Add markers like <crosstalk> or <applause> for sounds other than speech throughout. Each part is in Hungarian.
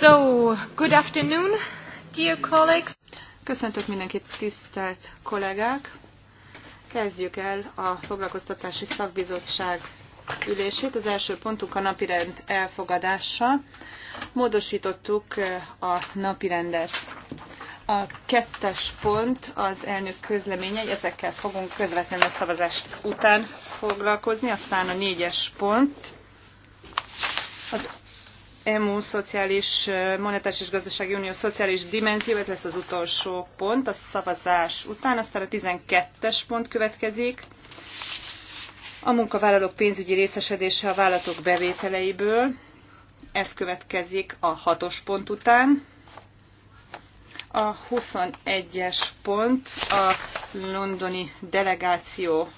So, good afternoon, dear colleagues. Köszöntök mindenkit, tisztelt kollégák! Kezdjük el a foglalkoztatási szakbizottság ülését. Az első pontunk a napirend elfogadása. Módosítottuk eh, a napirendet. A kettes pont az elnök közleményei, ezekkel fogunk közvetlenül a szavazást után foglalkozni. Aztán a négyes pont az EMU szociális, monetáris és gazdasági unió szociális dimenzió, ez lesz az utolsó pont, a szavazás után, aztán a 12-es pont következik. A munkavállalók pénzügyi részesedése a vállalatok bevételeiből, ez következik a 6-os pont után. A 21-es pont a londoni delegáció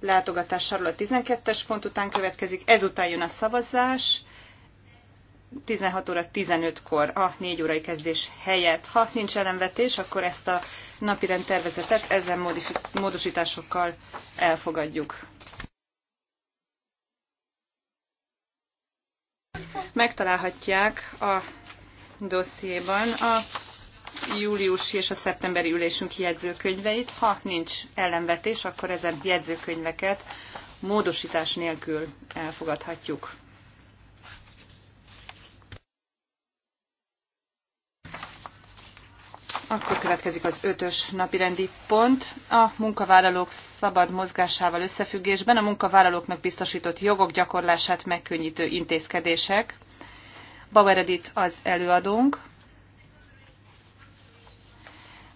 látogatásáról a 12-es pont után következik, ezután jön a szavazás, 16 óra 15-kor a 4 órai kezdés helyett. Ha nincs ellenvetés, akkor ezt a napirend tervezetet ezen módosításokkal elfogadjuk. Megtalálhatják a dossziéban a júliusi és a szeptemberi ülésünk jegyzőkönyveit. Ha nincs ellenvetés, akkor ezen jegyzőkönyveket módosítás nélkül elfogadhatjuk. Akkor következik az ötös napirendi pont. A munkavállalók szabad mozgásával összefüggésben a munkavállalóknak biztosított jogok gyakorlását megkönnyítő intézkedések. Bauer Edith az előadónk.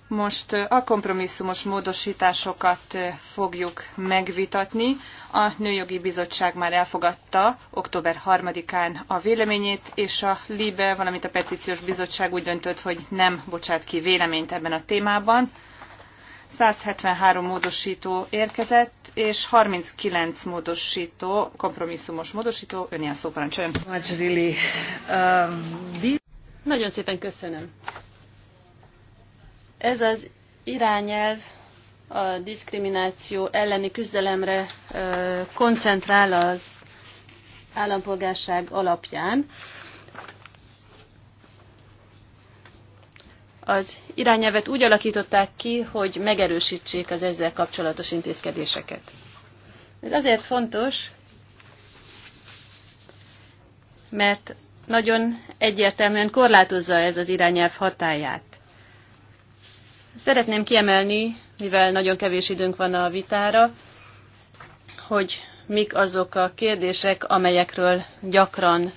Most a kompromisszumos módosításokat fogjuk megvitatni. A Nőjogi Bizottság már elfogadta október 3-án a véleményét, és a LIBE, valamint a Petíciós Bizottság úgy döntött, hogy nem bocsát ki véleményt ebben a témában. 173 módosító érkezett, és 39 módosító, kompromisszumos módosító, ön ilyen szóparancsoljon. Um, Nagyon szépen köszönöm. Ez az irányelv a diszkrimináció elleni küzdelemre koncentrál az állampolgárság alapján. Az irányelvet úgy alakították ki, hogy megerősítsék az ezzel kapcsolatos intézkedéseket. Ez azért fontos, mert nagyon egyértelműen korlátozza ez az irányelv hatáját. Szeretném kiemelni, mivel nagyon kevés időnk van a vitára, hogy mik azok a kérdések, amelyekről gyakran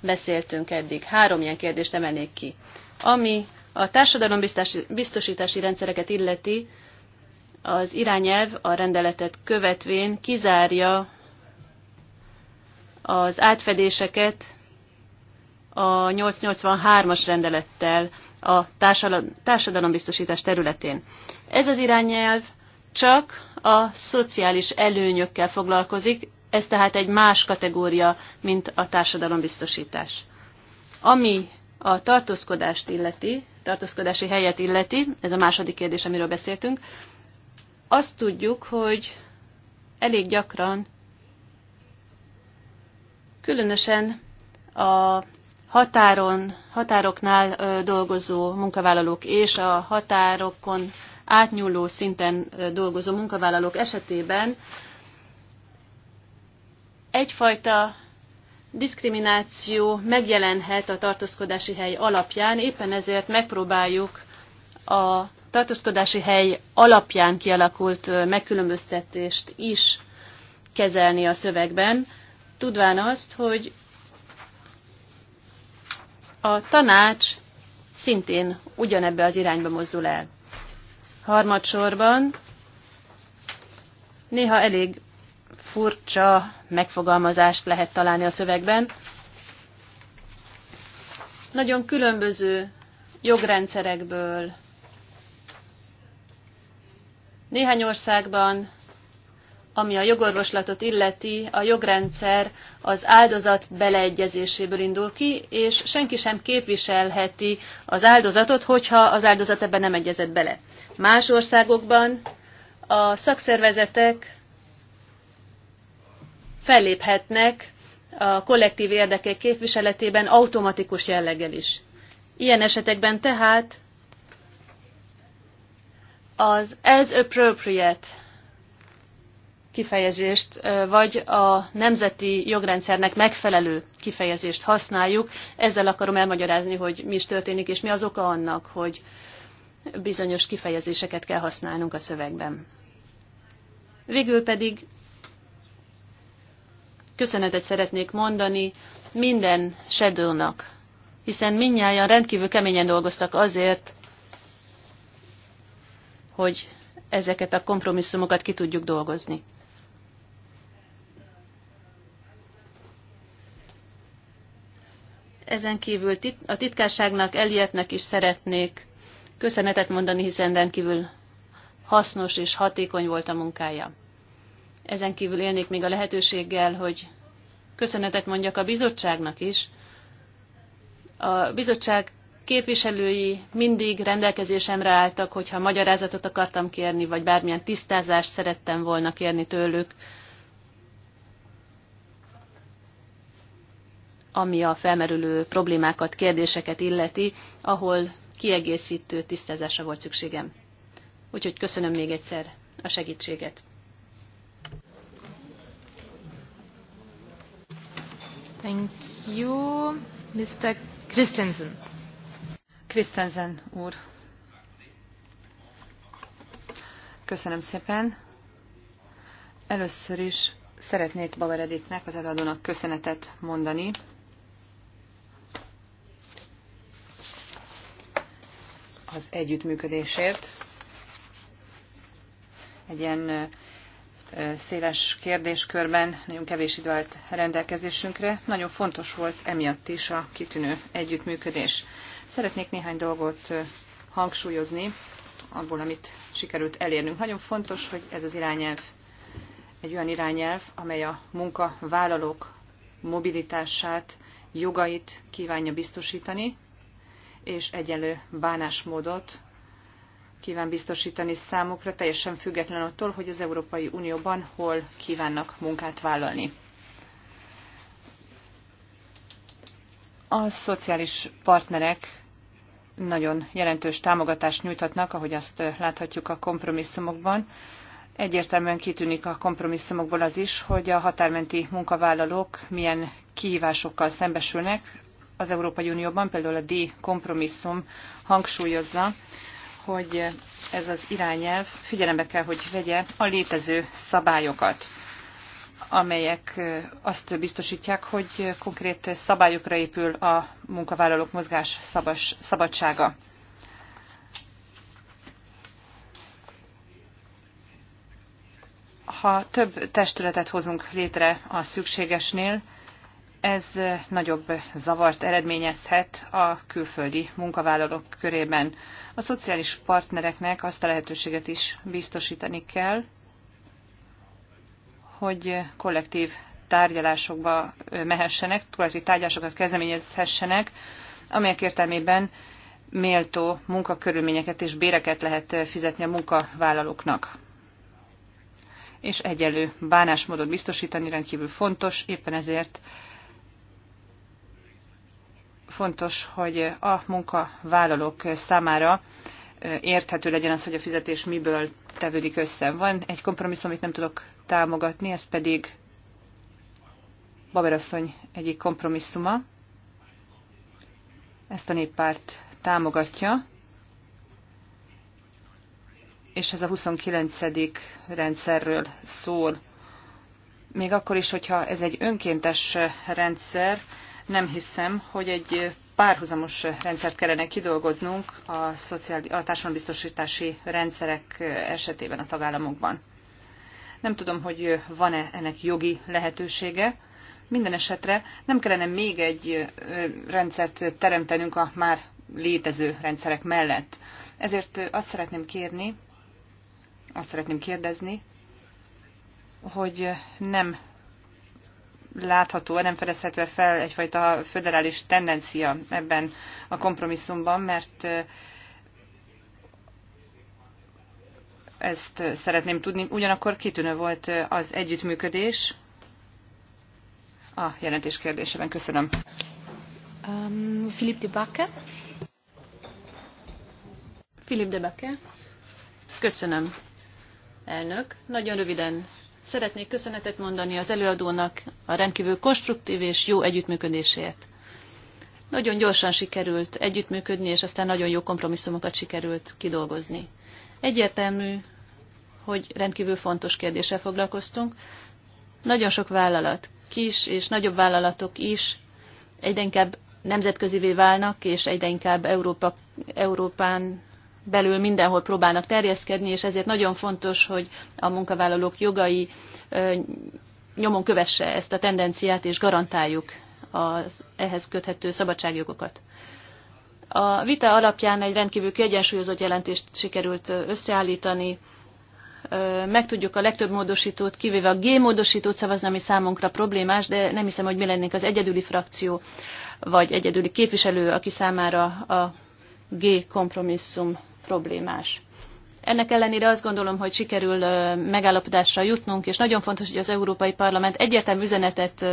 beszéltünk eddig. Három ilyen kérdést emelnék ki. Ami a társadalombiztosítási rendszereket illeti, az irányelv a rendeletet követvén kizárja az átfedéseket a 883-as rendelettel, a társadalombiztosítás területén. Ez az irányelv csak a szociális előnyökkel foglalkozik, ez tehát egy más kategória, mint a társadalombiztosítás. Ami a tartózkodást illeti, tartózkodási helyet illeti, ez a második kérdés, amiről beszéltünk, azt tudjuk, hogy elég gyakran, különösen a határon, határoknál dolgozó munkavállalók és a határokon átnyúló szinten dolgozó munkavállalók esetében egyfajta diszkrimináció megjelenhet a tartózkodási hely alapján, éppen ezért megpróbáljuk a tartózkodási hely alapján kialakult megkülönböztetést is kezelni a szövegben, tudván azt, hogy a tanács szintén ugyanebbe az irányba mozdul el. Harmadsorban néha elég furcsa megfogalmazást lehet találni a szövegben. Nagyon különböző jogrendszerekből. Néhány országban ami a jogorvoslatot illeti, a jogrendszer az áldozat beleegyezéséből indul ki, és senki sem képviselheti az áldozatot, hogyha az áldozat ebben nem egyezett bele. Más országokban a szakszervezetek felléphetnek a kollektív érdekek képviseletében automatikus jelleggel is. Ilyen esetekben tehát az as appropriate kifejezést, vagy a nemzeti jogrendszernek megfelelő kifejezést használjuk. Ezzel akarom elmagyarázni, hogy mi is történik, és mi az oka annak, hogy bizonyos kifejezéseket kell használnunk a szövegben. Végül pedig köszönetet szeretnék mondani minden sedőnak, hiszen minnyáján rendkívül keményen dolgoztak azért, hogy ezeket a kompromisszumokat ki tudjuk dolgozni. Ezen kívül a titkárságnak, Elietnek is szeretnék köszönetet mondani, hiszen rendkívül hasznos és hatékony volt a munkája. Ezen kívül élnék még a lehetőséggel, hogy köszönetet mondjak a bizottságnak is. A bizottság képviselői mindig rendelkezésemre álltak, hogyha magyarázatot akartam kérni, vagy bármilyen tisztázást szerettem volna kérni tőlük ami a felmerülő problémákat, kérdéseket illeti, ahol kiegészítő tisztázásra volt szükségem. Úgyhogy köszönöm még egyszer a segítséget. Thank you. Mr. Christensen. Christensen úr. Köszönöm szépen. Először is szeretnék Bauer az előadónak köszönetet mondani az együttműködésért. Egy ilyen széles kérdéskörben nagyon kevés idő állt rendelkezésünkre. Nagyon fontos volt emiatt is a kitűnő együttműködés. Szeretnék néhány dolgot hangsúlyozni abból, amit sikerült elérnünk. Nagyon fontos, hogy ez az irányelv egy olyan irányelv, amely a munkavállalók mobilitását, jogait kívánja biztosítani, és egyenlő bánásmódot kíván biztosítani számukra, teljesen független attól, hogy az Európai Unióban hol kívánnak munkát vállalni. A szociális partnerek nagyon jelentős támogatást nyújthatnak, ahogy azt láthatjuk a kompromisszumokban. Egyértelműen kitűnik a kompromisszumokból az is, hogy a határmenti munkavállalók milyen kihívásokkal szembesülnek, az Európai Unióban, például a D kompromisszum hangsúlyozza, hogy ez az irányelv figyelembe kell, hogy vegye a létező szabályokat amelyek azt biztosítják, hogy konkrét szabályokra épül a munkavállalók mozgás szabas, szabadsága. Ha több testületet hozunk létre a szükségesnél, ez nagyobb zavart eredményezhet a külföldi munkavállalók körében. A szociális partnereknek azt a lehetőséget is biztosítani kell, hogy kollektív tárgyalásokba mehessenek, kollektív tárgyalásokat kezdeményezhessenek, amelyek értelmében méltó munkakörülményeket és béreket lehet fizetni a munkavállalóknak és egyelő bánásmódot biztosítani rendkívül fontos, éppen ezért fontos, hogy a munkavállalók számára érthető legyen az, hogy a fizetés miből tevődik össze. Van egy kompromisszum, amit nem tudok támogatni, ez pedig Baberasszony egyik kompromisszuma. Ezt a néppárt támogatja, és ez a 29. rendszerről szól. Még akkor is, hogyha ez egy önkéntes rendszer, nem hiszem, hogy egy párhuzamos rendszert kellene kidolgoznunk a, szociál, a társadalombiztosítási rendszerek esetében a tagállamokban. Nem tudom, hogy van-e ennek jogi lehetősége. Minden esetre nem kellene még egy rendszert teremtenünk a már létező rendszerek mellett. Ezért azt szeretném kérni, azt szeretném kérdezni, hogy nem látható, nem fedezhető fel egyfajta föderális tendencia ebben a kompromisszumban, mert ezt szeretném tudni. Ugyanakkor kitűnő volt az együttműködés a jelentés kérdésében. Köszönöm. Um, Philip de Bakke. Philip de Bakke. Köszönöm. Elnök, nagyon röviden Szeretnék köszönetet mondani az előadónak a rendkívül konstruktív és jó együttműködésért. Nagyon gyorsan sikerült együttműködni, és aztán nagyon jó kompromisszumokat sikerült kidolgozni. Egyértelmű, hogy rendkívül fontos kérdéssel foglalkoztunk. Nagyon sok vállalat, kis és nagyobb vállalatok is egyre inkább nemzetközivé válnak, és egyre inkább Európa, Európán belül mindenhol próbálnak terjeszkedni, és ezért nagyon fontos, hogy a munkavállalók jogai nyomon kövesse ezt a tendenciát, és garantáljuk az ehhez köthető szabadságjogokat. A vita alapján egy rendkívül kiegyensúlyozott jelentést sikerült összeállítani. Megtudjuk a legtöbb módosítót, kivéve a G-módosítót szavazni, ami számunkra problémás, de nem hiszem, hogy mi lennénk az egyedüli frakció, vagy egyedüli képviselő, aki számára a G kompromisszum problémás. Ennek ellenére azt gondolom, hogy sikerül megállapodásra jutnunk, és nagyon fontos, hogy az Európai Parlament egyértelmű üzenetet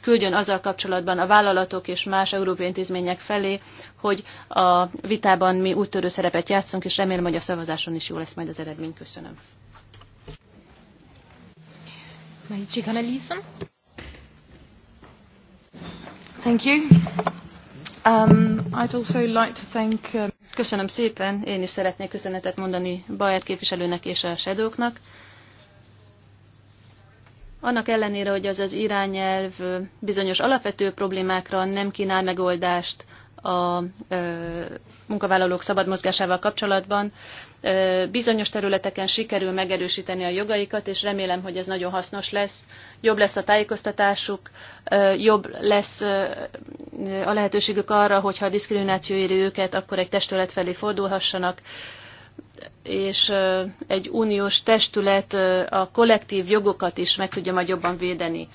küldjön azzal kapcsolatban a vállalatok és más európai intézmények felé, hogy a vitában mi úttörő szerepet játszunk, és remélem, hogy a szavazáson is jó lesz majd az eredmény. Köszönöm. Thank you. Um, I'd also like to thank, uh, Köszönöm szépen, én is szeretnék köszönetet mondani Bayer képviselőnek és a Shadowknak. Annak ellenére, hogy az az irányelv bizonyos alapvető problémákra nem kínál megoldást a ö, munkavállalók szabad mozgásával kapcsolatban, Bizonyos területeken sikerül megerősíteni a jogaikat, és remélem, hogy ez nagyon hasznos lesz. Jobb lesz a tájékoztatásuk, jobb lesz a lehetőségük arra, hogyha a diszkrimináció éri őket, akkor egy testület felé fordulhassanak és egy uniós testület a kollektív jogokat is meg tudja majd jobban védeni.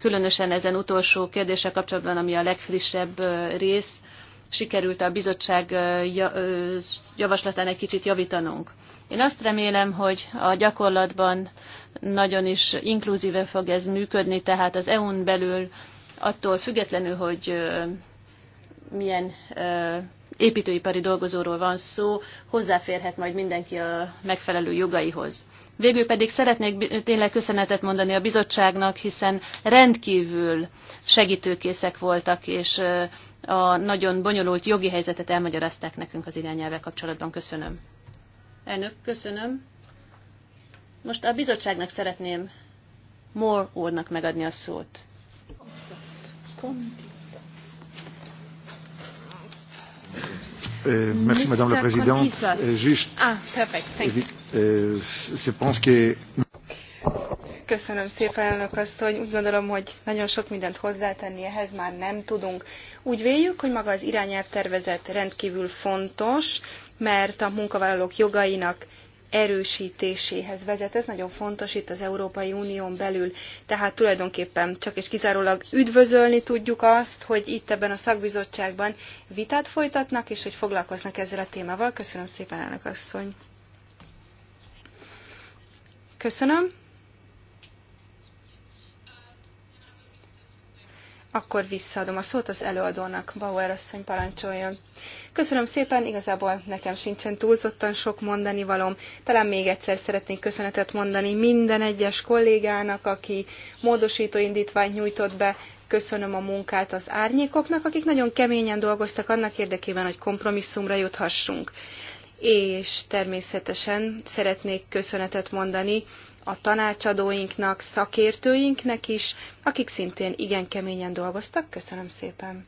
Különösen ezen utolsó kérdése kapcsolatban, ami a legfrissebb rész, sikerült a bizottság javaslatán egy kicsit javítanunk. Én azt remélem, hogy a gyakorlatban nagyon is inkluzíve fog ez működni, tehát az EU-n belül attól függetlenül, hogy milyen építőipari dolgozóról van szó, hozzáférhet majd mindenki a megfelelő jogaihoz. Végül pedig szeretnék tényleg köszönetet mondani a bizottságnak, hiszen rendkívül segítőkészek voltak, és a nagyon bonyolult jogi helyzetet elmagyarázták nekünk az irányelvvel kapcsolatban. Köszönöm. Elnök, köszönöm. Most a bizottságnak szeretném Moore úrnak megadni a szót. Euh, merci Madame la Présidente. Euh, juste, ah, perfect, thank euh, you. Euh, je pense que Köszönöm szépen, elnök asszony. Úgy gondolom, hogy nagyon sok mindent hozzátenni ehhez már nem tudunk. Úgy véljük, hogy maga az irányelvtervezet rendkívül fontos, mert a munkavállalók jogainak erősítéséhez vezet. Ez nagyon fontos itt az Európai Unión belül. Tehát tulajdonképpen csak és kizárólag üdvözölni tudjuk azt, hogy itt ebben a szakbizottságban vitát folytatnak, és hogy foglalkoznak ezzel a témával. Köszönöm szépen, elnök asszony. Köszönöm. akkor visszaadom a szót az előadónak. Bauer asszony parancsoljon. Köszönöm szépen, igazából nekem sincsen túlzottan sok mondani valom. Talán még egyszer szeretnék köszönetet mondani minden egyes kollégának, aki módosító indítványt nyújtott be, köszönöm a munkát az árnyékoknak, akik nagyon keményen dolgoztak annak érdekében, hogy kompromisszumra juthassunk. És természetesen szeretnék köszönetet mondani a tanácsadóinknak, szakértőinknek is, akik szintén igen keményen dolgoztak. Köszönöm szépen!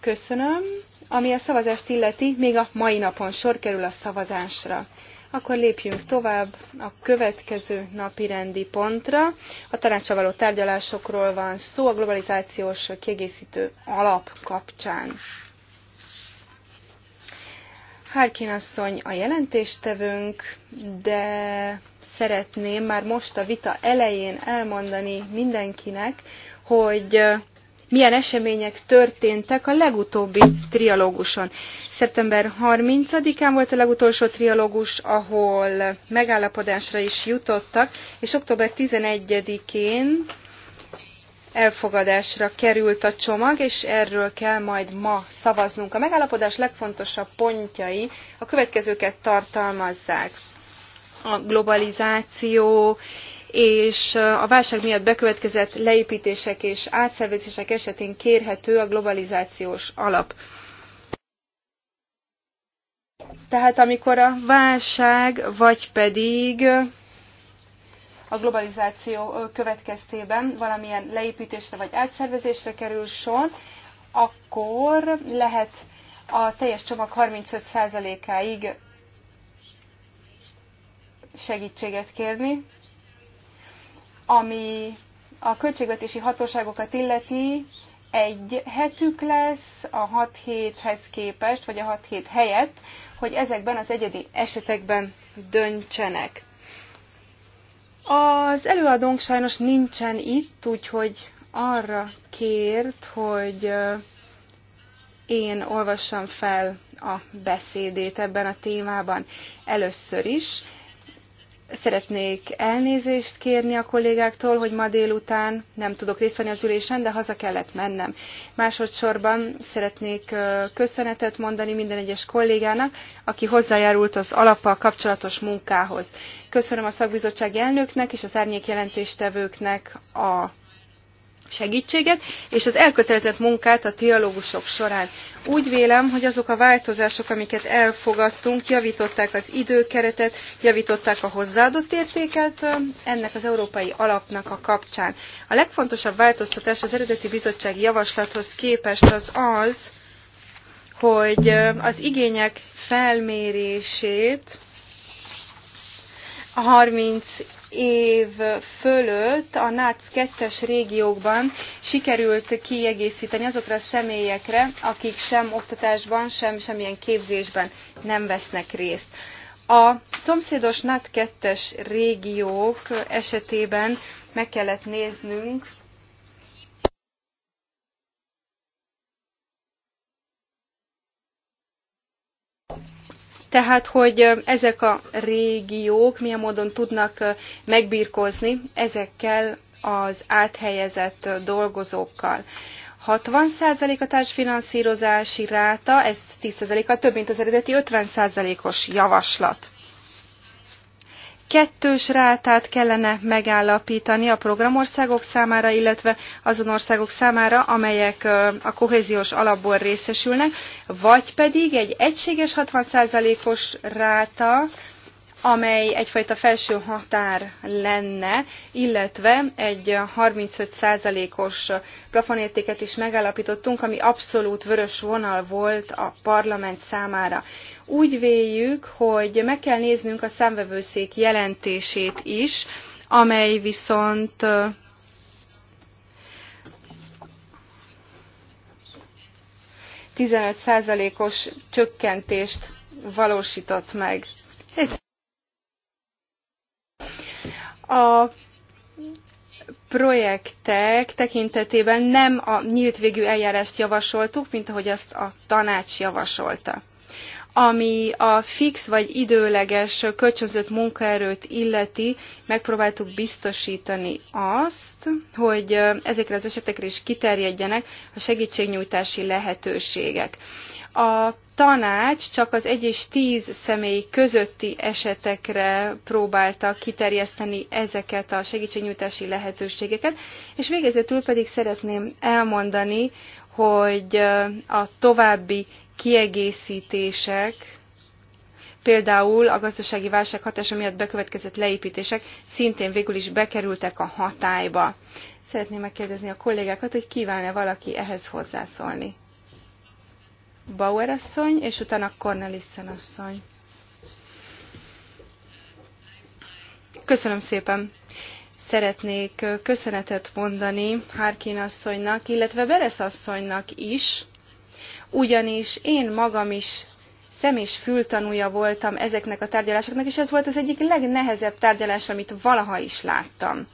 Köszönöm. Ami a szavazást illeti, még a mai napon sor kerül a szavazásra. Akkor lépjünk tovább a következő napi rendi pontra. A tanácsa való tárgyalásokról van szó a globalizációs kiegészítő alap kapcsán. Harkin asszony a jelentéstevőnk, de szeretném már most a vita elején elmondani mindenkinek, hogy milyen események történtek a legutóbbi trialóguson. Szeptember 30-án volt a legutolsó trialógus, ahol megállapodásra is jutottak, és október 11-én elfogadásra került a csomag, és erről kell majd ma szavaznunk. A megállapodás legfontosabb pontjai a következőket tartalmazzák. A globalizáció és a válság miatt bekövetkezett leépítések és átszervezések esetén kérhető a globalizációs alap. Tehát amikor a válság, vagy pedig a globalizáció következtében valamilyen leépítésre vagy átszervezésre kerül sor, akkor lehet a teljes csomag 35%-áig segítséget kérni, ami a költségvetési hatóságokat illeti, egy hetük lesz a 6 héthez képest, vagy a 6 hét helyett, hogy ezekben az egyedi esetekben döntsenek. Az előadónk sajnos nincsen itt, úgyhogy arra kért, hogy én olvassam fel a beszédét ebben a témában először is. Szeretnék elnézést kérni a kollégáktól, hogy ma délután nem tudok részt venni az ülésen, de haza kellett mennem. Másodszorban szeretnék köszönetet mondani minden egyes kollégának, aki hozzájárult az alappal kapcsolatos munkához. Köszönöm a szakbizottság elnöknek és az árnyék jelentéstevőknek a segítséget, és az elkötelezett munkát a trialógusok során. Úgy vélem, hogy azok a változások, amiket elfogadtunk, javították az időkeretet, javították a hozzáadott értéket ennek az európai alapnak a kapcsán. A legfontosabb változtatás az eredeti bizottsági javaslathoz képest az az, hogy az igények felmérését a 30 év fölött a NAC 2-es régiókban sikerült kiegészíteni azokra a személyekre, akik sem oktatásban, sem semmilyen képzésben nem vesznek részt. A szomszédos NAT 2-es régiók esetében meg kellett néznünk tehát hogy ezek a régiók milyen módon tudnak megbírkozni ezekkel az áthelyezett dolgozókkal. 60% a társfinanszírozási ráta, ez 10%-kal több, mint az eredeti 50%-os javaslat kettős rátát kellene megállapítani a programországok számára, illetve azon országok számára, amelyek a kohéziós alapból részesülnek, vagy pedig egy egységes 60%-os ráta, amely egyfajta felső határ lenne, illetve egy 35%-os plafonértéket is megállapítottunk, ami abszolút vörös vonal volt a parlament számára úgy véljük, hogy meg kell néznünk a számvevőszék jelentését is, amely viszont 15 os csökkentést valósított meg. A projektek tekintetében nem a nyílt végű eljárást javasoltuk, mint ahogy azt a tanács javasolta. Ami a fix vagy időleges kölcsönzött munkaerőt illeti, megpróbáltuk biztosítani azt, hogy ezekre az esetekre is kiterjedjenek a segítségnyújtási lehetőségek. A tanács csak az egy és tíz személy közötti esetekre próbálta kiterjeszteni ezeket a segítségnyújtási lehetőségeket, és végezetül pedig szeretném elmondani, hogy a további kiegészítések, például a gazdasági válság hatása miatt bekövetkezett leépítések szintén végül is bekerültek a hatályba. Szeretném megkérdezni a kollégákat, hogy kíván-e valaki ehhez hozzászólni. Bauer asszony, és utána Cornelissen asszony. Köszönöm szépen! Szeretnék köszönetet mondani Harkin asszonynak, illetve Beres asszonynak is, ugyanis én magam is szem és fültanúja voltam ezeknek a tárgyalásoknak, és ez volt az egyik legnehezebb tárgyalás, amit valaha is láttam.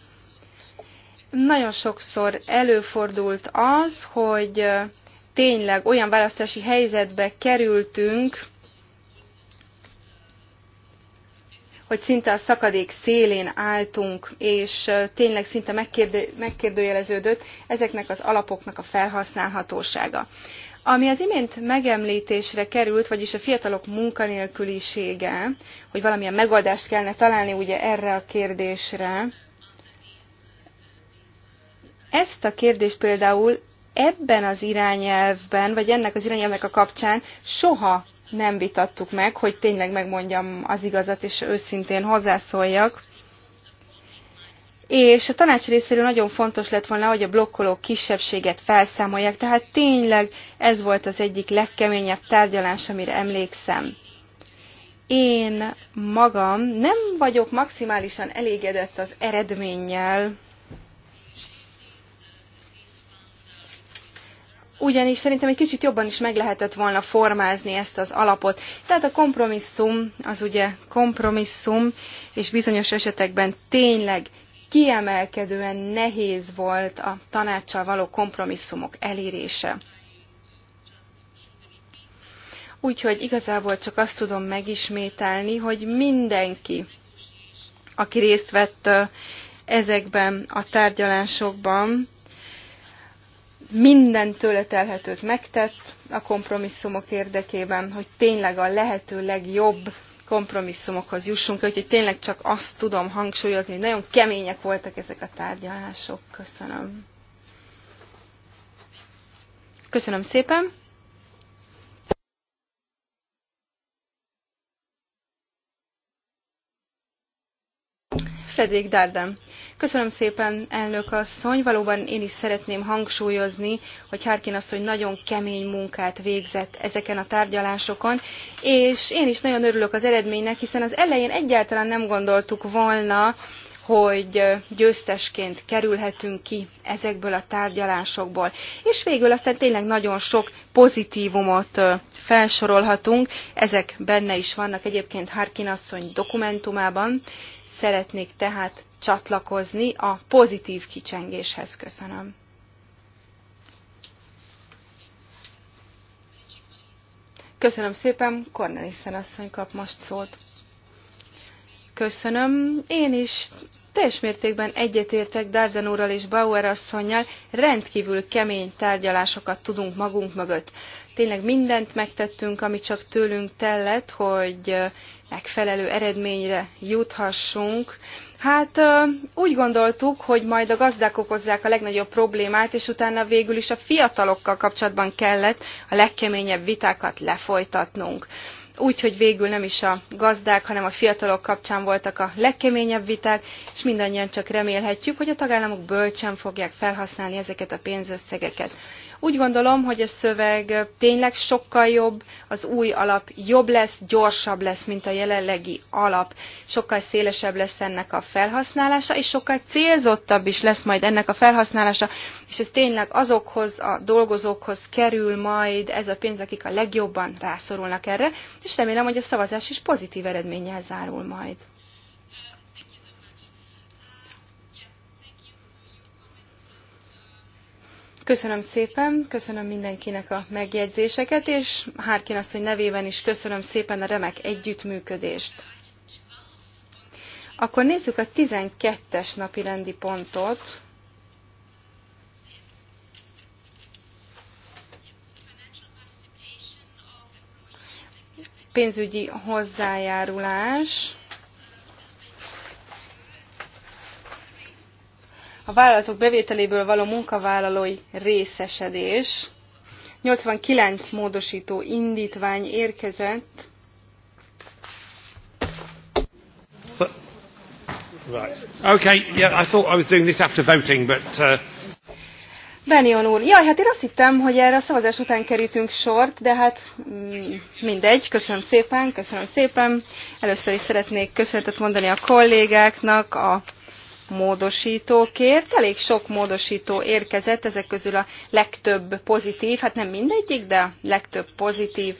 Nagyon sokszor előfordult az, hogy tényleg olyan választási helyzetbe kerültünk, hogy szinte a szakadék szélén álltunk, és tényleg szinte megkérdőjeleződött ezeknek az alapoknak a felhasználhatósága. Ami az imént megemlítésre került, vagyis a fiatalok munkanélkülisége, hogy valamilyen megoldást kellene találni ugye erre a kérdésre, ezt a kérdést például ebben az irányelvben, vagy ennek az irányelvnek a kapcsán soha nem vitattuk meg, hogy tényleg megmondjam az igazat, és őszintén hozzászóljak és a tanács részéről nagyon fontos lett volna, hogy a blokkoló kisebbséget felszámolják, tehát tényleg ez volt az egyik legkeményebb tárgyalás, amire emlékszem. Én magam nem vagyok maximálisan elégedett az eredménnyel, ugyanis szerintem egy kicsit jobban is meg lehetett volna formázni ezt az alapot. Tehát a kompromisszum, az ugye kompromisszum, és bizonyos esetekben tényleg kiemelkedően nehéz volt a tanácssal való kompromisszumok elérése. Úgyhogy igazából csak azt tudom megismételni, hogy mindenki, aki részt vett ezekben a tárgyalásokban, minden tőle telhetőt megtett a kompromisszumok érdekében, hogy tényleg a lehető legjobb kompromisszumokhoz jussunk, úgyhogy tényleg csak azt tudom hangsúlyozni, hogy nagyon kemények voltak ezek a tárgyalások. Köszönöm. Köszönöm szépen. Fredrik Darden. Köszönöm szépen, elnök asszony. Valóban én is szeretném hangsúlyozni, hogy Harkin asszony nagyon kemény munkát végzett ezeken a tárgyalásokon, és én is nagyon örülök az eredménynek, hiszen az elején egyáltalán nem gondoltuk volna, hogy győztesként kerülhetünk ki ezekből a tárgyalásokból. És végül aztán tényleg nagyon sok pozitívumot felsorolhatunk, ezek benne is vannak egyébként Harkin asszony dokumentumában. Szeretnék tehát csatlakozni a pozitív kicsengéshez. Köszönöm. Köszönöm szépen, Cornelissen asszony kap most szót. Köszönöm. Én is teljes mértékben egyetértek Darden úrral és Bauer asszonynal, rendkívül kemény tárgyalásokat tudunk magunk mögött. Tényleg mindent megtettünk, ami csak tőlünk tellett, hogy megfelelő eredményre juthassunk. Hát úgy gondoltuk, hogy majd a gazdák okozzák a legnagyobb problémát, és utána végül is a fiatalokkal kapcsolatban kellett a legkeményebb vitákat lefolytatnunk úgy, hogy végül nem is a gazdák, hanem a fiatalok kapcsán voltak a legkeményebb viták, és mindannyian csak remélhetjük, hogy a tagállamok bölcsen fogják felhasználni ezeket a pénzösszegeket. Úgy gondolom, hogy a szöveg tényleg sokkal jobb, az új alap jobb lesz, gyorsabb lesz, mint a jelenlegi alap. Sokkal szélesebb lesz ennek a felhasználása, és sokkal célzottabb is lesz majd ennek a felhasználása, és ez tényleg azokhoz a dolgozókhoz kerül majd ez a pénz, akik a legjobban rászorulnak erre, és remélem, hogy a szavazás is pozitív eredménnyel zárul majd. Köszönöm szépen, köszönöm mindenkinek a megjegyzéseket, és Hárkin asszony nevében is köszönöm szépen a remek együttműködést. Akkor nézzük a 12-es napi rendi pontot. Pénzügyi hozzájárulás a vállalatok bevételéből való munkavállalói részesedés. 89 módosító indítvány érkezett. Right. Okay, yeah, I thought I was doing this after voting, but... Uh... Benion úr, jaj, hát én azt hittem, hogy erre a szavazás után kerítünk sort, de hát mm, mindegy, köszönöm szépen, köszönöm szépen. Először is szeretnék köszönetet mondani a kollégáknak, a módosítókért. Elég sok módosító érkezett, ezek közül a legtöbb pozitív, hát nem mindegyik, de a legtöbb pozitív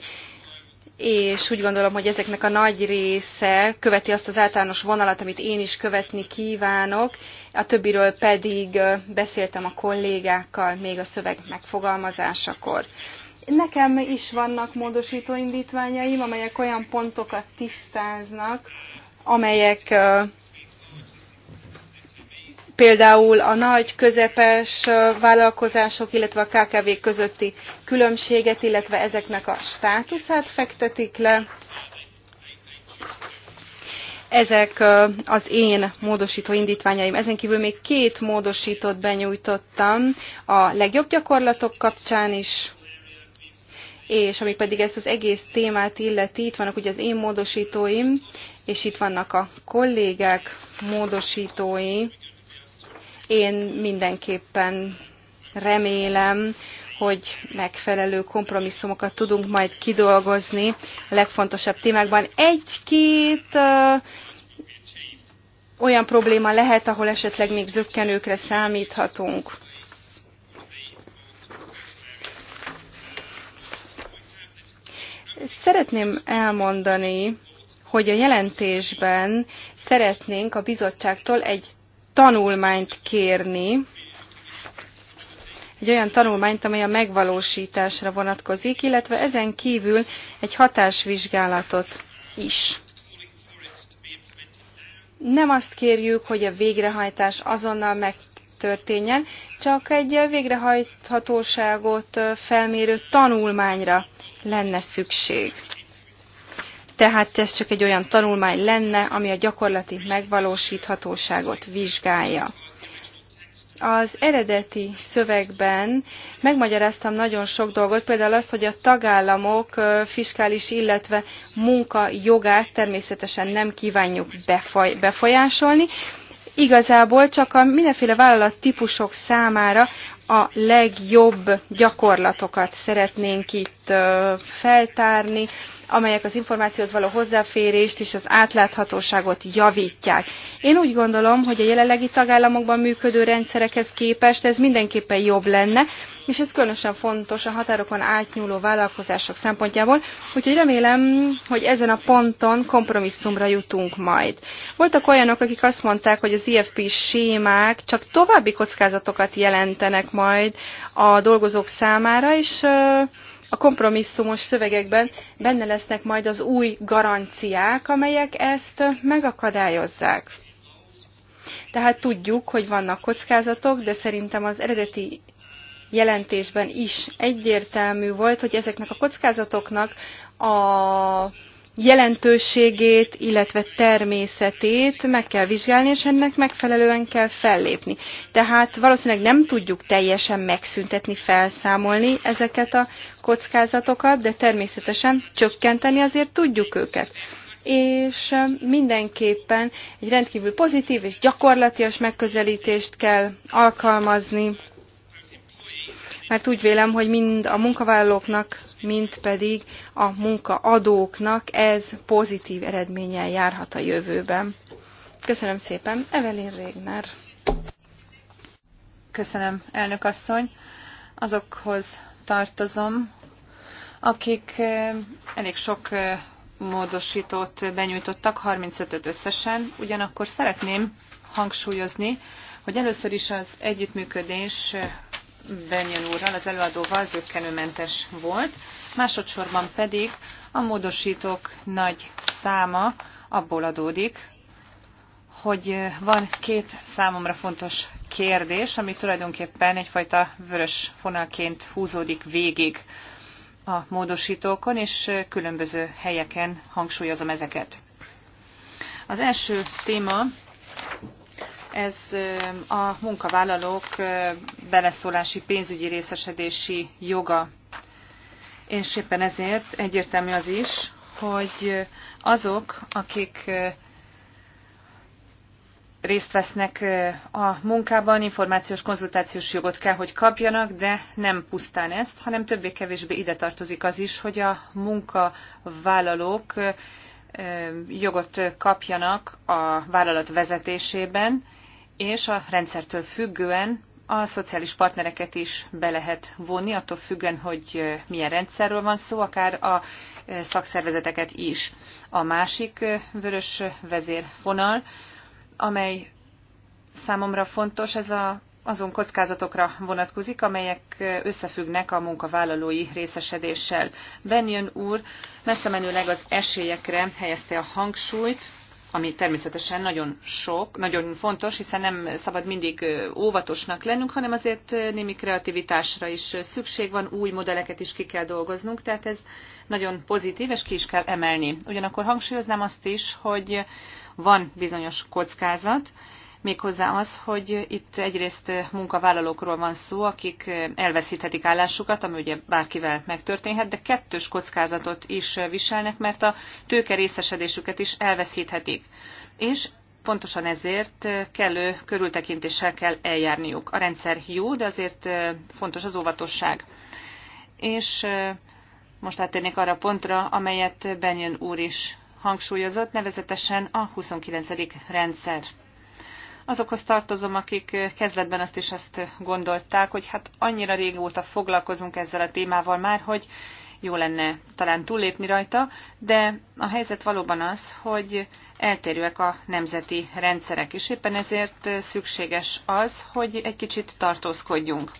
és úgy gondolom, hogy ezeknek a nagy része követi azt az általános vonalat, amit én is követni kívánok, a többiről pedig beszéltem a kollégákkal még a szöveg megfogalmazásakor. Nekem is vannak módosító indítványaim, amelyek olyan pontokat tisztáznak, amelyek például a nagy, közepes vállalkozások, illetve a KKV közötti különbséget, illetve ezeknek a státuszát fektetik le. Ezek az én módosító indítványaim. Ezen kívül még két módosítót benyújtottam a legjobb gyakorlatok kapcsán is, és ami pedig ezt az egész témát illeti, itt vannak ugye az én módosítóim, és itt vannak a kollégák módosítói én mindenképpen remélem, hogy megfelelő kompromisszumokat tudunk majd kidolgozni a legfontosabb témákban. Egy-két olyan probléma lehet, ahol esetleg még zökkenőkre számíthatunk. Szeretném elmondani, hogy a jelentésben szeretnénk a bizottságtól egy tanulmányt kérni, egy olyan tanulmányt, amely a megvalósításra vonatkozik, illetve ezen kívül egy hatásvizsgálatot is. Nem azt kérjük, hogy a végrehajtás azonnal megtörténjen, csak egy végrehajthatóságot felmérő tanulmányra lenne szükség tehát ez csak egy olyan tanulmány lenne, ami a gyakorlati megvalósíthatóságot vizsgálja. Az eredeti szövegben megmagyaráztam nagyon sok dolgot, például azt, hogy a tagállamok fiskális, illetve munka jogát természetesen nem kívánjuk befolyásolni, igazából csak a mindenféle vállalat típusok számára a legjobb gyakorlatokat szeretnénk itt feltárni, amelyek az információhoz való hozzáférést és az átláthatóságot javítják. Én úgy gondolom, hogy a jelenlegi tagállamokban működő rendszerekhez képest ez mindenképpen jobb lenne, és ez különösen fontos a határokon átnyúló vállalkozások szempontjából, úgyhogy remélem, hogy ezen a ponton kompromisszumra jutunk majd. Voltak olyanok, akik azt mondták, hogy az IFP sémák csak további kockázatokat jelentenek majd a dolgozók számára, és a kompromisszumos szövegekben benne lesznek majd az új garanciák, amelyek ezt megakadályozzák. Tehát tudjuk, hogy vannak kockázatok, de szerintem az eredeti jelentésben is egyértelmű volt, hogy ezeknek a kockázatoknak a jelentőségét, illetve természetét meg kell vizsgálni, és ennek megfelelően kell fellépni. Tehát valószínűleg nem tudjuk teljesen megszüntetni, felszámolni ezeket a kockázatokat, de természetesen csökkenteni azért tudjuk őket és mindenképpen egy rendkívül pozitív és gyakorlatias megközelítést kell alkalmazni, mert úgy vélem, hogy mind a munkavállalóknak, mint pedig a munkaadóknak ez pozitív eredménnyel járhat a jövőben. Köszönöm szépen, Evelyn Régner. Köszönöm, elnök asszony. Azokhoz tartozom, akik eh, elég sok eh, módosítót benyújtottak, 35-öt összesen. Ugyanakkor szeretném hangsúlyozni, hogy először is az együttműködés Benjen úrral, az előadóval zöggenőmentes volt, másodszorban pedig a módosítók nagy száma abból adódik, hogy van két számomra fontos kérdés, ami tulajdonképpen egyfajta vörös fonalként húzódik végig a módosítókon, és különböző helyeken hangsúlyozom ezeket. Az első téma ez a munkavállalók beleszólási pénzügyi részesedési joga. És éppen ezért egyértelmű az is, hogy azok, akik részt vesznek a munkában, információs konzultációs jogot kell, hogy kapjanak, de nem pusztán ezt, hanem többé-kevésbé ide tartozik az is, hogy a munkavállalók jogot kapjanak a vállalat vezetésében, és a rendszertől függően a szociális partnereket is be lehet vonni, attól függően, hogy milyen rendszerről van szó, akár a szakszervezeteket is. A másik vörös vezérfonal, amely számomra fontos, ez a, azon kockázatokra vonatkozik, amelyek összefüggnek a munkavállalói részesedéssel. Benjön úr messze menőleg az esélyekre helyezte a hangsúlyt, ami természetesen nagyon sok, nagyon fontos, hiszen nem szabad mindig óvatosnak lennünk, hanem azért némi kreativitásra is szükség van, új modelleket is ki kell dolgoznunk, tehát ez nagyon pozitív, és ki is kell emelni. Ugyanakkor hangsúlyoznám azt is, hogy van bizonyos kockázat, méghozzá az, hogy itt egyrészt munkavállalókról van szó, akik elveszíthetik állásukat, ami ugye bárkivel megtörténhet, de kettős kockázatot is viselnek, mert a tőke részesedésüket is elveszíthetik. És pontosan ezért kellő körültekintéssel kell eljárniuk. A rendszer jó, de azért fontos az óvatosság. És most áttérnék arra a pontra, amelyet Benyon úr is hangsúlyozott, nevezetesen a 29. rendszer. Azokhoz tartozom, akik kezdetben azt is azt gondolták, hogy hát annyira régóta foglalkozunk ezzel a témával már, hogy jó lenne talán túllépni rajta, de a helyzet valóban az, hogy eltérőek a nemzeti rendszerek, és éppen ezért szükséges az, hogy egy kicsit tartózkodjunk.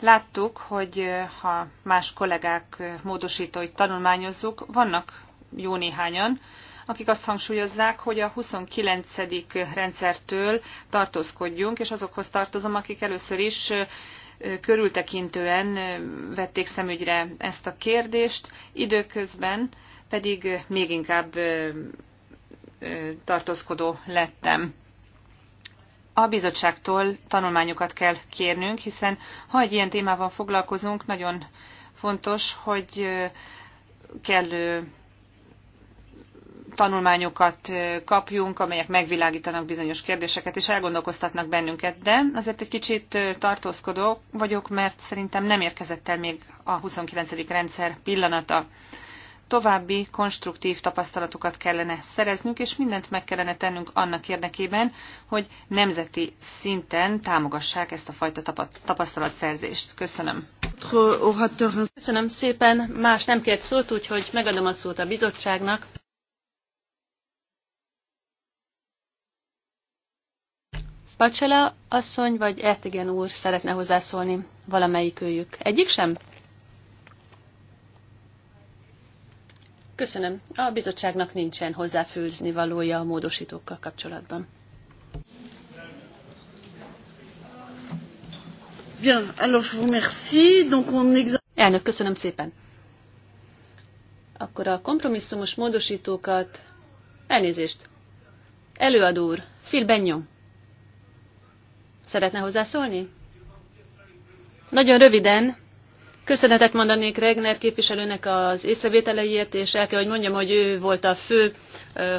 Láttuk, hogy ha más kollégák módosítóit tanulmányozzuk, vannak jó néhányan, akik azt hangsúlyozzák, hogy a 29. rendszertől tartózkodjunk, és azokhoz tartozom, akik először is körültekintően vették szemügyre ezt a kérdést, időközben pedig még inkább tartózkodó lettem. A bizottságtól tanulmányokat kell kérnünk, hiszen ha egy ilyen témával foglalkozunk, nagyon fontos, hogy kellő tanulmányokat kapjunk, amelyek megvilágítanak bizonyos kérdéseket, és elgondolkoztatnak bennünket, de azért egy kicsit tartózkodó vagyok, mert szerintem nem érkezett el még a 29. rendszer pillanata. További konstruktív tapasztalatokat kellene szereznünk, és mindent meg kellene tennünk annak érdekében, hogy nemzeti szinten támogassák ezt a fajta tapasztalatszerzést. Köszönöm. Köszönöm szépen. Más nem kért szót, úgyhogy megadom a szót a bizottságnak. Pacsela asszony vagy Ertigen úr szeretne hozzászólni valamelyik őjük. Egyik sem? Köszönöm. A bizottságnak nincsen hozzáfűzni valója a módosítókkal kapcsolatban. Bien, alors je vous remercie. Donc on Elnök, köszönöm szépen. Akkor a kompromisszumos módosítókat... Elnézést. Előadó úr, Phil Benyon. Szeretne hozzászólni? Nagyon röviden. Köszönetet mondanék Regner képviselőnek az észrevételeiért, és el kell, hogy mondjam, hogy ő volt a fő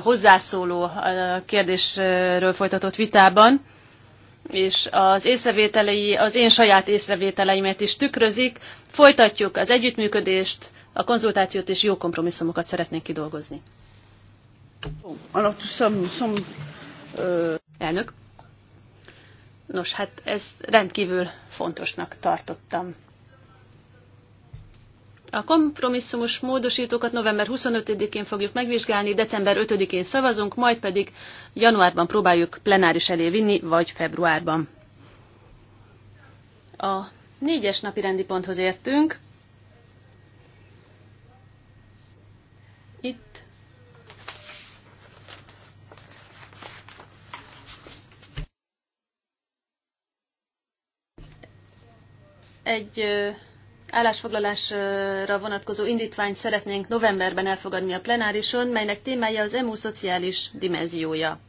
hozzászóló a kérdésről folytatott vitában, és az észrevételei az én saját észrevételeimet is tükrözik. Folytatjuk az együttműködést, a konzultációt és jó kompromisszumokat szeretnénk kidolgozni. Euh, Elnök. Nos, hát ezt rendkívül fontosnak tartottam. A kompromisszumos módosítókat november 25-én fogjuk megvizsgálni, december 5-én szavazunk, majd pedig januárban próbáljuk plenáris elé vinni, vagy februárban. A négyes napi rendi ponthoz értünk. Itt Egy állásfoglalásra vonatkozó indítványt szeretnénk novemberben elfogadni a plenárison, melynek témája az EMU szociális dimenziója.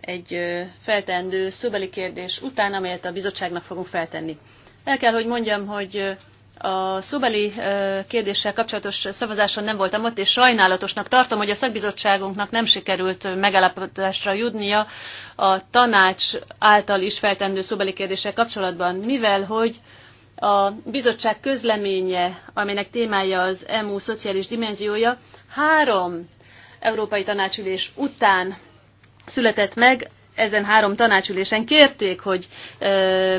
Egy feltendő szóbeli kérdés után, amelyet a bizottságnak fogunk feltenni. El kell, hogy mondjam, hogy a szóbeli kérdéssel kapcsolatos szavazáson nem voltam ott, és sajnálatosnak tartom, hogy a szakbizottságunknak nem sikerült megállapodásra jutnia a tanács által is feltendő szóbeli kérdéssel kapcsolatban, mivel hogy a bizottság közleménye, amelynek témája az EMU szociális dimenziója, három európai tanácsülés után született meg, ezen három tanácsülésen kérték, hogy ö,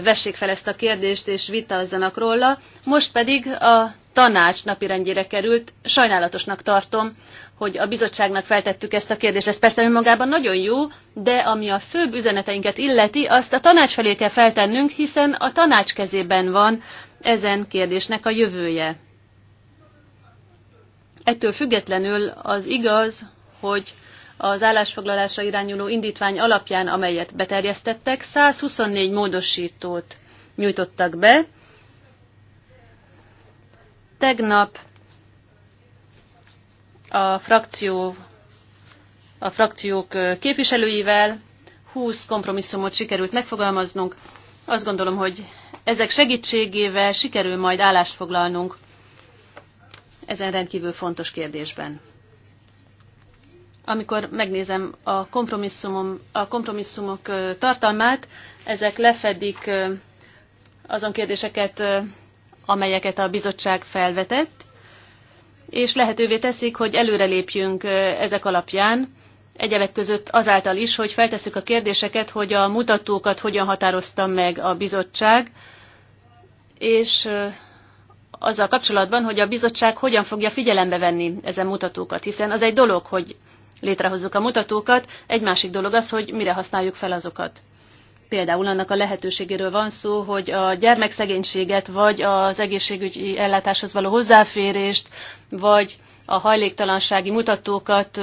vessék fel ezt a kérdést és vitázzanak róla, most pedig a tanács napirendjére került. Sajnálatosnak tartom, hogy a bizottságnak feltettük ezt a kérdést. Ez persze önmagában nagyon jó, de ami a főbb üzeneteinket illeti, azt a tanács felé kell feltennünk, hiszen a tanács kezében van ezen kérdésnek a jövője. Ettől függetlenül az igaz, hogy az állásfoglalásra irányuló indítvány alapján, amelyet beterjesztettek, 124 módosítót nyújtottak be. Tegnap a, frakció, a frakciók képviselőivel 20 kompromisszumot sikerült megfogalmaznunk. Azt gondolom, hogy ezek segítségével sikerül majd állást foglalnunk ezen rendkívül fontos kérdésben amikor megnézem a, kompromisszumom, a kompromisszumok tartalmát, ezek lefedik azon kérdéseket, amelyeket a bizottság felvetett, és lehetővé teszik, hogy előrelépjünk ezek alapján, egyebek között azáltal is, hogy feltesszük a kérdéseket, hogy a mutatókat hogyan határozta meg a bizottság, és azzal kapcsolatban, hogy a bizottság hogyan fogja figyelembe venni ezen mutatókat, hiszen az egy dolog, hogy létrehozzuk a mutatókat, egy másik dolog az, hogy mire használjuk fel azokat. Például annak a lehetőségéről van szó, hogy a gyermekszegénységet, vagy az egészségügyi ellátáshoz való hozzáférést, vagy a hajléktalansági mutatókat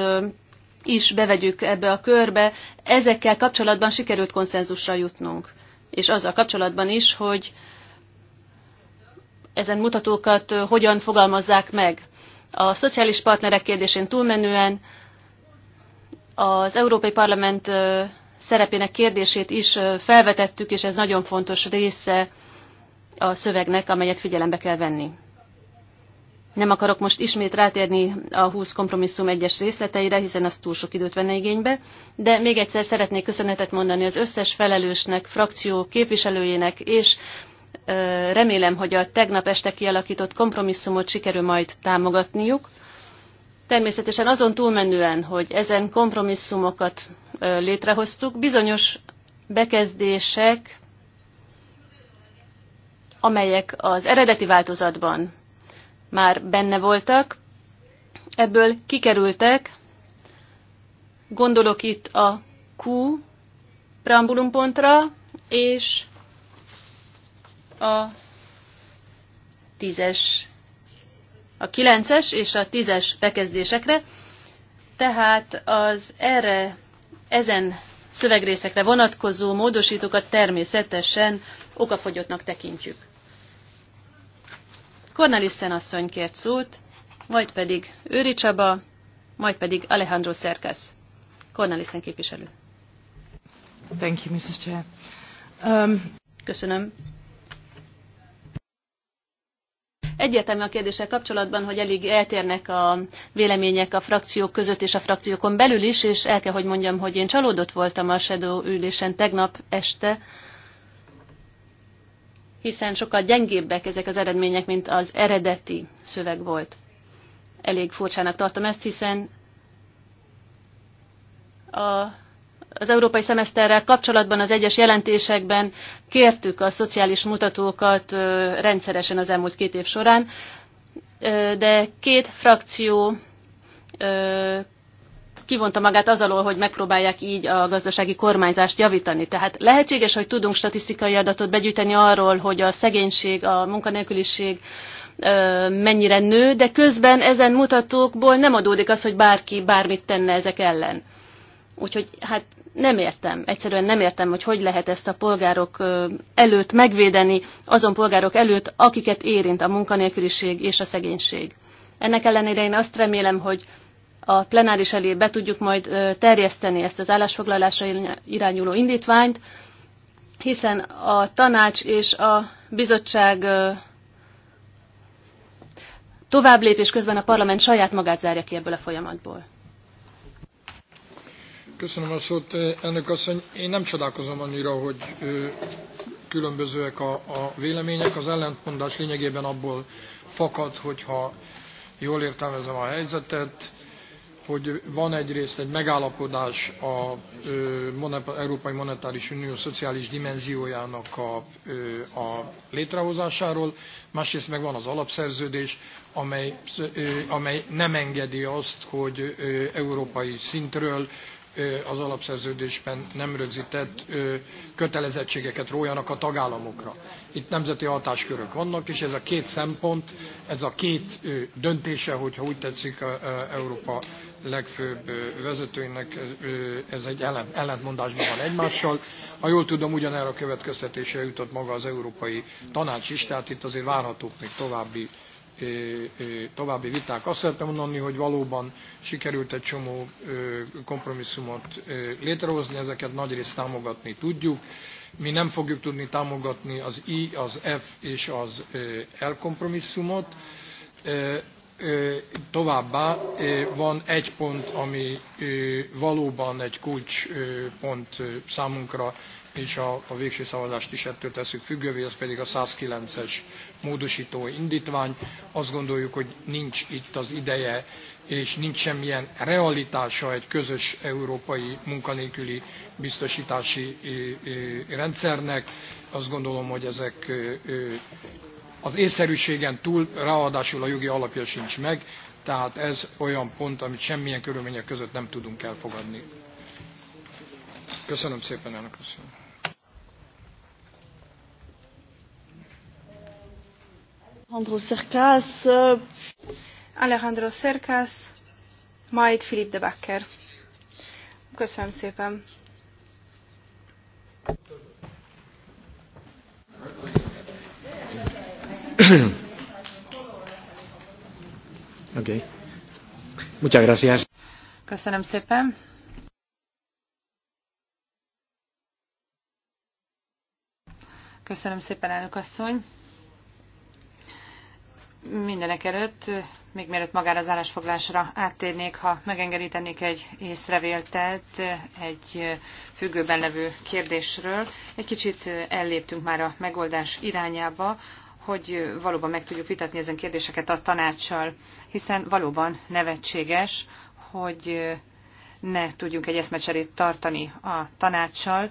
is bevegyük ebbe a körbe. Ezekkel kapcsolatban sikerült konszenzusra jutnunk. És azzal kapcsolatban is, hogy ezen mutatókat hogyan fogalmazzák meg. A szociális partnerek kérdésén túlmenően az Európai Parlament szerepének kérdését is felvetettük, és ez nagyon fontos része a szövegnek, amelyet figyelembe kell venni. Nem akarok most ismét rátérni a 20 kompromisszum egyes részleteire, hiszen az túl sok időt venne igénybe, de még egyszer szeretnék köszönetet mondani az összes felelősnek, frakció képviselőjének, és remélem, hogy a tegnap este kialakított kompromisszumot sikerül majd támogatniuk Természetesen azon túlmenően, hogy ezen kompromisszumokat létrehoztuk, bizonyos bekezdések, amelyek az eredeti változatban már benne voltak, ebből kikerültek. Gondolok itt a Q preambulumpontra és a tízes a 9-es és a 10-es bekezdésekre, tehát az erre, ezen szövegrészekre vonatkozó módosítókat természetesen okafogyottnak tekintjük. Cornelissen asszony kért szót, majd pedig Őri Csaba, majd pedig Alejandro Szerkesz. Cornelissen képviselő. Thank you, Mrs. Chair. Um... Köszönöm, Egyértelmű a kérdéssel kapcsolatban, hogy elég eltérnek a vélemények a frakciók között és a frakciókon belül is, és el kell, hogy mondjam, hogy én csalódott voltam a Shadow ülésen tegnap este, hiszen sokkal gyengébbek ezek az eredmények, mint az eredeti szöveg volt. Elég furcsának tartom ezt, hiszen a az európai szemeszterrel kapcsolatban az egyes jelentésekben kértük a szociális mutatókat rendszeresen az elmúlt két év során, de két frakció kivonta magát az alól, hogy megpróbálják így a gazdasági kormányzást javítani. Tehát lehetséges, hogy tudunk statisztikai adatot begyűjteni arról, hogy a szegénység, a munkanélküliség mennyire nő, de közben ezen mutatókból nem adódik az, hogy bárki bármit tenne ezek ellen. Úgyhogy hát nem értem, egyszerűen nem értem, hogy hogy lehet ezt a polgárok előtt megvédeni, azon polgárok előtt, akiket érint a munkanélküliség és a szegénység. Ennek ellenére én azt remélem, hogy a plenáris elé be tudjuk majd terjeszteni ezt az állásfoglalásra irányuló indítványt, hiszen a tanács és a bizottság tovább lépés közben a parlament saját magát zárja ki ebből a folyamatból. Köszönöm a szót, eh, elnök asszony. Én nem csodálkozom annyira, hogy eh, különbözőek a, a vélemények. Az ellentmondás lényegében abból fakad, hogyha jól értelmezem a helyzetet, hogy van egyrészt egy megállapodás a eh, Európai Monetáris Unió szociális dimenziójának a, a létrehozásáról, másrészt meg van az alapszerződés, amely, amely nem engedi azt, hogy európai szintről az alapszerződésben nem rögzített kötelezettségeket rójanak a tagállamokra. Itt nemzeti hatáskörök vannak, és ez a két szempont, ez a két döntése, hogyha úgy tetszik a Európa legfőbb vezetőinek, ez egy ellentmondásban van egymással. Ha jól tudom, ugyanerre a következtetésre jutott maga az Európai Tanács is, tehát itt azért várhatók még további további viták. Azt szeretném mondani, hogy valóban sikerült egy csomó kompromisszumot létrehozni, ezeket nagyrészt támogatni tudjuk. Mi nem fogjuk tudni támogatni az I, az F és az L kompromisszumot. Továbbá van egy pont, ami valóban egy kulcspont számunkra, és a, végső szavazást is ettől tesszük függővé, ez pedig a 109-es módosító indítvány. Azt gondoljuk, hogy nincs itt az ideje, és nincs semmilyen realitása egy közös európai munkanélküli biztosítási rendszernek. Azt gondolom, hogy ezek az észszerűségen túl, ráadásul a jogi alapja sincs meg, tehát ez olyan pont, amit semmilyen körülmények között nem tudunk elfogadni. Köszönöm szépen, elnök asszony. Alejandro Szerkász. Alejandro Cercas, majd Filip de Becker. Köszönöm szépen. <coughs> okay. Muchas gracias. Köszönöm szépen. Köszönöm szépen, elnök asszony. Mindenek előtt, még mielőtt magára az állásfoglásra áttérnék, ha megengedítenék egy észrevéltelt egy függőben levő kérdésről. Egy kicsit elléptünk már a megoldás irányába, hogy valóban meg tudjuk vitatni ezen kérdéseket a tanácssal, hiszen valóban nevetséges, hogy ne tudjunk egy eszmecserét tartani a tanácssal,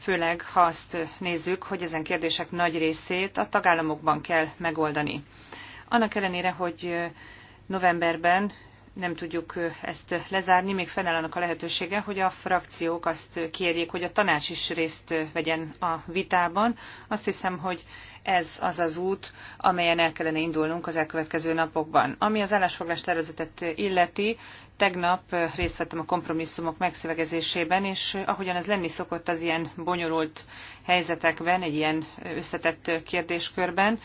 főleg ha azt nézzük, hogy ezen kérdések nagy részét a tagállamokban kell megoldani. Annak ellenére, hogy novemberben nem tudjuk ezt lezárni, még fennáll annak a lehetősége, hogy a frakciók azt kérjék, hogy a tanács is részt vegyen a vitában. Azt hiszem, hogy ez az az út, amelyen el kellene indulnunk az elkövetkező napokban. Ami az állásfoglás tervezetet illeti, tegnap részt vettem a kompromisszumok megszövegezésében, és ahogyan ez lenni szokott az ilyen bonyolult helyzetekben, egy ilyen összetett kérdéskörben,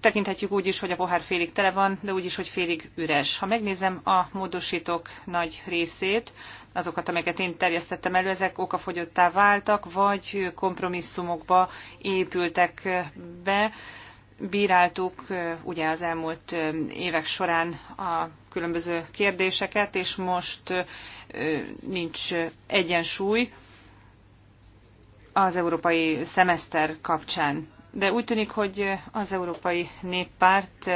tekinthetjük úgy is, hogy a pohár félig tele van, de úgy is, hogy félig üres. Ha megnézem a módosítók nagy részét, azokat, amelyeket én terjesztettem elő, ezek okafogyottá váltak, vagy kompromisszumokba épültek be. Bíráltuk ugye az elmúlt évek során a különböző kérdéseket, és most nincs egyensúly az európai szemeszter kapcsán de úgy tűnik, hogy az Európai Néppárt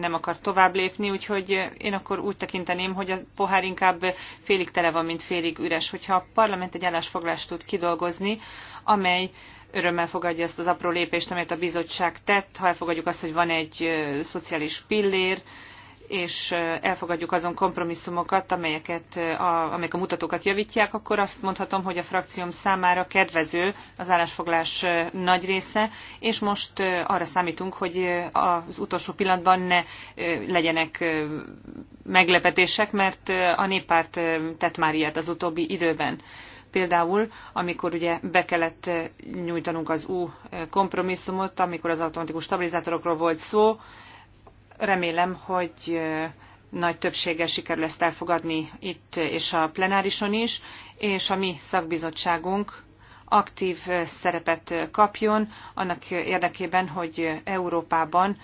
nem akar tovább lépni, úgyhogy én akkor úgy tekinteném, hogy a pohár inkább félig tele van, mint félig üres. Hogyha a parlament egy állásfoglást tud kidolgozni, amely örömmel fogadja ezt az apró lépést, amelyet a bizottság tett, ha elfogadjuk azt, hogy van egy szociális pillér, és elfogadjuk azon kompromisszumokat, amelyeket a, amelyek a mutatókat javítják, akkor azt mondhatom, hogy a frakcióm számára kedvező az állásfoglás nagy része, és most arra számítunk, hogy az utolsó pillanatban ne legyenek meglepetések, mert a néppárt tett már ilyet az utóbbi időben például, amikor ugye be kellett nyújtanunk az új kompromisszumot, amikor az automatikus stabilizátorokról volt szó, Remélem, hogy nagy többséggel sikerül ezt elfogadni itt és a plenárison is, és a mi szakbizottságunk aktív szerepet kapjon annak érdekében, hogy Európában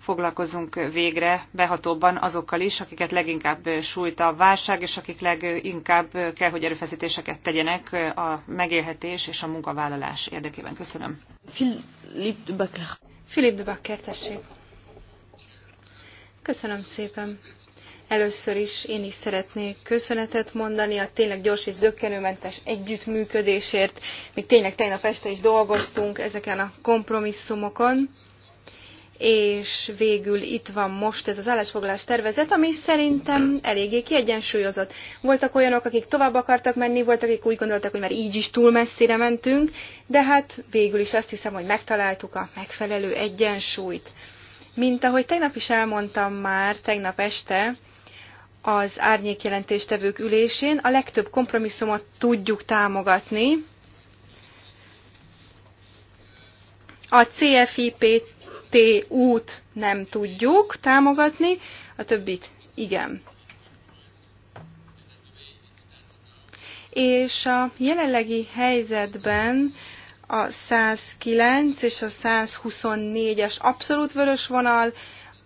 foglalkozunk végre behatóban azokkal is, akiket leginkább sújt a válság, és akik leginkább kell, hogy erőfeszítéseket tegyenek a megélhetés és a munkavállalás érdekében. Köszönöm. Philippe de Bakker. Philippe de Bakker, tessék. Köszönöm szépen. Először is én is szeretnék köszönetet mondani a tényleg gyors és zöggenőmentes együttműködésért. Még tényleg tegnap este is dolgoztunk ezeken a kompromisszumokon és végül itt van most ez az állásfoglalás tervezet, ami szerintem eléggé kiegyensúlyozott. Voltak olyanok, akik tovább akartak menni, voltak, akik úgy gondoltak, hogy már így is túl messzire mentünk, de hát végül is azt hiszem, hogy megtaláltuk a megfelelő egyensúlyt. Mint ahogy tegnap is elmondtam már, tegnap este, az árnyékjelentéstevők ülésén a legtöbb kompromisszumot tudjuk támogatni. A CFIPT-út nem tudjuk támogatni, a többit igen. És a jelenlegi helyzetben a 109 és a 124-es abszolút vörös vonal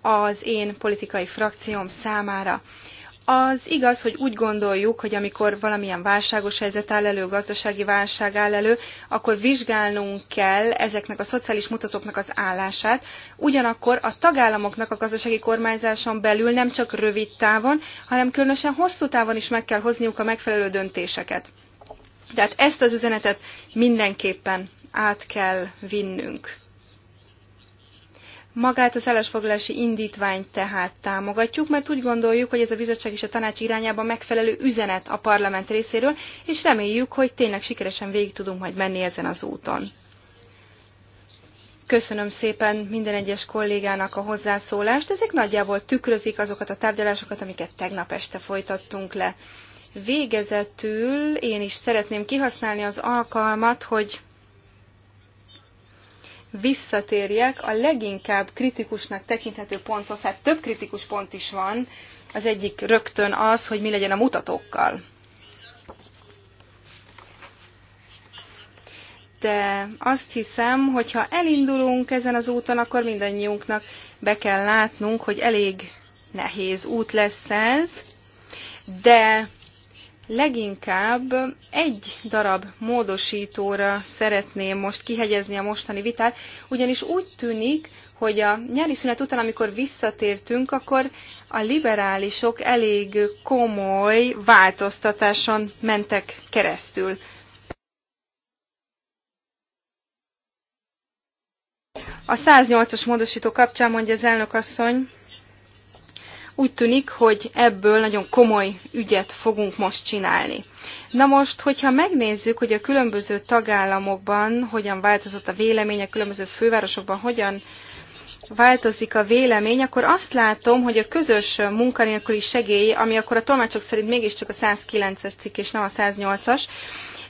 az én politikai frakcióm számára. Az igaz, hogy úgy gondoljuk, hogy amikor valamilyen válságos helyzet áll elő, gazdasági válság áll elő, akkor vizsgálnunk kell ezeknek a szociális mutatóknak az állását. Ugyanakkor a tagállamoknak a gazdasági kormányzáson belül nem csak rövid távon, hanem különösen hosszú távon is meg kell hozniuk a megfelelő döntéseket. Tehát ezt az üzenetet mindenképpen át kell vinnünk. Magát az szállásfoglalási indítványt tehát támogatjuk, mert úgy gondoljuk, hogy ez a bizottság és a tanács irányában megfelelő üzenet a parlament részéről, és reméljük, hogy tényleg sikeresen végig tudunk majd menni ezen az úton. Köszönöm szépen minden egyes kollégának a hozzászólást. Ezek nagyjából tükrözik azokat a tárgyalásokat, amiket tegnap este folytattunk le. Végezetül én is szeretném kihasználni az alkalmat, hogy visszatérjek a leginkább kritikusnak tekinthető ponthoz, hát több kritikus pont is van, az egyik rögtön az, hogy mi legyen a mutatókkal. de azt hiszem, hogy ha elindulunk ezen az úton, akkor mindannyiunknak be kell látnunk, hogy elég nehéz út lesz ez, de Leginkább egy darab módosítóra szeretném most kihegyezni a mostani vitát, ugyanis úgy tűnik, hogy a nyári szünet után, amikor visszatértünk, akkor a liberálisok elég komoly változtatáson mentek keresztül. A 108-as módosító kapcsán mondja az elnök asszony, úgy tűnik, hogy ebből nagyon komoly ügyet fogunk most csinálni. Na most, hogyha megnézzük, hogy a különböző tagállamokban hogyan változott a vélemény, a különböző fővárosokban hogyan változik a vélemény, akkor azt látom, hogy a közös munkanélküli segély, ami akkor a tolmácsok szerint mégiscsak a 109-es cikk és nem a 108-as,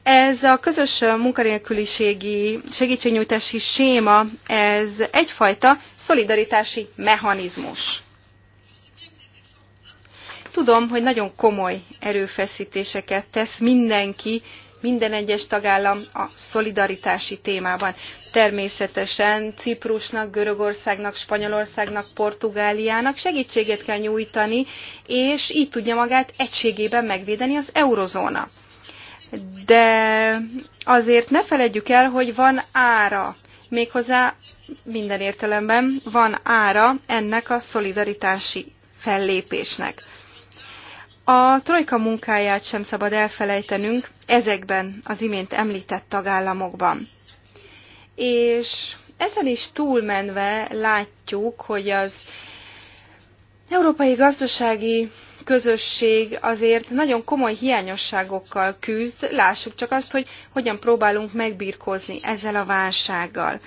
ez a közös munkanélküliségi segítségnyújtási séma, ez egyfajta szolidaritási mechanizmus. Tudom, hogy nagyon komoly erőfeszítéseket tesz mindenki, minden egyes tagállam a szolidaritási témában. Természetesen Ciprusnak, Görögországnak, Spanyolországnak, Portugáliának segítséget kell nyújtani, és így tudja magát egységében megvédeni az eurozóna. De azért ne feledjük el, hogy van ára, méghozzá minden értelemben van ára ennek a szolidaritási fellépésnek. A trojka munkáját sem szabad elfelejtenünk ezekben az imént említett tagállamokban. És ezen is túlmenve látjuk, hogy az európai gazdasági közösség azért nagyon komoly hiányosságokkal küzd, lássuk csak azt, hogy hogyan próbálunk megbirkózni ezzel a válsággal.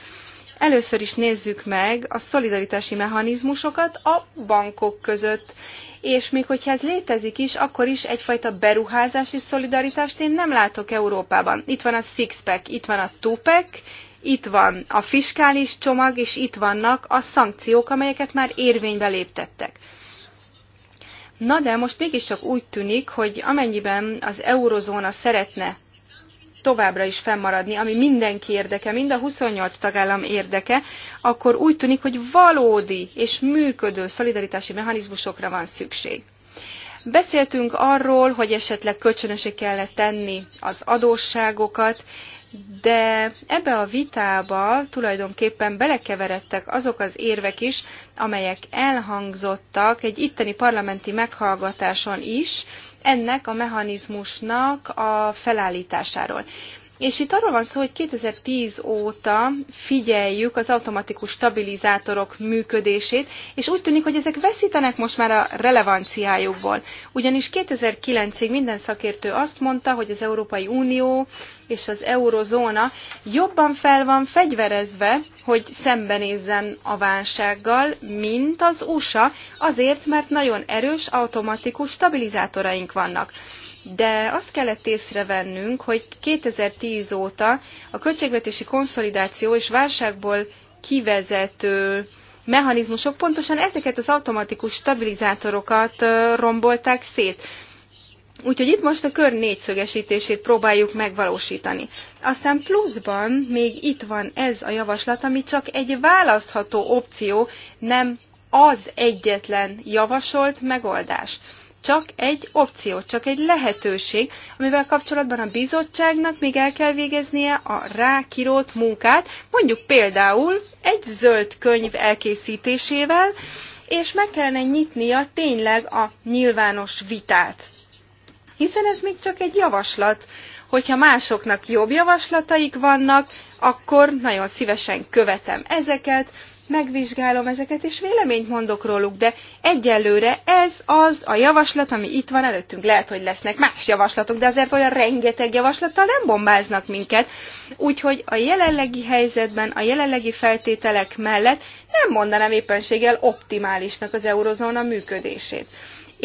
Először is nézzük meg a szolidaritási mechanizmusokat a bankok között, és még hogyha ez létezik is, akkor is egyfajta beruházási szolidaritást én nem látok Európában. Itt van a Sixpack, itt van a Tupac, itt van a fiskális csomag, és itt vannak a szankciók, amelyeket már érvénybe léptettek. Na de most mégiscsak úgy tűnik, hogy amennyiben az eurozóna szeretne továbbra is fennmaradni, ami mindenki érdeke, mind a 28 tagállam érdeke, akkor úgy tűnik, hogy valódi és működő szolidaritási mechanizmusokra van szükség. Beszéltünk arról, hogy esetleg kölcsönösé kellett tenni az adósságokat, de ebbe a vitába tulajdonképpen belekeveredtek azok az érvek is, amelyek elhangzottak egy itteni parlamenti meghallgatáson is, ennek a mechanizmusnak a felállításáról. És itt arról van szó, hogy 2010 óta figyeljük az automatikus stabilizátorok működését, és úgy tűnik, hogy ezek veszítenek most már a relevanciájukból. Ugyanis 2009-ig minden szakértő azt mondta, hogy az Európai Unió és az eurozóna jobban fel van fegyverezve, hogy szembenézzen a válsággal, mint az USA, azért, mert nagyon erős automatikus stabilizátoraink vannak de azt kellett észrevennünk, hogy 2010 óta a költségvetési konszolidáció és válságból kivezető mechanizmusok pontosan ezeket az automatikus stabilizátorokat rombolták szét. Úgyhogy itt most a kör négyszögesítését próbáljuk megvalósítani. Aztán pluszban még itt van ez a javaslat, ami csak egy választható opció, nem az egyetlen javasolt megoldás csak egy opció, csak egy lehetőség, amivel kapcsolatban a bizottságnak még el kell végeznie a rákirót munkát, mondjuk például egy zöld könyv elkészítésével, és meg kellene nyitnia tényleg a nyilvános vitát. Hiszen ez még csak egy javaslat. Hogyha másoknak jobb javaslataik vannak, akkor nagyon szívesen követem ezeket, megvizsgálom ezeket, és véleményt mondok róluk, de egyelőre ez az a javaslat, ami itt van előttünk. Lehet, hogy lesznek más javaslatok, de azért olyan rengeteg javaslattal nem bombáznak minket. Úgyhogy a jelenlegi helyzetben, a jelenlegi feltételek mellett nem mondanám éppenséggel optimálisnak az eurozóna működését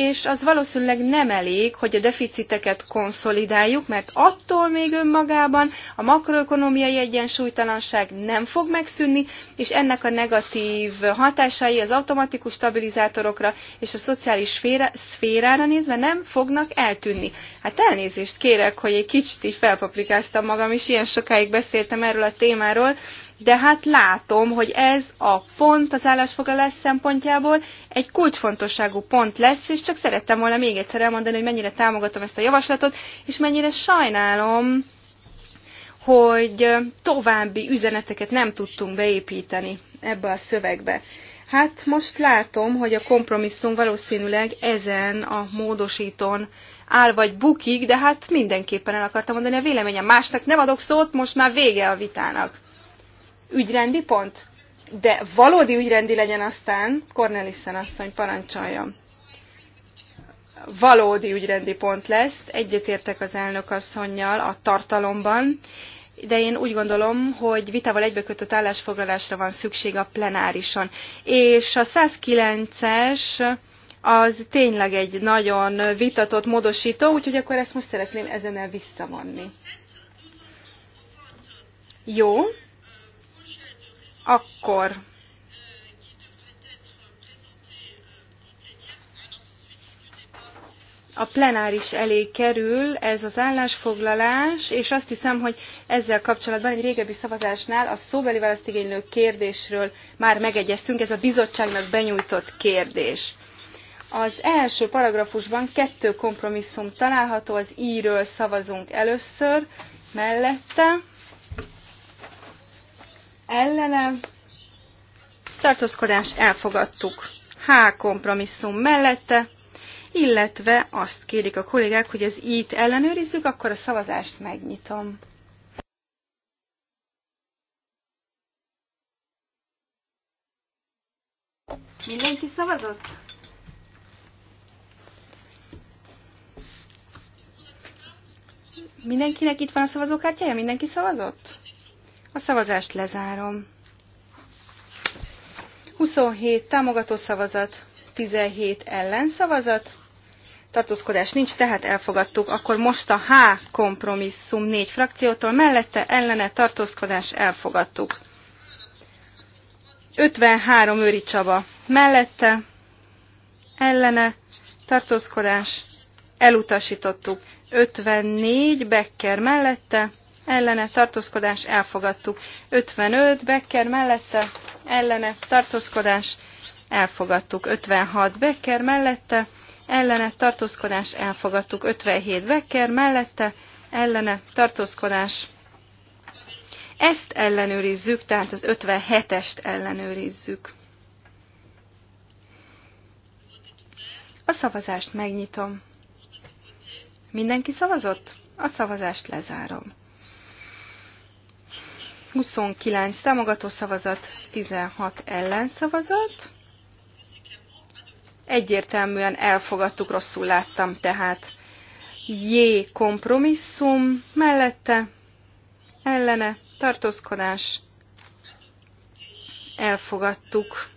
és az valószínűleg nem elég, hogy a deficiteket konszolidáljuk, mert attól még önmagában a makroökonomiai egyensúlytalanság nem fog megszűnni, és ennek a negatív hatásai az automatikus stabilizátorokra és a szociális szféra, szférára nézve nem fognak eltűnni. Hát elnézést kérek, hogy egy kicsit így felpaprikáztam magam, és ilyen sokáig beszéltem erről a témáról, de hát látom, hogy ez a font, az állásfoglalás szempontjából egy kulcsfontosságú pont lesz, és csak szerettem volna még egyszer elmondani, hogy mennyire támogatom ezt a javaslatot, és mennyire sajnálom, hogy további üzeneteket nem tudtunk beépíteni ebbe a szövegbe. Hát most látom, hogy a kompromisszum valószínűleg ezen a módosítón áll vagy bukik, de hát mindenképpen el akartam mondani a véleményem. Másnak nem adok szót, most már vége a vitának ügyrendi pont, de valódi ügyrendi legyen aztán, Cornelissen asszony parancsolja. Valódi ügyrendi pont lesz, egyetértek az elnök asszonynal a tartalomban, de én úgy gondolom, hogy vitával egybekötött állásfoglalásra van szükség a plenárison. És a 109-es az tényleg egy nagyon vitatott módosító, úgyhogy akkor ezt most szeretném ezen el visszavonni. Jó, akkor a plenáris elé kerül ez az állásfoglalás, és azt hiszem, hogy ezzel kapcsolatban egy régebbi szavazásnál a szóbeli választ igénylő kérdésről már megegyeztünk, ez a bizottságnak benyújtott kérdés. Az első paragrafusban kettő kompromisszum található, az íről szavazunk először, mellette, ellene tartózkodás elfogadtuk. H kompromisszum mellette, illetve azt kérik a kollégák, hogy az i-t ellenőrizzük, akkor a szavazást megnyitom. Mindenki szavazott? Mindenkinek itt van a szavazókártyája? Mindenki szavazott? A szavazást lezárom. 27 támogató szavazat, 17 ellenszavazat, tartózkodás nincs, tehát elfogadtuk. Akkor most a H kompromisszum négy frakciótól mellette ellene tartózkodás elfogadtuk. 53 Őri Csaba mellette ellene tartózkodás elutasítottuk. 54 Becker mellette ellene tartózkodás elfogadtuk. 55 Becker mellette ellene tartózkodás elfogadtuk. 56 Becker mellette ellene tartózkodás elfogadtuk. 57 Becker mellette ellene tartózkodás ezt ellenőrizzük, tehát az 57-est ellenőrizzük. A szavazást megnyitom. Mindenki szavazott? A szavazást lezárom. 29 támogató szavazat, 16 ellenszavazat. Egyértelműen elfogadtuk, rosszul láttam tehát. J kompromisszum, mellette, ellene, tartózkodás, elfogadtuk.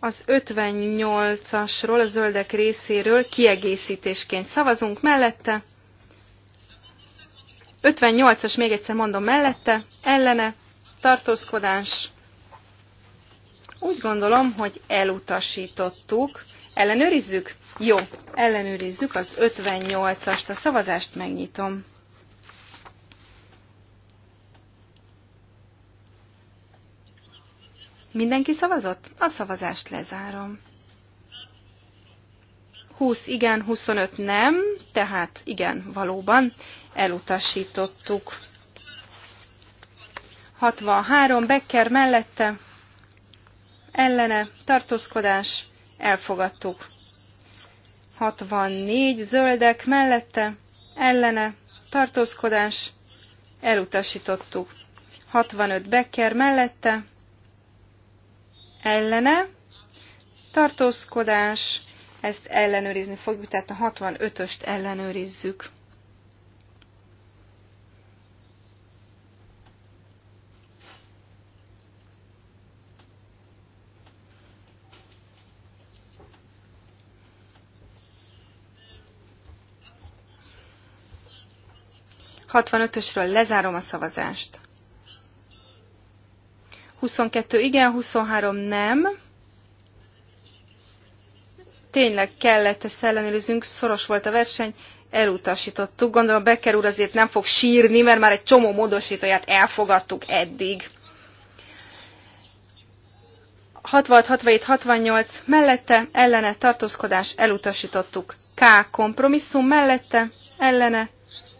Az 58-asról, a zöldek részéről kiegészítésként szavazunk mellette, 58-as még egyszer mondom mellette, ellene, tartózkodás. Úgy gondolom, hogy elutasítottuk. Ellenőrizzük? Jó, ellenőrizzük az 58-ast, a szavazást megnyitom. Mindenki szavazott? A szavazást lezárom. 20 igen, 25 nem, tehát igen, valóban elutasítottuk. 63 Becker mellette, ellene, tartózkodás, elfogadtuk. 64 zöldek mellette, ellene, tartózkodás, elutasítottuk. 65 Becker mellette, ellene, tartózkodás, ezt ellenőrizni fogjuk, tehát a 65-öst ellenőrizzük. Hatvanötösről lezárom a szavazást. 22 igen, 23 nem tényleg kellett ezt ellenőriznünk, szoros volt a verseny, elutasítottuk. Gondolom Becker úr azért nem fog sírni, mert már egy csomó módosítóját elfogadtuk eddig. 66, 67, 68 mellette, ellene, tartózkodás, elutasítottuk. K kompromisszum mellette, ellene,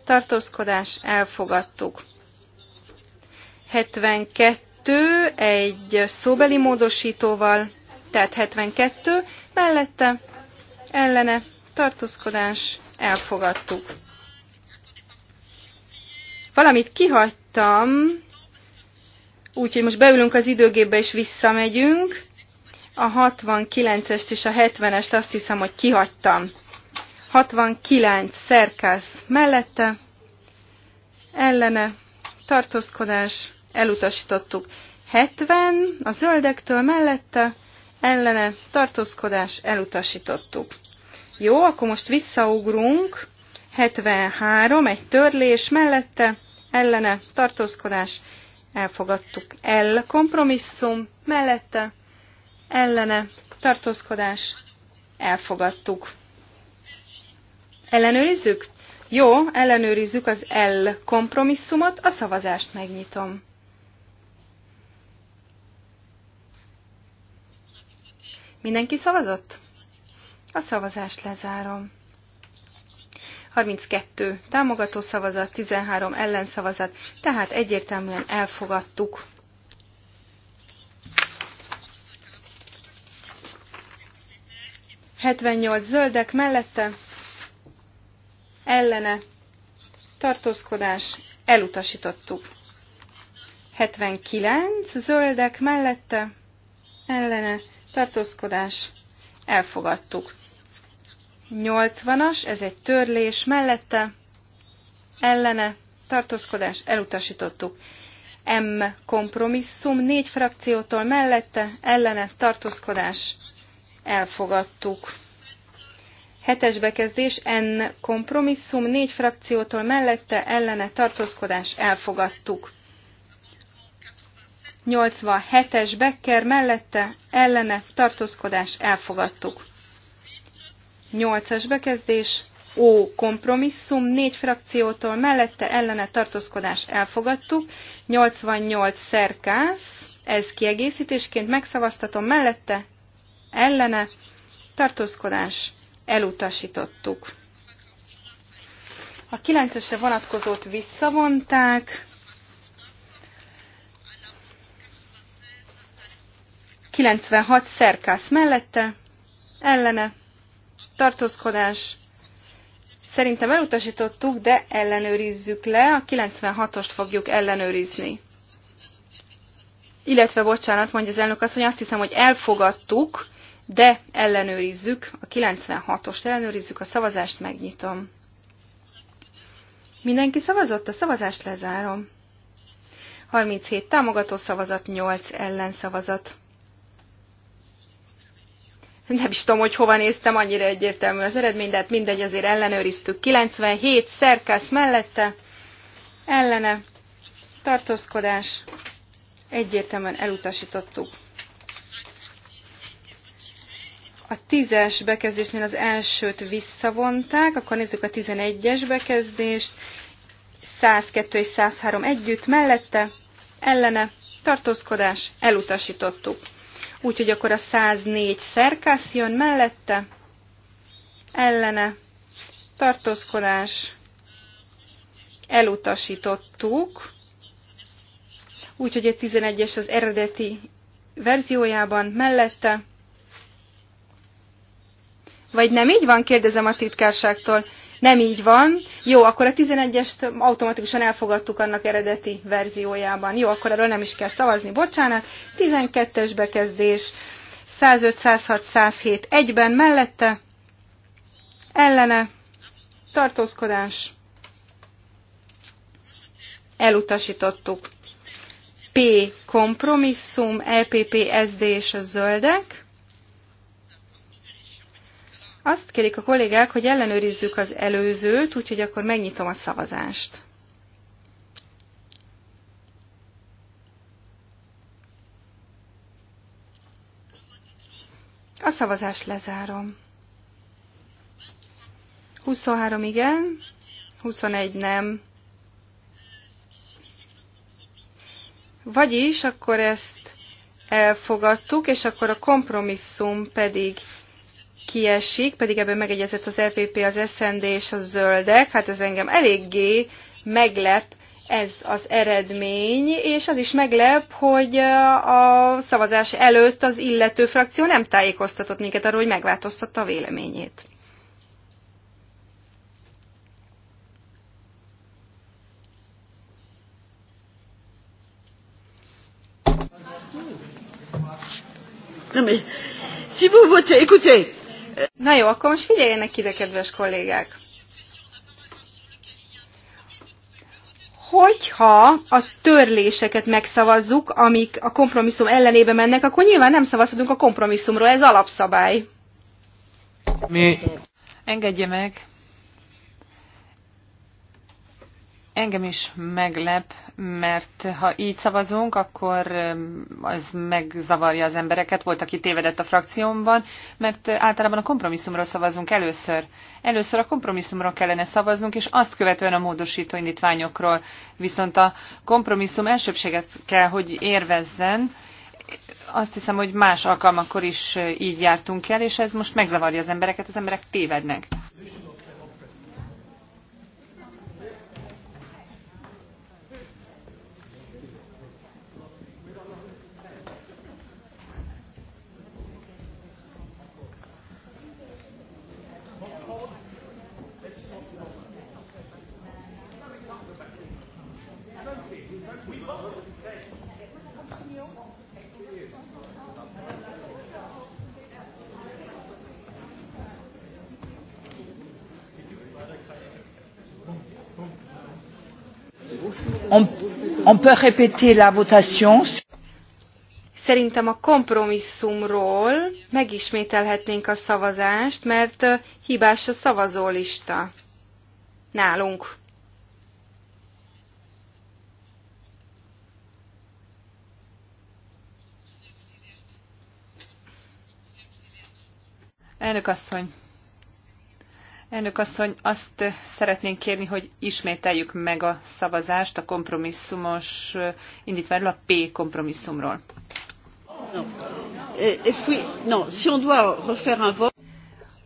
tartózkodás, elfogadtuk. 72 egy szóbeli módosítóval, tehát 72 mellette, ellene, tartózkodás, elfogadtuk. Valamit kihagytam, úgyhogy most beülünk az időgépbe és visszamegyünk. A 69-est és a 70-est azt hiszem, hogy kihagytam. 69 szerkász mellette, ellene, tartózkodás, elutasítottuk. 70 a zöldektől mellette, ellene tartózkodás elutasítottuk. Jó, akkor most visszaugrunk, 73, egy törlés mellette, ellene tartózkodás, elfogadtuk el kompromisszum, mellette, ellene tartózkodás, elfogadtuk. Ellenőrizzük? Jó, ellenőrizzük az L kompromisszumot, a szavazást megnyitom. Mindenki szavazott? A szavazást lezárom. 32 támogató szavazat, 13 ellenszavazat, tehát egyértelműen elfogadtuk. Hetvennyolc zöldek mellette, ellene, tartózkodás, elutasítottuk. 79 zöldek mellette, ellene, tartózkodás, elfogadtuk. 80-as, ez egy törlés, mellette, ellene, tartózkodás, elutasítottuk. M kompromisszum, négy frakciótól mellette, ellene, tartózkodás, elfogadtuk. Hetes bekezdés, N kompromisszum, négy frakciótól mellette, ellene, tartózkodás, elfogadtuk. 87-es Becker mellette ellene tartózkodás elfogadtuk. 8-as bekezdés Ó kompromisszum, négy frakciótól mellette ellene tartózkodás elfogadtuk, 88 szerkász, ez kiegészítésként megszavaztatom mellette, ellene tartózkodás elutasítottuk. A 9-esre vonatkozót visszavonták, 96 szerkász mellette, ellene, tartózkodás. Szerintem elutasítottuk, de ellenőrizzük le, a 96-ost fogjuk ellenőrizni. Illetve, bocsánat, mondja az elnök azt, hogy azt hiszem, hogy elfogadtuk, de ellenőrizzük, a 96-ost ellenőrizzük, a szavazást megnyitom. Mindenki szavazott, a szavazást lezárom. 37 támogató szavazat, 8 ellenszavazat nem is tudom, hogy hova néztem, annyira egyértelmű az eredmény, de hát mindegy, azért ellenőriztük. 97 szerkász mellette, ellene, tartózkodás, egyértelműen elutasítottuk. A 10-es bekezdésnél az elsőt visszavonták, akkor nézzük a 11-es bekezdést, 102 és 103 együtt, mellette, ellene, tartózkodás, elutasítottuk. Úgyhogy akkor a 104 szerkász jön mellette, ellene, tartózkodás, elutasítottuk, úgyhogy a 11-es az eredeti verziójában mellette, vagy nem így van, kérdezem a titkárságtól. Nem így van. Jó, akkor a 11-est automatikusan elfogadtuk annak eredeti verziójában. Jó, akkor erről nem is kell szavazni, bocsánat. 12-es bekezdés, 105, 106, 107 egyben mellette, ellene, tartózkodás, elutasítottuk. P. Kompromisszum, EPP, SD és a zöldek. Azt kérik a kollégák, hogy ellenőrizzük az előzőt, úgyhogy akkor megnyitom a szavazást. A szavazást lezárom. 23 igen, 21 nem. Vagyis akkor ezt elfogadtuk, és akkor a kompromisszum pedig kiesik, pedig ebben megegyezett az LPP, e az SND és a zöldek. Hát ez engem eléggé meglep ez az eredmény, és az is meglep, hogy a szavazás előtt az illető frakció nem tájékoztatott minket arról, hogy megváltoztatta a véleményét. Non mais si vous votez, écoutez, Na jó, akkor most figyeljenek ide, kedves kollégák! hogyha a törléseket megszavazzuk, amik a kompromisszum ellenébe mennek, akkor nyilván nem szavazhatunk a kompromisszumról, ez alapszabály. Mi? Engedje meg, Engem is meglep, mert ha így szavazunk, akkor az megzavarja az embereket. Volt, aki tévedett a frakciómban, mert általában a kompromisszumra szavazunk először. Először a kompromisszumra kellene szavaznunk, és azt követően a módosító indítványokról. Viszont a kompromisszum elsőbséget kell, hogy érvezzen, azt hiszem, hogy más alkalmakkor is eh, így jártunk el, és ez most megzavarja az embereket, az emberek tévednek. Szerintem a kompromisszumról megismételhetnénk a szavazást, mert hibás a szavazólista. Nálunk. Elnök asszony, Elnök asszony, azt szeretnénk kérni, hogy ismételjük meg a szavazást a kompromisszumos indítványról, a P kompromisszumról. Eh,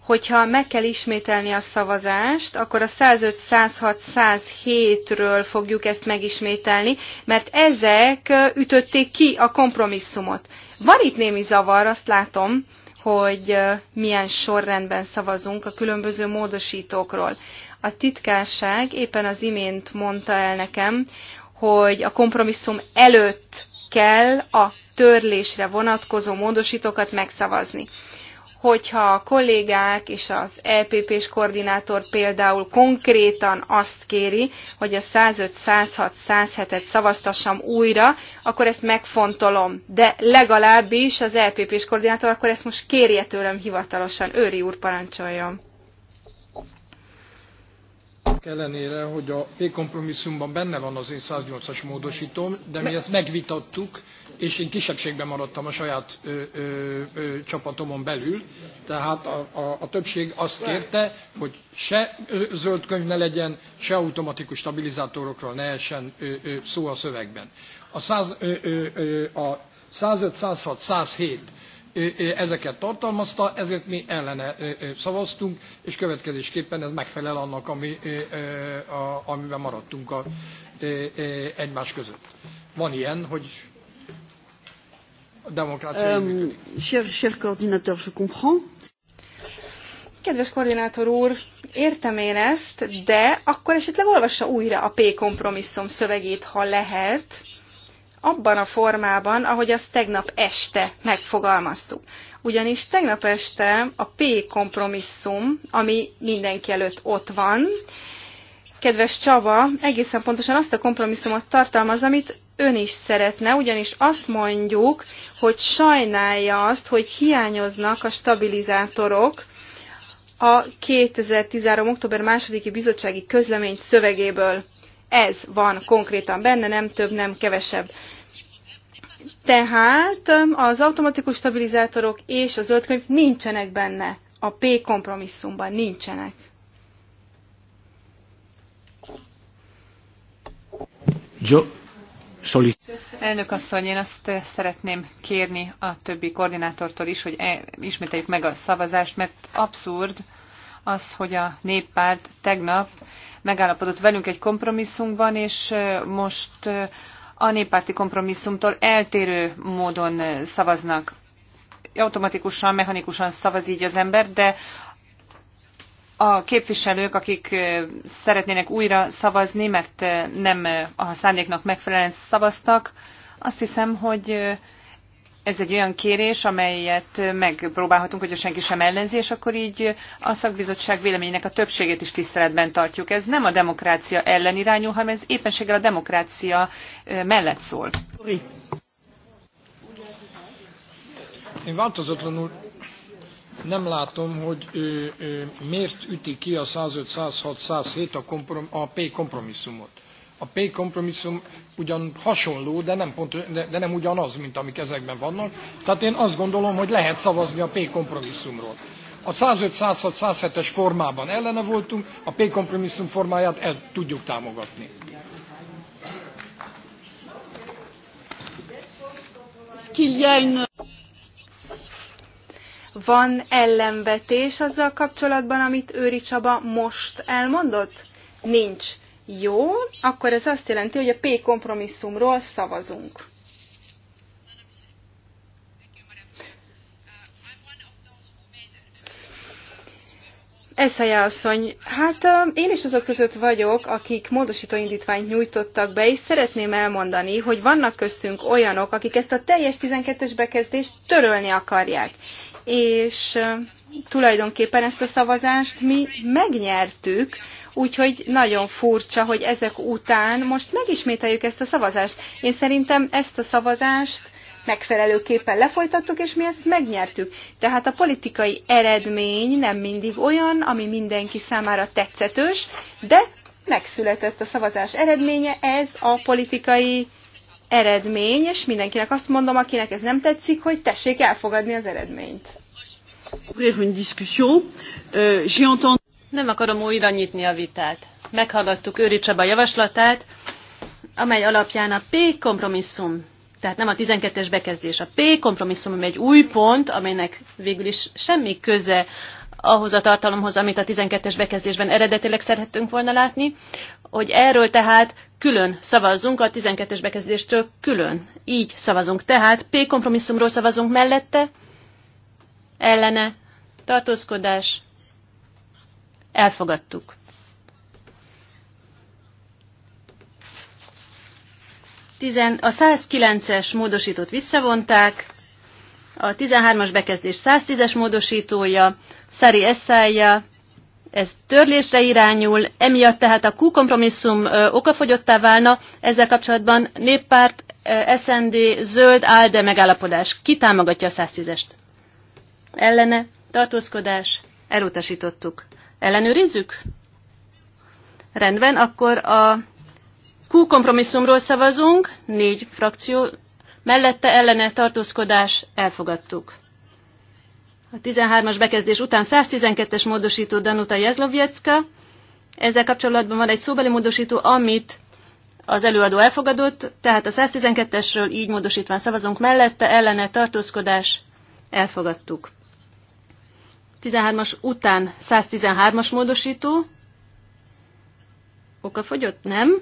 Hogyha meg kell ismételni a szavazást, akkor a 105, 106, 107-ről fogjuk ezt megismételni, mert ezek ütötték ki a kompromisszumot. Van itt némi zavar, azt látom, hogy milyen sorrendben szavazunk a különböző módosítókról. A titkárság éppen az imént mondta el nekem, hogy a kompromisszum előtt kell a törlésre vonatkozó módosítókat megszavazni hogyha a kollégák és az EPP-s koordinátor például konkrétan azt kéri, hogy a 105, 106, 107-et szavaztassam újra, akkor ezt megfontolom. De legalábbis az EPP-s koordinátor akkor ezt most kérje tőlem hivatalosan. Őri úr, parancsoljon! ellenére, hogy a P-kompromisszumban benne van az én 108-as módosítóm, de mi ezt megvitattuk, és én kisebbségben maradtam a saját ö, ö, ö, csapatomon belül, tehát a, a, a többség azt kérte, hogy se zöld könyv ne legyen, se automatikus stabilizátorokról ne essen ö, ö, szó a szövegben. A, a 105, 106, 107 ezeket tartalmazta, ezért mi ellene szavaztunk, és következésképpen ez megfelel annak, ami, amiben maradtunk a, egymás között. Van ilyen, hogy a demokrácia... Um, cher, cher je comprends. Kedves koordinátor úr, értem én ezt, de akkor esetleg olvassa újra a P kompromisszum szövegét, ha lehet abban a formában, ahogy azt tegnap este megfogalmaztuk. Ugyanis tegnap este a P kompromisszum, ami mindenki előtt ott van, kedves Csaba, egészen pontosan azt a kompromisszumot tartalmaz, amit ön is szeretne, ugyanis azt mondjuk, hogy sajnálja azt, hogy hiányoznak a stabilizátorok a 2013. október 2. bizottsági közlemény szövegéből. Ez van konkrétan benne, nem több, nem kevesebb. Tehát az automatikus stabilizátorok és a zöldkönyv nincsenek benne. A P kompromisszumban nincsenek. Elnök asszony, én azt eh, szeretném kérni a többi koordinátortól is, hogy e, ismételjük meg a szavazást, mert abszurd az, hogy a néppárt tegnap megállapodott velünk egy kompromisszumban, és eh, most eh, a néppárti kompromisszumtól eltérő módon eh, szavaznak. Automatikusan, mechanikusan szavaz így az ember, de a képviselők, akik eh, szeretnének újra szavazni, mert eh, nem a szándéknak megfelelően szavaztak, azt hiszem, hogy ez egy olyan kérés, amelyet megpróbálhatunk, hogyha senki sem ellenzi, és akkor így a szakbizottság véleményének a többségét is tiszteletben tartjuk. Ez nem a demokrácia ellen irányul, hanem ez éppenséggel a demokrácia mellett szól. Én változatlanul nem látom, hogy ö, ö, miért üti ki a 105, 106, 107 a, komprom, a P kompromisszumot a P kompromisszum ugyan hasonló, de nem, pont, de, de nem ugyanaz, mint amik ezekben vannak. Tehát én azt gondolom, hogy lehet szavazni a P kompromisszumról. A 105, 106, 107-es formában ellene voltunk, a P kompromisszum formáját el tudjuk támogatni. Van ellenvetés azzal kapcsolatban, amit Őri Csaba most elmondott? Nincs. Jó, akkor ez azt jelenti, hogy a P kompromisszumról szavazunk. Eszeje asszony, hát én is azok között vagyok, akik módosító indítványt nyújtottak be, és szeretném elmondani, hogy vannak köztünk olyanok, akik ezt a teljes 12-es bekezdést törölni akarják. És tulajdonképpen ezt a szavazást mi megnyertük, Úgyhogy nagyon furcsa, hogy ezek után most megismételjük ezt a szavazást. Én szerintem ezt a szavazást megfelelőképpen lefolytattuk, és mi ezt megnyertük. Tehát a politikai eredmény nem mindig olyan, ami mindenki számára tetszetős, de megszületett a szavazás eredménye, ez a politikai eredmény, és mindenkinek azt mondom, akinek ez nem tetszik, hogy tessék elfogadni az eredményt. Nem akarom újra nyitni a vitát. Meghallgattuk Őri Csaba javaslatát, amely alapján a P kompromisszum, tehát nem a 12-es bekezdés, a P kompromisszum, ami egy új pont, amelynek végül is semmi köze ahhoz a tartalomhoz, amit a 12-es bekezdésben eredetileg szerettünk volna látni, hogy erről tehát külön szavazzunk, a 12-es bekezdéstől külön. Így szavazunk. Tehát P kompromisszumról szavazunk mellette, ellene, tartózkodás, Elfogadtuk. Tizen, a 109-es módosítót visszavonták, a 13-as bekezdés 110-es módosítója, szári Eszája, ez törlésre irányul, emiatt tehát a Q kompromisszum okafogyottá válna, ezzel kapcsolatban néppárt, SND, zöld, ALDE megállapodás. Ki támogatja a 110-est? Ellene, tartózkodás, elutasítottuk. Ellenőrizzük? Rendben, akkor a Q kompromisszumról szavazunk, négy frakció, mellette ellene tartózkodás elfogadtuk. A 13-as bekezdés után 112-es módosító Danuta Jezlovjecka. Ezzel kapcsolatban van egy szóbeli módosító, amit az előadó elfogadott, tehát a 112-esről így módosítván szavazunk mellette, ellene tartózkodás elfogadtuk. 13-as után 113-as módosító. Oka fogyott? Nem.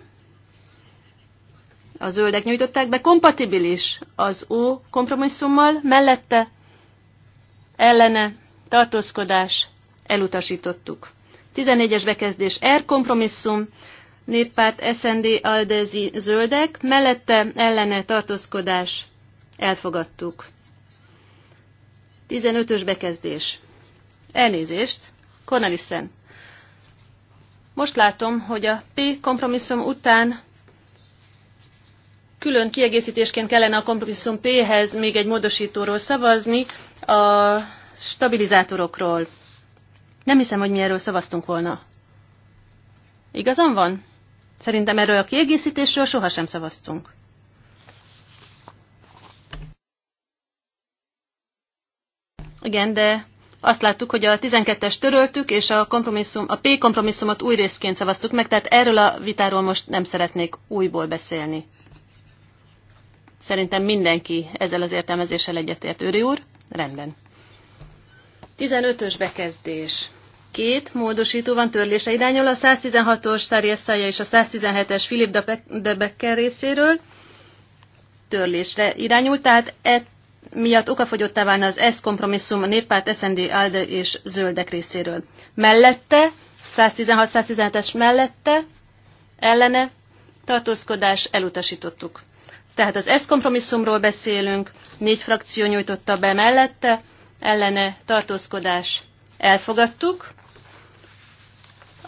A zöldek nyújtották be. Kompatibilis az O kompromisszummal, mellette ellene tartózkodás elutasítottuk. 14-es bekezdés R kompromisszum, néppárt SND Aldezi zöldek, mellette ellene tartózkodás elfogadtuk. 15-ös bekezdés. Elnézést, Cornelissen. Most látom, hogy a P kompromisszum után külön kiegészítésként kellene a kompromisszum P-hez még egy módosítóról szavazni, a stabilizátorokról. Nem hiszem, hogy mi erről szavaztunk volna. Igazam van? Szerintem erről a kiegészítésről sohasem szavaztunk. Igen, de azt láttuk, hogy a 12 est töröltük, és a, kompromisszum, a P kompromisszumot új részként szavaztuk meg, tehát erről a vitáról most nem szeretnék újból beszélni. Szerintem mindenki ezzel az értelmezéssel egyetért. Őri úr? Rendben. 15-ös bekezdés. Két módosító van törlése irányul, a 116-os Szárjesszaja és a 117-es Filip de Becker részéről törlésre irányult, tehát ett miatt okafogyottá válna az ESZ kompromisszum a néppárt, SND, ALDE és zöldek részéről. Mellette, 116-117-es mellette, ellene, tartózkodás elutasítottuk. Tehát az ESZ kompromisszumról beszélünk, négy frakció nyújtotta be mellette, ellene, tartózkodás elfogadtuk.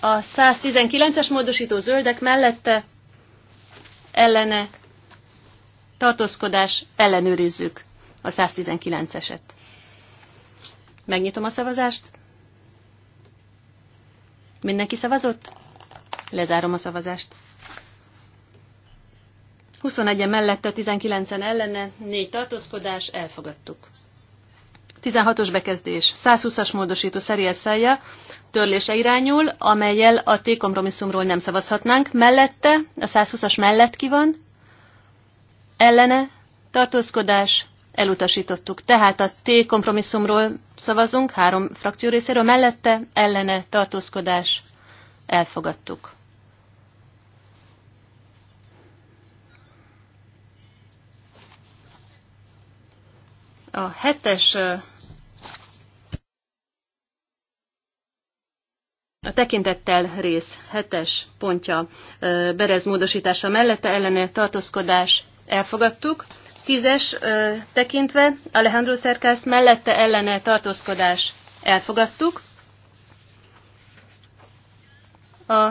A 119-es módosító zöldek mellette, ellene, tartózkodás ellenőrizzük a 119-eset. Megnyitom a szavazást. Mindenki szavazott? Lezárom a szavazást. 21-en mellette, 19-en ellene, 4 tartózkodás, elfogadtuk. 16-os bekezdés. 120-as módosító Szeriel törlése irányul, amelyel a T-kompromisszumról nem szavazhatnánk. Mellette, a 120-as mellett ki van? Ellene, tartózkodás, elutasítottuk. Tehát a T kompromisszumról szavazunk, három frakció részéről, mellette ellene tartózkodás elfogadtuk. A hetes A tekintettel rész hetes pontja berez módosítása mellette ellene tartózkodás elfogadtuk. Tízes ö, tekintve Alejandro Szerkász mellette ellene tartózkodás elfogadtuk. A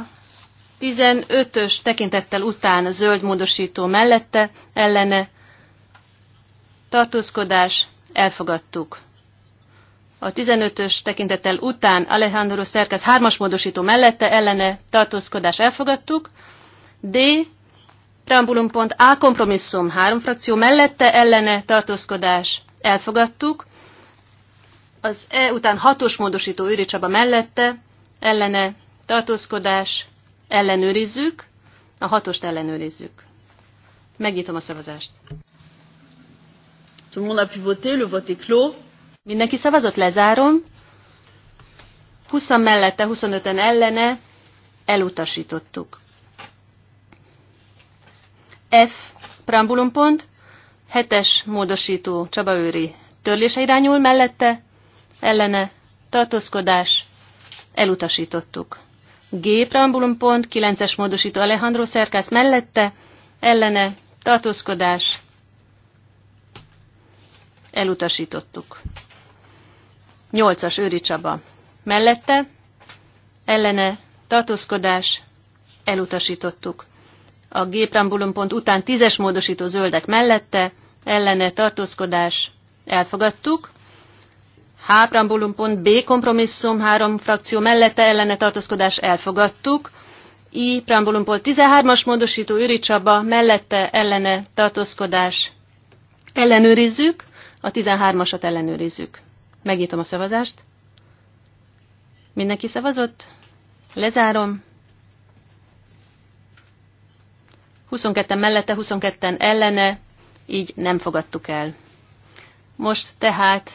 15-ös tekintettel után a zöld módosító mellette ellene tartózkodás elfogadtuk. A 15-ös tekintettel után Alejandro Szerkesz 3-as módosító mellette ellene tartózkodás elfogadtuk. D. Preambulum pont A kompromisszum, három frakció mellette ellene tartózkodás elfogadtuk. Az E után hatos módosító Őri Csaba mellette ellene tartózkodás ellenőrizzük, a hatost ellenőrizzük. Megnyitom a szavazást. Tout le monde a pu voter, le vote est clos. Mindenki szavazott, lezárom. 20 mellette, 25-en ellene elutasítottuk. F prambulum pont hetes módosító Csaba őri törlése irányul mellette, ellene tartózkodás elutasítottuk. G prambulum 9-es módosító Alejandro Szerkász mellette, ellene tartózkodás elutasítottuk. 8-as Őri Csaba mellette, ellene tartózkodás elutasítottuk a géprambulum pont után tízes módosító zöldek mellette, ellene tartózkodás elfogadtuk. H pont B kompromisszum három frakció mellette ellene tartózkodás elfogadtuk. I preambulum pont 13-as módosító Üri Csaba mellette ellene tartózkodás ellenőrizzük, a 13-asat ellenőrizzük. Megnyitom a szavazást. Mindenki szavazott? Lezárom. 22-en mellette, 22-en ellene, így nem fogadtuk el. Most tehát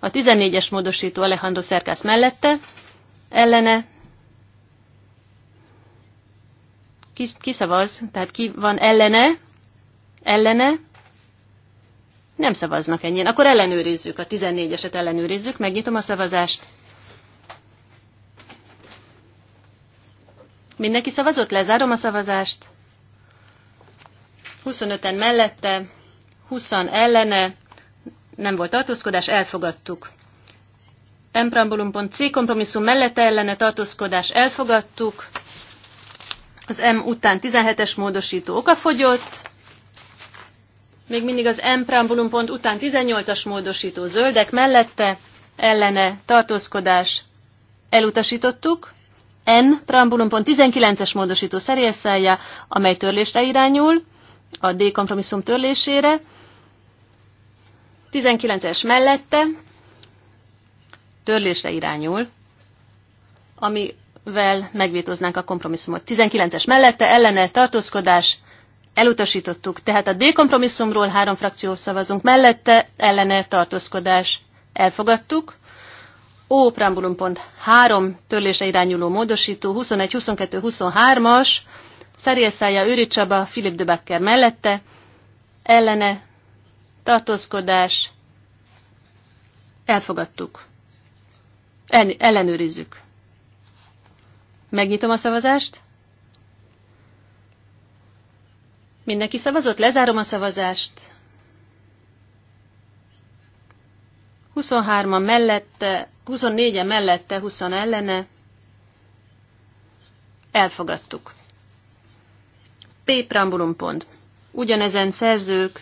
a 14-es módosító Alejandro Szerkász mellette, ellene, ki, ki szavaz, tehát ki van ellene, ellene, nem szavaznak ennyien. Akkor ellenőrizzük, a 14-eset ellenőrizzük, megnyitom a szavazást. Mindenki szavazott, lezárom a szavazást. 25-en mellette, 20 ellene, nem volt tartózkodás, elfogadtuk. Emprambulum.c kompromisszum mellette ellene tartózkodás elfogadtuk. Az M után 17-es módosító okafogyott. Még mindig az M preambulum pont után 18-as módosító zöldek mellette ellene tartózkodás elutasítottuk. N preambulum pont 19-es módosító szerélszája, amely törlésre irányul a D kompromisszum törlésére. 19-es mellette törlésre irányul, amivel megvétoznánk a kompromisszumot. 19-es mellette ellene tartózkodás elutasítottuk. Tehát a D kompromisszumról három frakció szavazunk mellette, ellene tartózkodás elfogadtuk. O preambulum pont 3 törlése irányuló módosító 21, 22, 23-as Szarélszája, Őri Csaba, Filip Döbekker mellette, ellene, tartózkodás, elfogadtuk. El, ellenőrizzük. Megnyitom a szavazást. Mindenki szavazott, lezárom a szavazást. 23 a mellette, 24 e mellette, 20 ellene. Elfogadtuk. P. Prambulum pont. Ugyanezen szerzők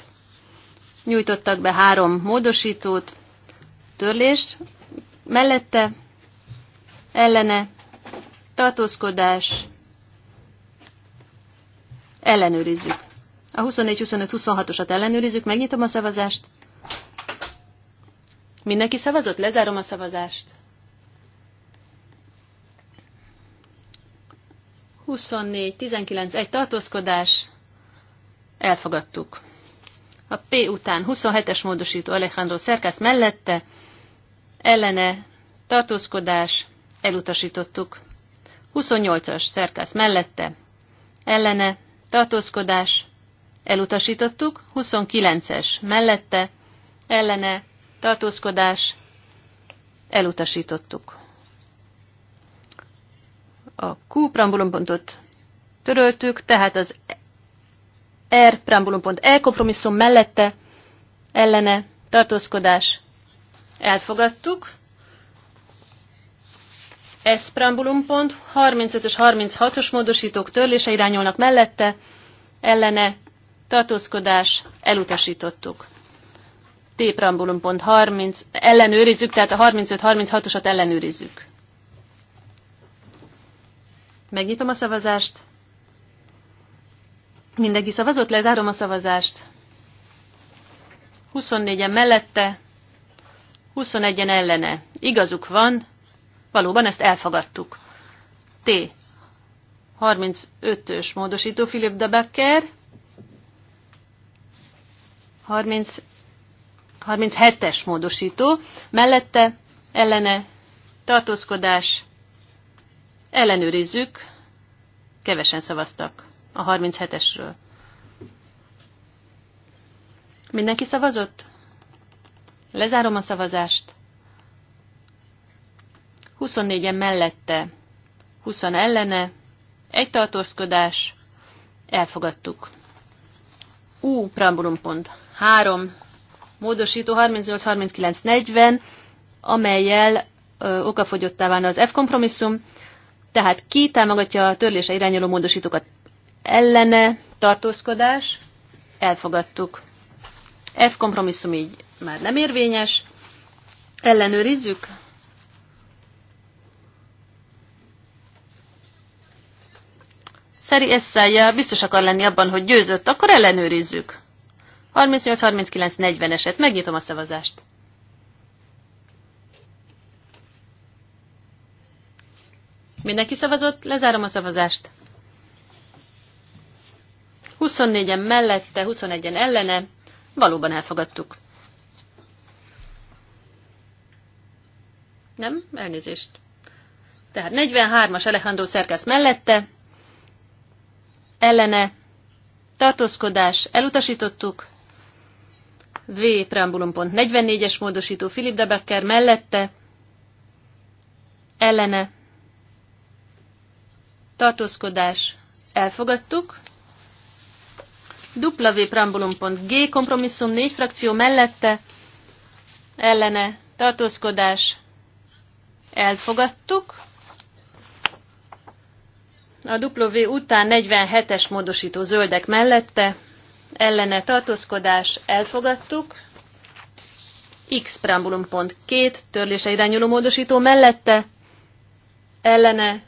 nyújtottak be három módosítót, törlést, mellette, ellene, tartózkodás, ellenőrizzük. A 24-25-26-osat ellenőrizzük, megnyitom a szavazást. Mindenki szavazott? Lezárom a szavazást. 24-19, egy tartózkodás, elfogadtuk. A P után 27-es módosító Alejandro Szerkász mellette, ellene tartózkodás, elutasítottuk. 28-as Szerkász mellette, ellene tartózkodás, elutasítottuk. 29-es mellette, ellene tartózkodás, elutasítottuk a Q preambulumpontot töröltük, tehát az R preambulumpont R e kompromisszum mellette ellene tartózkodás elfogadtuk. S preambulumpont 35 és 36-os módosítók törlése irányolnak mellette ellene tartózkodás elutasítottuk. T preambulumpont 30 ellenőrizzük, tehát a 35-36-osat ellenőrizzük. Megnyitom a szavazást. Mindenki szavazott, lezárom a szavazást. 24-en mellette, 21-en ellene. Igazuk van, valóban ezt elfogadtuk. T. 35-ös módosító Philip de Becker. 30, 37-es módosító. Mellette ellene tartózkodás Ellenőrizzük, kevesen szavaztak a 37-esről. Mindenki szavazott? Lezárom a szavazást. 24-en mellette, 20 ellene, egy tartózkodás, elfogadtuk. U, preambulum pont 3, módosító 38-39-40, amelyel ö, okafogyottá válna az F kompromisszum, tehát ki támogatja a törlése irányuló módosítókat? Ellene tartózkodás, elfogadtuk. Ez kompromisszum így már nem érvényes. Ellenőrizzük. Szeri Eszája biztos akar lenni abban, hogy győzött, akkor ellenőrizzük. 38-39-40 eset. Megnyitom a szavazást. Mindenki szavazott, lezárom a szavazást. 24-en mellette, 21-en ellene, valóban elfogadtuk. Nem? Elnézést. Tehát 43-as Alejandro Szerkász mellette, ellene, tartózkodás, elutasítottuk, V. Preambulum 44-es módosító Philip Debecker mellette, ellene, tartózkodás elfogadtuk. W G kompromisszum négy frakció mellette ellene tartózkodás elfogadtuk. A W után 47-es módosító zöldek mellette ellene tartózkodás elfogadtuk. X prambulum pont két törlése irányuló módosító mellette ellene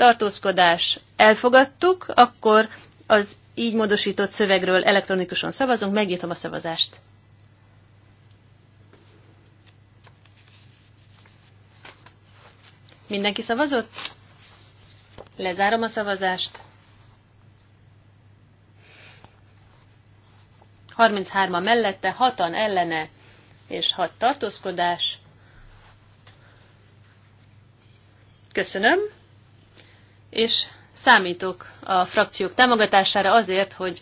tartózkodás elfogadtuk, akkor az így módosított szövegről elektronikusan szavazunk, megnyitom a szavazást. Mindenki szavazott? Lezárom a szavazást. 33-a mellette, 6-an ellene és 6 tartózkodás. Köszönöm és számítok a frakciók támogatására azért, hogy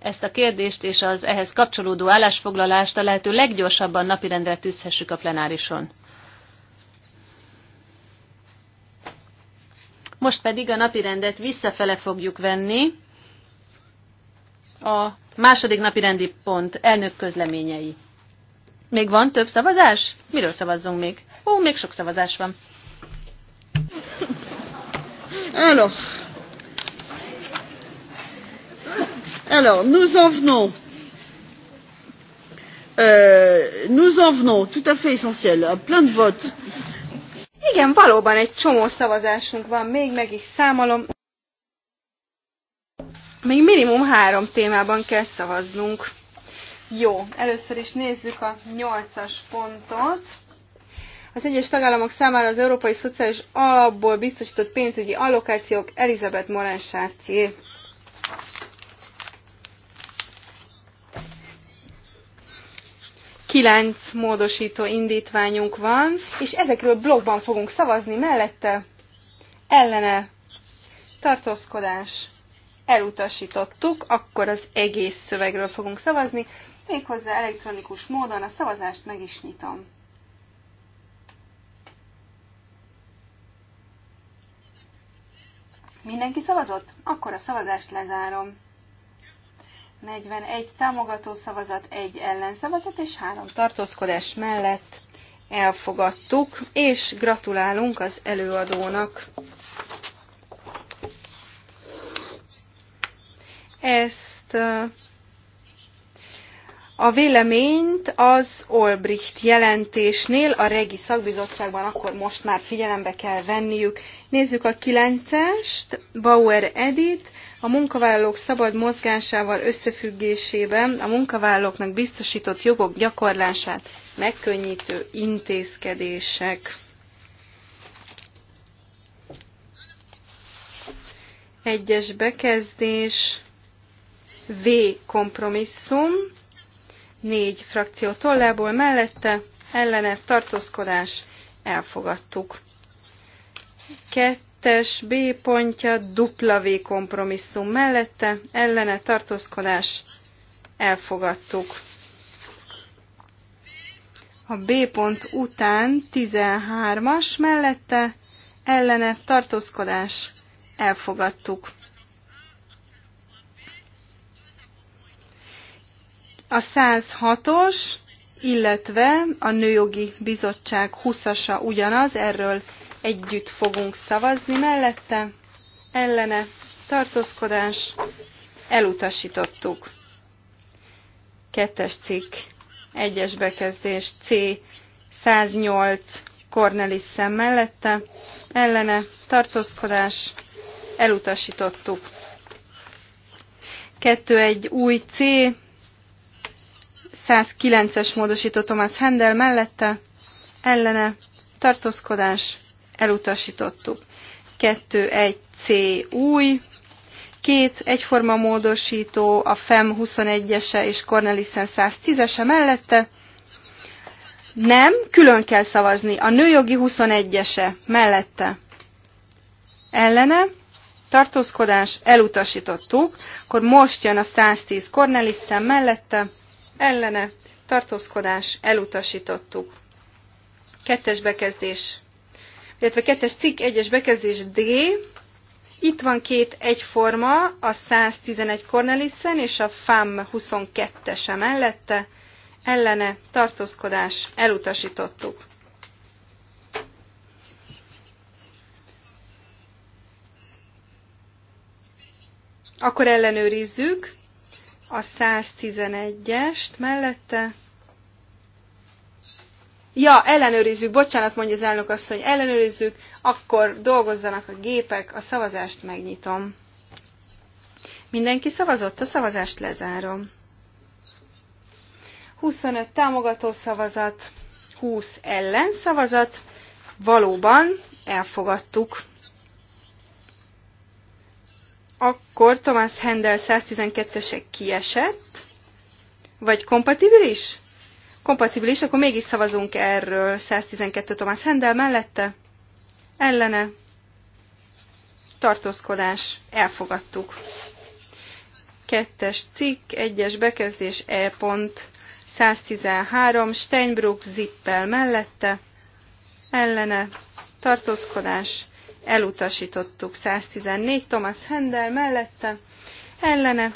ezt a kérdést és az ehhez kapcsolódó állásfoglalást a lehető leggyorsabban napirendre tűzhessük a plenárison. Most pedig a napirendet visszafele fogjuk venni. A második napirendi pont elnök közleményei. Még van több szavazás? Miről szavazzunk még? Ó, még sok szavazás van. Alors, alors nous en venons euh, nous en venons tout à fait essentiel à plein de votes. Igen, valóban egy csomó szavazásunk van, még meg is számolom. Még minimum három témában kell szavaznunk. Jó, először is nézzük a nyolcas pontot. Az egyes tagállamok számára az Európai Szociális Alapból biztosított pénzügyi allokációk Elizabeth Morán Sártyé. Kilenc módosító indítványunk van, és ezekről blogban fogunk szavazni mellette. Ellene tartózkodás elutasítottuk, akkor az egész szövegről fogunk szavazni, méghozzá elektronikus módon a szavazást meg is nyitom. Mindenki szavazott? Akkor a szavazást lezárom. 41 támogató szavazat, 1 ellenszavazat és 3 tartózkodás mellett elfogadtuk, és gratulálunk az előadónak. Ezt a véleményt az Olbricht jelentésnél a Regi Szakbizottságban akkor most már figyelembe kell venniük. Nézzük a kilencest, Bauer Edit, a munkavállalók szabad mozgásával összefüggésében a munkavállalóknak biztosított jogok gyakorlását megkönnyítő intézkedések. Egyes bekezdés, V kompromisszum, négy frakció tollából mellette, ellene tartózkodás elfogadtuk. Kettes B pontja V kompromisszum mellette, ellene tartózkodás elfogadtuk. A B pont után 13-as mellette, ellene tartózkodás elfogadtuk. A 106-os, illetve a Nőjogi Bizottság 20-asa ugyanaz, erről együtt fogunk szavazni mellette, ellene, tartózkodás, elutasítottuk. Kettes cikk, egyes bekezdés, C, 108, Cornelis szem mellette, ellene, tartózkodás, elutasítottuk. 2 egy új C, 109-es módosító Thomas Hendel mellette, ellene, tartózkodás, elutasítottuk. 2.1c új, két egyforma módosító, a FEM 21-ese és Cornelissen 110-ese mellette. Nem, külön kell szavazni. A nőjogi 21-ese mellette. Ellene, tartózkodás, elutasítottuk. Akkor most jön a 110 Cornelissen mellette ellene, tartózkodás, elutasítottuk. Kettes bekezdés, illetve kettes cikk, egyes bekezdés D. Itt van két egyforma, a 111 Cornelissen és a FAM 22-ese mellette, ellene, tartózkodás, elutasítottuk. Akkor ellenőrizzük a 111-est mellette. Ja, ellenőrizzük, bocsánat, mondja az elnök azt hogy ellenőrizzük, akkor dolgozzanak a gépek, a szavazást megnyitom. Mindenki szavazott, a szavazást lezárom. 25 támogató szavazat, 20 ellen szavazat, valóban elfogadtuk akkor Thomas Handel 112 ese kiesett, vagy kompatibilis? Kompatibilis, akkor mégis szavazunk erről 112 Thomas Handel mellette. Ellene. Tartózkodás. Elfogadtuk. Kettes cikk, egyes bekezdés, E pont. 113, Steinbrück zippel mellette. Ellene. Tartózkodás elutasítottuk 114 Thomas Hendel mellette, ellene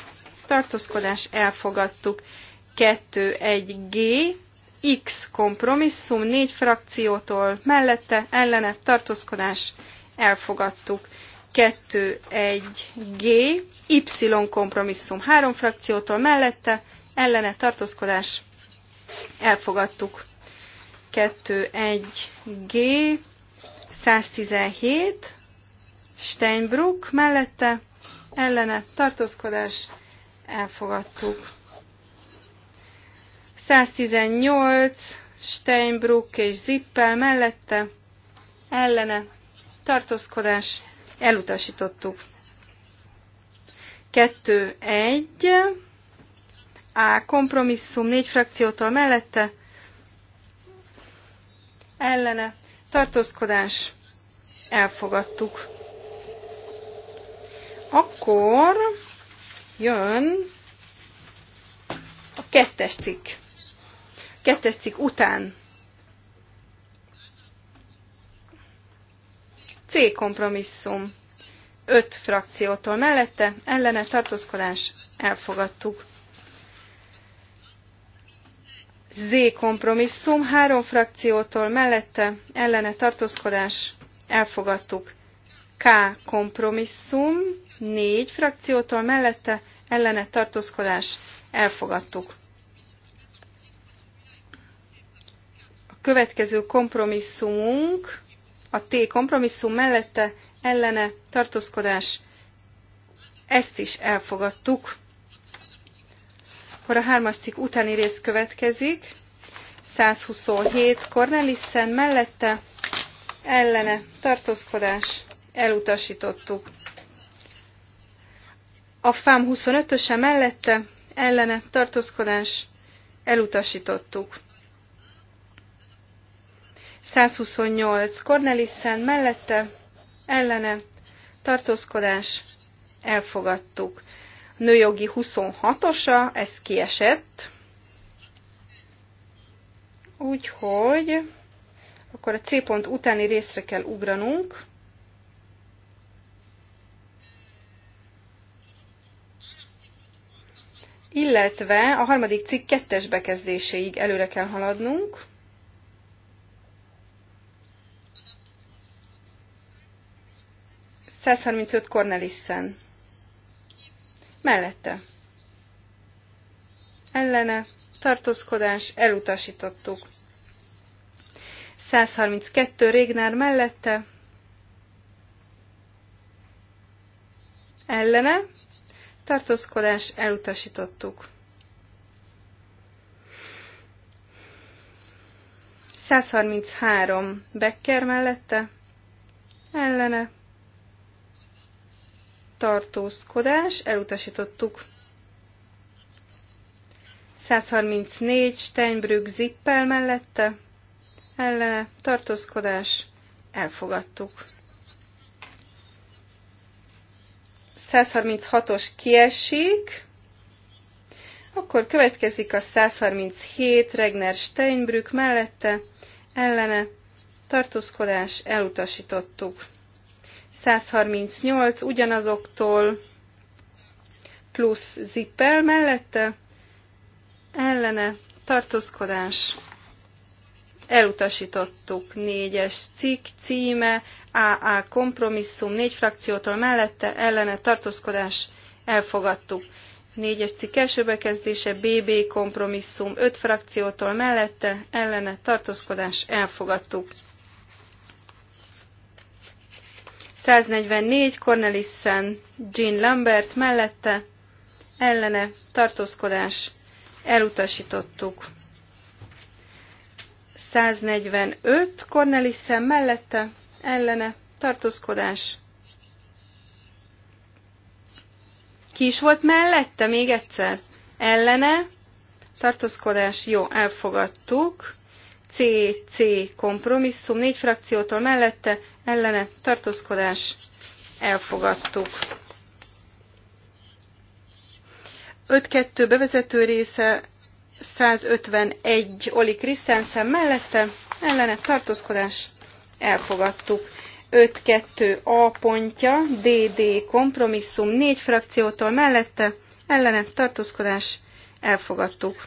tartózkodás elfogadtuk 2-1G, X kompromisszum négy frakciótól mellette, ellene tartózkodás elfogadtuk 2-1G, Y kompromisszum három frakciótól mellette, ellene tartózkodás elfogadtuk 2-1G, 117, Steinbruck mellette, ellene tartózkodás, elfogadtuk. 118, Steinbruck és Zippel mellette, ellene tartózkodás, elutasítottuk. 2-1, A kompromisszum négy frakciótól mellette, ellene tartózkodás, elfogadtuk. Akkor jön a kettes cikk. A kettes cikk után C kompromisszum. Öt frakciótól mellette, ellene tartózkodás, elfogadtuk. Z kompromisszum, három frakciótól mellette ellene tartózkodás elfogadtuk. K kompromisszum, négy frakciótól mellette ellene tartózkodás elfogadtuk. A következő kompromisszumunk a T kompromisszum mellette ellene tartózkodás, ezt is elfogadtuk. Akkor a hármas cikk utáni rész következik. 127 Cornelissen mellette ellene tartózkodás elutasítottuk. A FAM 25-öse mellette ellene tartózkodás elutasítottuk. 128 Cornelissen mellette ellene tartózkodás elfogadtuk nőjogi 26-osa, ez kiesett. Úgyhogy akkor a C pont utáni részre kell ugranunk. Illetve a harmadik cikk kettes bekezdéséig előre kell haladnunk. Százharmincöt Cornelissen mellette. Ellene, tartózkodás, elutasítottuk. 132 Régnár mellette, ellene, tartózkodás, elutasítottuk. 133 Becker mellette, ellene, tartózkodás, elutasítottuk. 134 Steinbrück zippel mellette, ellene tartózkodás, elfogadtuk. 136-os kiesik, akkor következik a 137 Regner Steinbrück mellette, ellene tartózkodás, elutasítottuk. 138 ugyanazoktól plusz zippel mellette, ellene tartózkodás elutasítottuk. Négyes cikk címe, AA kompromisszum, négy frakciótól mellette, ellene tartózkodás elfogadtuk. Négyes cikk első bekezdése, BB kompromisszum, öt frakciótól mellette, ellene tartózkodás elfogadtuk. 144 Cornelissen Jean Lambert mellette ellene tartózkodás elutasítottuk. 145 Cornelissen mellette ellene tartózkodás. Ki is volt mellette még egyszer? Ellene tartózkodás. Jó, elfogadtuk. CC kompromisszum, négy frakciótól mellette, ellene tartózkodás, elfogadtuk. 5-2 bevezető része, 151 Oli Krisztánszem mellette, ellene tartózkodás, elfogadtuk. 5-2 A pontja, DD kompromisszum, négy frakciótól mellette, ellene tartózkodás, elfogadtuk.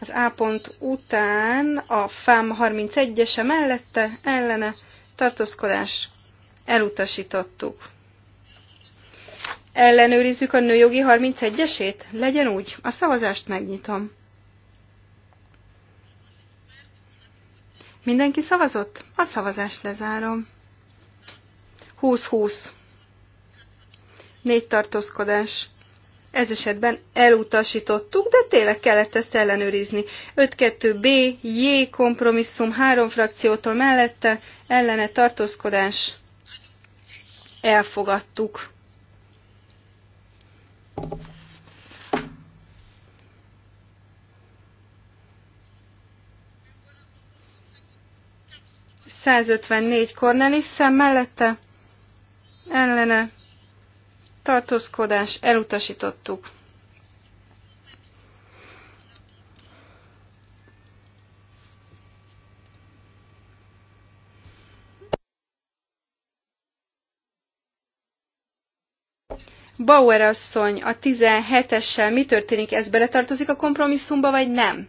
Az A pont után a FAM 31-ese mellette ellene tartózkodás elutasítottuk. Ellenőrizzük a nőjogi 31-esét? Legyen úgy. A szavazást megnyitom. Mindenki szavazott? A szavazást lezárom. 20-20. Négy tartózkodás ez esetben elutasítottuk, de tényleg kellett ezt ellenőrizni. 5-2-B, J kompromisszum, három frakciótól mellette, ellene tartózkodás, elfogadtuk. Százötvennégy Cornelis szem mellette, ellene tartózkodás, elutasítottuk. Bauer asszony, a 17-essel mi történik? Ez beletartozik a kompromisszumba, vagy nem?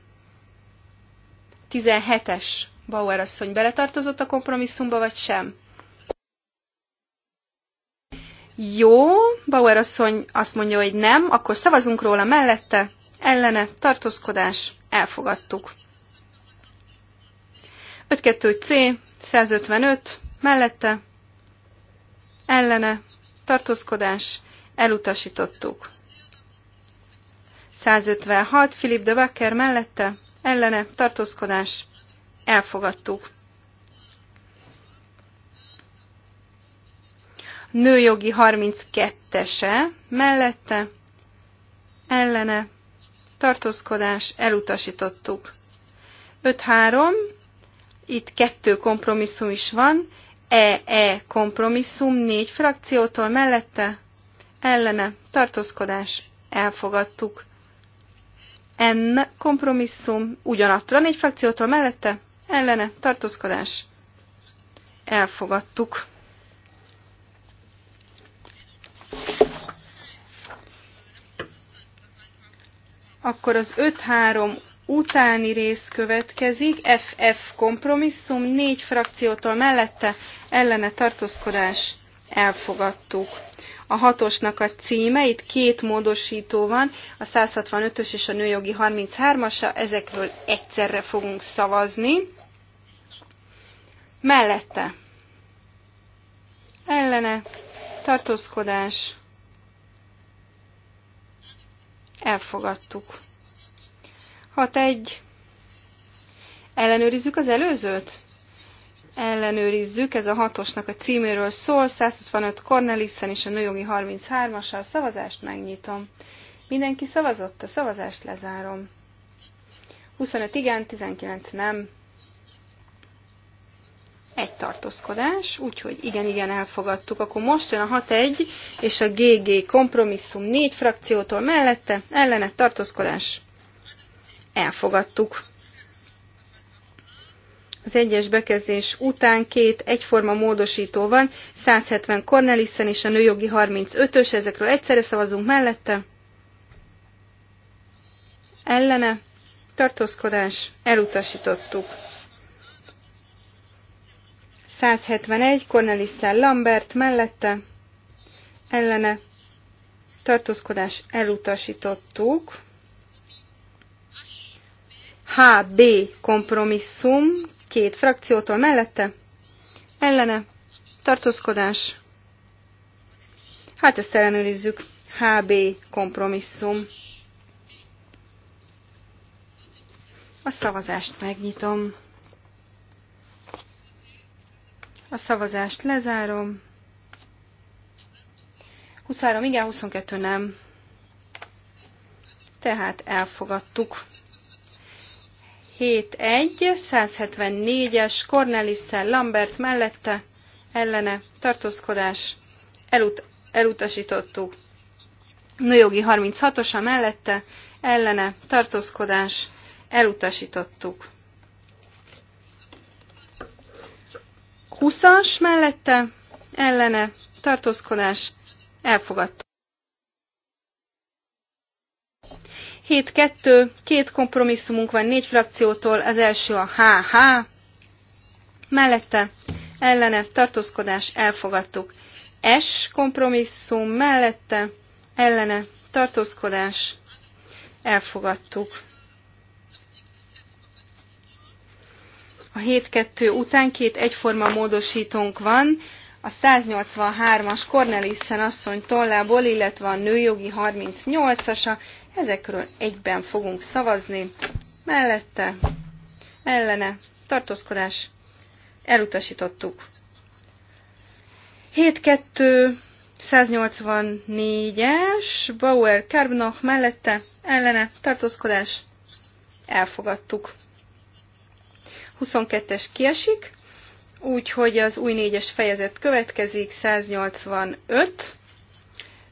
17-es Bauer asszony beletartozott a kompromisszumba, vagy sem? Jó, Bauer asszony azt mondja, hogy nem, akkor szavazunk róla mellette, ellene, tartózkodás, elfogadtuk. 52C, 155, mellette, ellene, tartózkodás, elutasítottuk. 156, Philip de Bakker mellette, ellene, tartózkodás, elfogadtuk. nőjogi 32-ese mellette ellene tartózkodás elutasítottuk. 5-3, itt kettő kompromisszum is van, EE kompromisszum négy frakciótól mellette ellene tartózkodás elfogadtuk. N kompromisszum ugyanattól a négy frakciótól mellette ellene tartózkodás elfogadtuk. Akkor az 5-3 utáni rész következik, FF kompromisszum, négy frakciótól mellette ellene tartózkodás elfogadtuk. A hatosnak a címe, itt két módosító van, a 165-ös és a nőjogi 33-asa, ezekről egyszerre fogunk szavazni. Mellette ellene tartózkodás Elfogadtuk. 6-1. Ellenőrizzük az előzőt? Ellenőrizzük, ez a hatosnak a címéről szól, 165 Cornelissen és a nőjogi 33-assal szavazást megnyitom. Mindenki szavazott, a szavazást lezárom. 25 igen, 19 nem. Egy tartózkodás, úgyhogy igen, igen, elfogadtuk. Akkor most jön a 6-1 és a GG kompromisszum négy frakciótól mellette, ellene tartózkodás. Elfogadtuk. Az egyes bekezdés után két egyforma módosító van, 170 Cornelissen és a nőjogi 35-ös, ezekről egyszerre szavazunk mellette. Ellene, tartózkodás, elutasítottuk. 171 Cornelissen Lambert mellette ellene tartózkodás elutasítottuk. HB kompromisszum két frakciótól mellette ellene tartózkodás. Hát ezt ellenőrizzük. HB kompromisszum. A szavazást megnyitom. A szavazást lezárom. 23 igen, 22 nem. Tehát elfogadtuk. 7-1, 174-es, cornelis Lambert mellette, ellene, tartózkodás, elut elutasítottuk. Nőjogi 36-osa mellette, ellene, tartózkodás, elutasítottuk. 20-as mellette ellene tartózkodás elfogadta. 7-2, két kompromisszumunk van négy frakciótól, az első a HH, mellette ellene tartózkodás elfogadtuk. S kompromisszum mellette ellene tartózkodás elfogadtuk. A 7-2 után két egyforma módosítónk van, a 183-as Cornelissen asszony tollából, illetve a nőjogi 38-asa, ezekről egyben fogunk szavazni. Mellette, ellene, tartózkodás, elutasítottuk. 7-2, 184-es, Bauer Karbnach mellette, ellene, tartózkodás, elfogadtuk. 22-es kiesik, úgyhogy az új négyes fejezet következik, 185,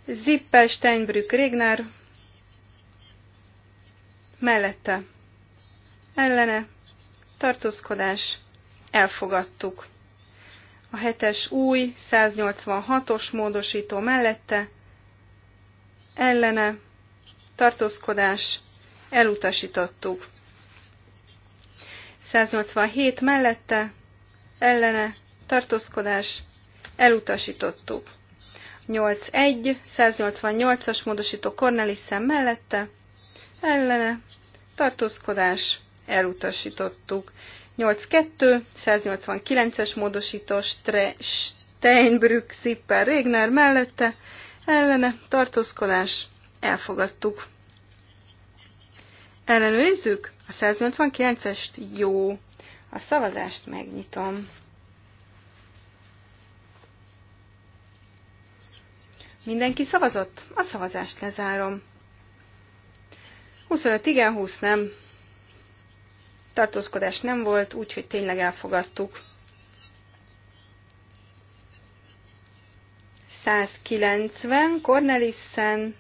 Zippel, Steinbrück, Regnár, mellette, ellene, tartózkodás, elfogadtuk. A hetes új, 186-os módosító mellette, ellene, tartózkodás, elutasítottuk. 187 mellette, ellene, tartózkodás, elutasítottuk. 8.1, 188-as módosító Cornelissen mellette, ellene, tartózkodás, elutasítottuk. 8.2, 189-es módosító Steinbrück Zipper Regner mellette, ellene, tartózkodás, elfogadtuk. Ellenőrizzük? A 189-est jó. A szavazást megnyitom. Mindenki szavazott? A szavazást lezárom. 25 igen, 20 nem. Tartózkodás nem volt, úgyhogy tényleg elfogadtuk. 190, Cornelissen,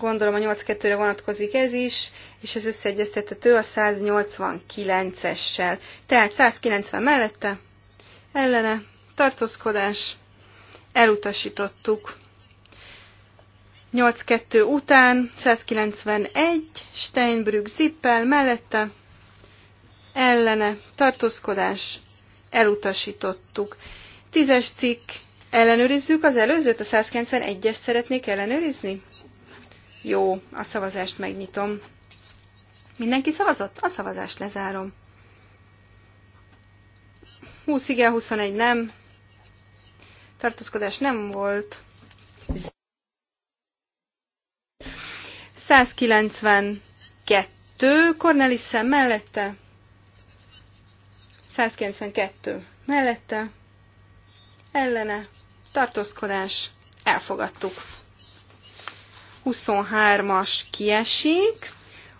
Gondolom a 82-re vonatkozik ez is, és ez összeegyeztethető a 189-essel. Tehát 190 mellette, ellene, tartózkodás, elutasítottuk. 82 után 191, Steinbrück zippel mellette, ellene, tartózkodás, elutasítottuk. Tízes cikk, ellenőrizzük az előzőt, a 191-es szeretnék ellenőrizni? Jó, a szavazást megnyitom. Mindenki szavazott? A szavazást lezárom. 20 igen, 21 nem. Tartózkodás nem volt. 192. Cornelissa mellette. 192. Mellette. Ellene. Tartózkodás. Elfogadtuk. 23-as kiesik,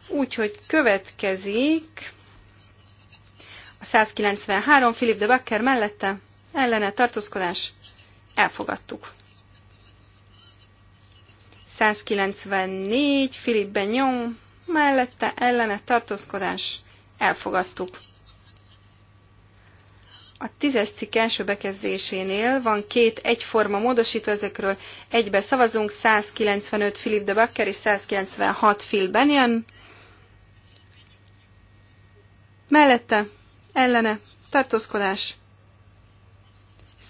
úgyhogy következik a 193 Philip de Bakker mellette ellene tartózkodás elfogadtuk. 194 Philip Benyon mellette ellene tartózkodás elfogadtuk. A tízes cikk első bekezdésénél van két egyforma módosító, ezekről egybe szavazunk, 195 Philip de Bakker és 196 Phil Bennion. Mellette, ellene, tartózkodás.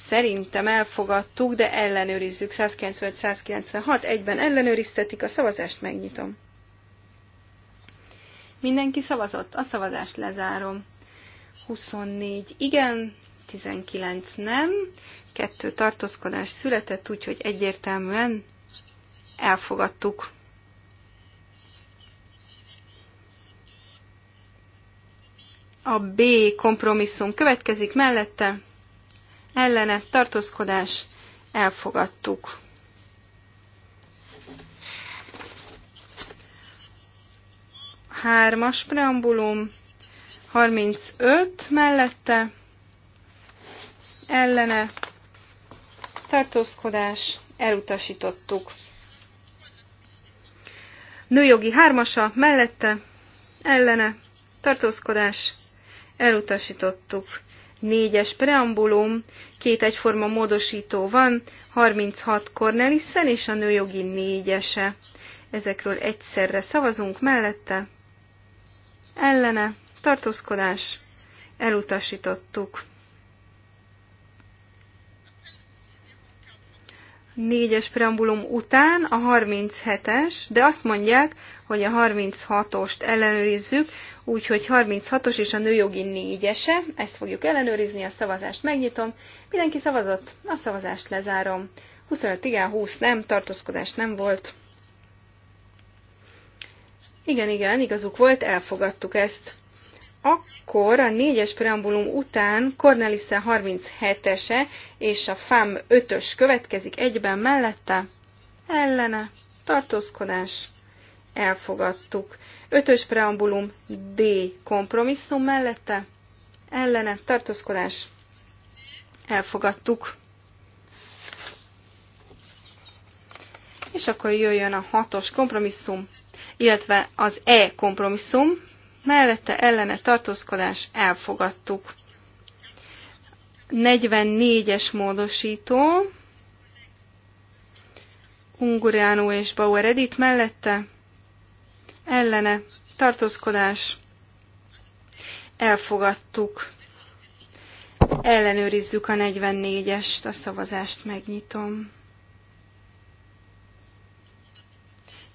Szerintem elfogadtuk, de ellenőrizzük. 195-196 egyben ellenőriztetik, a szavazást megnyitom. Mindenki szavazott, a szavazást lezárom. 24 igen, 19 nem, kettő tartózkodás született, úgyhogy egyértelműen elfogadtuk. A B kompromisszum következik mellette, ellene tartózkodás, elfogadtuk. Hármas preambulum, 35 mellette ellene tartózkodás elutasítottuk. Nőjogi hármasa mellette ellene tartózkodás elutasítottuk. Négyes preambulum, két egyforma módosító van, 36 Cornelissen és a nőjogi négyese. Ezekről egyszerre szavazunk mellette, ellene, tartózkodás, elutasítottuk. négyes preambulum után a 37-es, de azt mondják, hogy a 36-ost ellenőrizzük, úgyhogy 36-os és a nőjogi négyese, ezt fogjuk ellenőrizni, a szavazást megnyitom. Mindenki szavazott? A szavazást lezárom. 25 igen, 20 nem, tartózkodás nem volt. Igen, igen, igazuk volt, elfogadtuk ezt akkor a négyes preambulum után Cornelisse 37-ese és a FAM 5-ös következik egyben mellette, ellene, tartózkodás, elfogadtuk. 5-ös preambulum D kompromisszum mellette, ellene, tartózkodás, elfogadtuk. És akkor jöjjön a hatos kompromisszum, illetve az E kompromisszum mellette ellene tartózkodás elfogadtuk. 44-es módosító, Unguránó és Bauer Edith mellette, ellene tartózkodás elfogadtuk. Ellenőrizzük a 44-est, a szavazást megnyitom.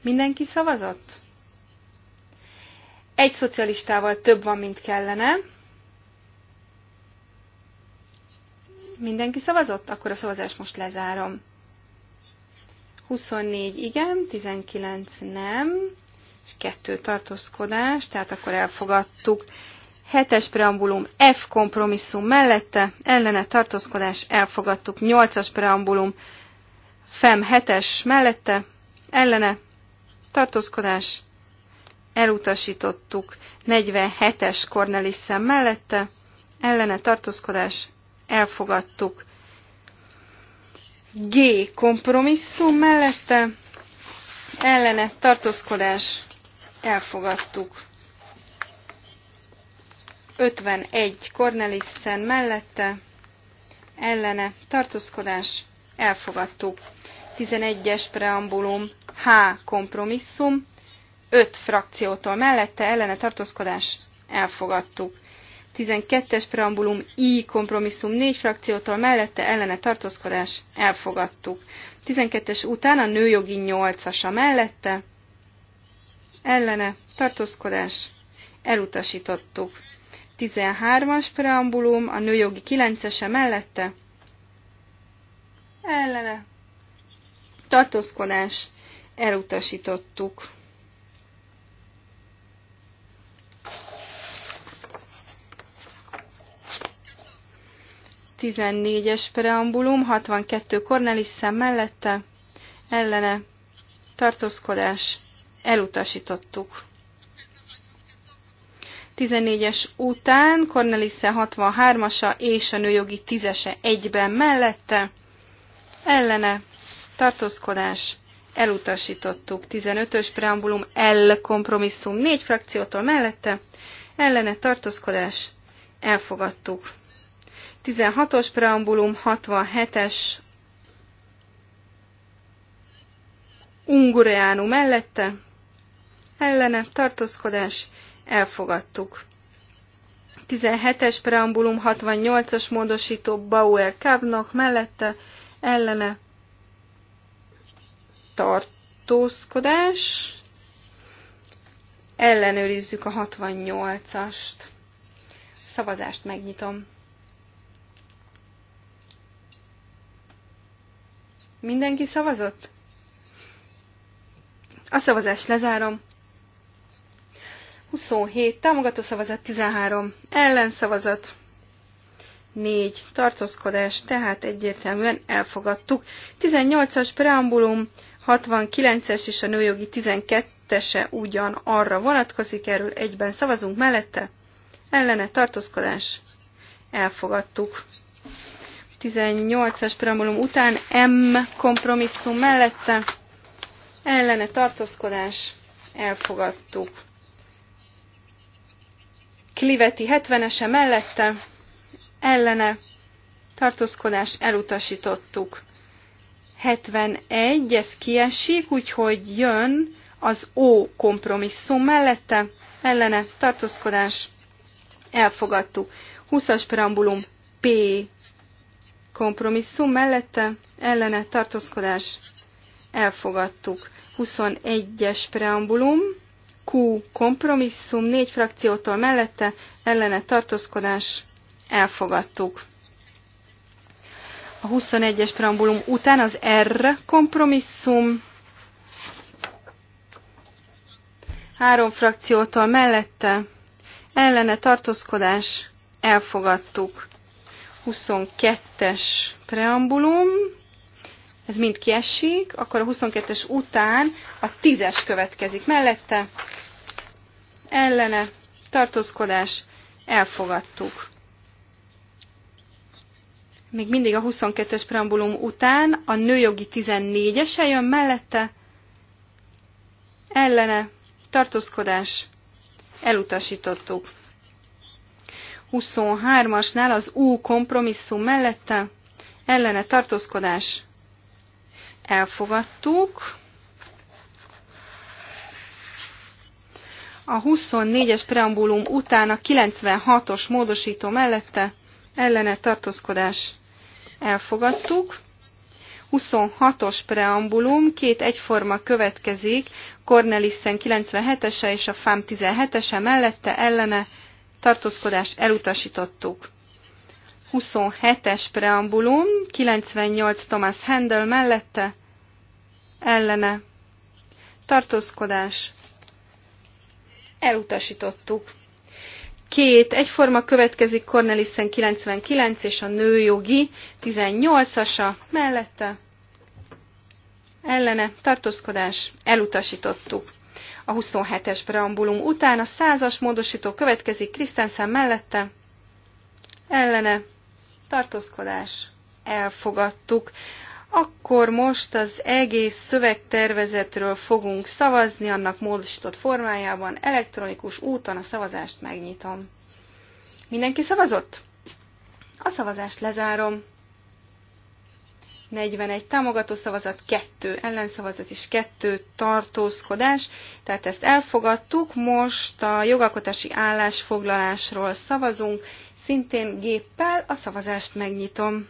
Mindenki szavazott? Egy szocialistával több van, mint kellene. Mindenki szavazott? Akkor a szavazást most lezárom. 24 igen, 19 nem, és 2 tartózkodás, tehát akkor elfogadtuk. 7-es preambulum F kompromisszum mellette, ellene tartózkodás elfogadtuk. 8-as preambulum FEM 7-es mellette, ellene tartózkodás elutasítottuk 47-es Cornelis szem mellette, ellene tartózkodás elfogadtuk G kompromisszum mellette, ellene tartózkodás elfogadtuk. 51 Cornelissen mellette, ellene tartózkodás elfogadtuk. 11-es preambulum H kompromisszum öt frakciótól mellette ellene tartózkodás elfogadtuk. 12-es preambulum I kompromisszum 4 frakciótól mellette ellene tartózkodás elfogadtuk. 12-es után a nőjogi 8-asa mellette ellene tartózkodás elutasítottuk. 13-as preambulum a nőjogi 9-ese mellette ellene tartózkodás elutasítottuk. 14-es preambulum, 62 Cornelis szem mellette, ellene, tartózkodás, elutasítottuk. 14-es után Cornelisse 63-asa és a nőjogi 10-ese egyben mellette, ellene, tartózkodás, elutasítottuk. 15-ös preambulum L kompromisszum 4 frakciótól mellette, ellene tartózkodás, elfogadtuk. 16-os preambulum, 67-es Ungureánu mellette, ellene tartózkodás, elfogadtuk. 17-es preambulum 68-as módosító Bauer Kávnok mellette, ellene tartózkodás, ellenőrizzük a 68-ast. Szavazást megnyitom. Mindenki szavazott? A szavazást lezárom. 27 támogató szavazat, 13 ellenszavazat, 4 tartózkodás, tehát egyértelműen elfogadtuk. 18-as preambulum, 69-es és a nőjogi 12-ese ugyan arra vonatkozik, erről egyben szavazunk mellette, ellene tartózkodás, elfogadtuk. 18-as preambulum után M kompromisszum mellette ellene tartózkodás elfogadtuk. Kliveti 70-ese mellette ellene tartózkodás elutasítottuk. 71, ez kiesik, úgyhogy jön az O kompromisszum mellette, ellene tartózkodás, elfogadtuk. 20-as preambulum P kompromisszum mellette ellene tartózkodás elfogadtuk. 21-es preambulum, Q kompromisszum, négy frakciótól mellette ellene tartózkodás elfogadtuk. A 21-es preambulum után az R kompromisszum, három frakciótól mellette ellene tartózkodás elfogadtuk. 22-es preambulum, ez mind kiesik, akkor a 22-es után a 10-es következik mellette, ellene, tartózkodás, elfogadtuk. Még mindig a 22-es preambulum után a nőjogi 14-ese jön mellette, ellene, tartózkodás, elutasítottuk. 23-asnál az U kompromisszum mellette ellene tartózkodás elfogadtuk. A 24-es preambulum után a 96-os módosító mellette ellene tartózkodás elfogadtuk. 26-os preambulum, két egyforma következik, Cornelissen 97-ese és a FAM 17-ese mellette ellene tartózkodás elutasítottuk. 27-es preambulum, 98 Thomas Handel mellette, ellene, tartózkodás, elutasítottuk. Két egyforma következik Cornelissen 99 és a nőjogi 18-asa mellette, ellene, tartózkodás, elutasítottuk. A 27-es preambulum után a százas módosító következik Krisztenszen mellette. Ellene. Tartózkodás. Elfogadtuk. Akkor most az egész szövegtervezetről fogunk szavazni, annak módosított formájában, elektronikus úton a szavazást megnyitom. Mindenki szavazott? A szavazást lezárom. 41 támogató szavazat, 2 ellenszavazat és 2 tartózkodás. Tehát ezt elfogadtuk, most a jogalkotási állásfoglalásról szavazunk, szintén géppel a szavazást megnyitom.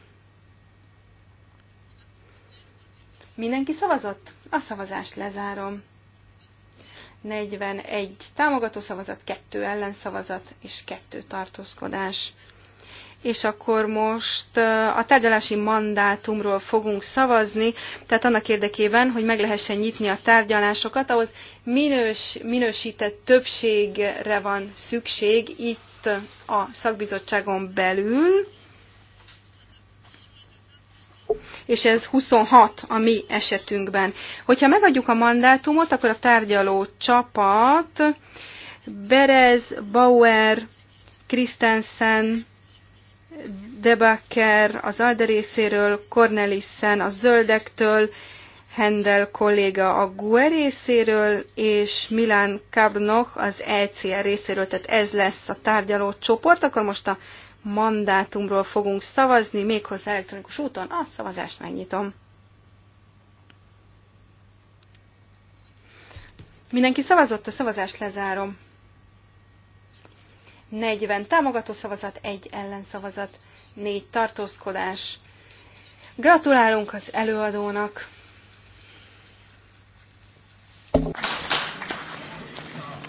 Mindenki szavazott? A szavazást lezárom. 41 támogató szavazat, 2 ellenszavazat és 2 tartózkodás és akkor most a tárgyalási mandátumról fogunk szavazni, tehát annak érdekében, hogy meg lehessen nyitni a tárgyalásokat, ahhoz minős, minősített többségre van szükség itt a szakbizottságon belül, és ez 26 a mi esetünkben. Hogyha megadjuk a mandátumot, akkor a tárgyaló csapat Berez, Bauer, Christensen, Debaker az ALDE részéről, Cornelissen a Zöldektől, Hendel kolléga a GUE részéről, és Milán Kabnoch az ECR részéről, tehát ez lesz a tárgyaló csoport. Akkor most a mandátumról fogunk szavazni, méghozzá elektronikus úton. A szavazást megnyitom. Mindenki szavazott, a szavazást lezárom. 40 támogató szavazat, egy ellenszavazat, négy tartózkodás. Gratulálunk az előadónak!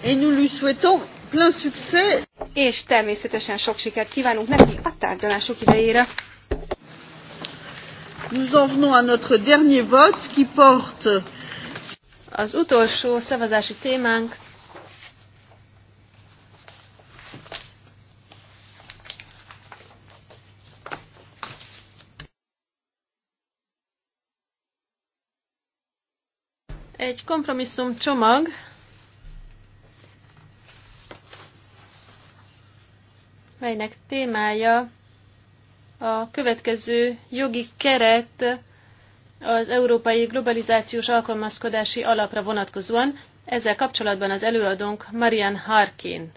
Et nous lui souhaitons plein succès. És természetesen sok sikert kívánunk neki a tárgyalások idejére. Nous en venons à notre dernier vote qui porte. Az utolsó szavazási témánk egy kompromisszum csomag, melynek témája a következő jogi keret az európai globalizációs alkalmazkodási alapra vonatkozóan. Ezzel kapcsolatban az előadónk Marian Harkin.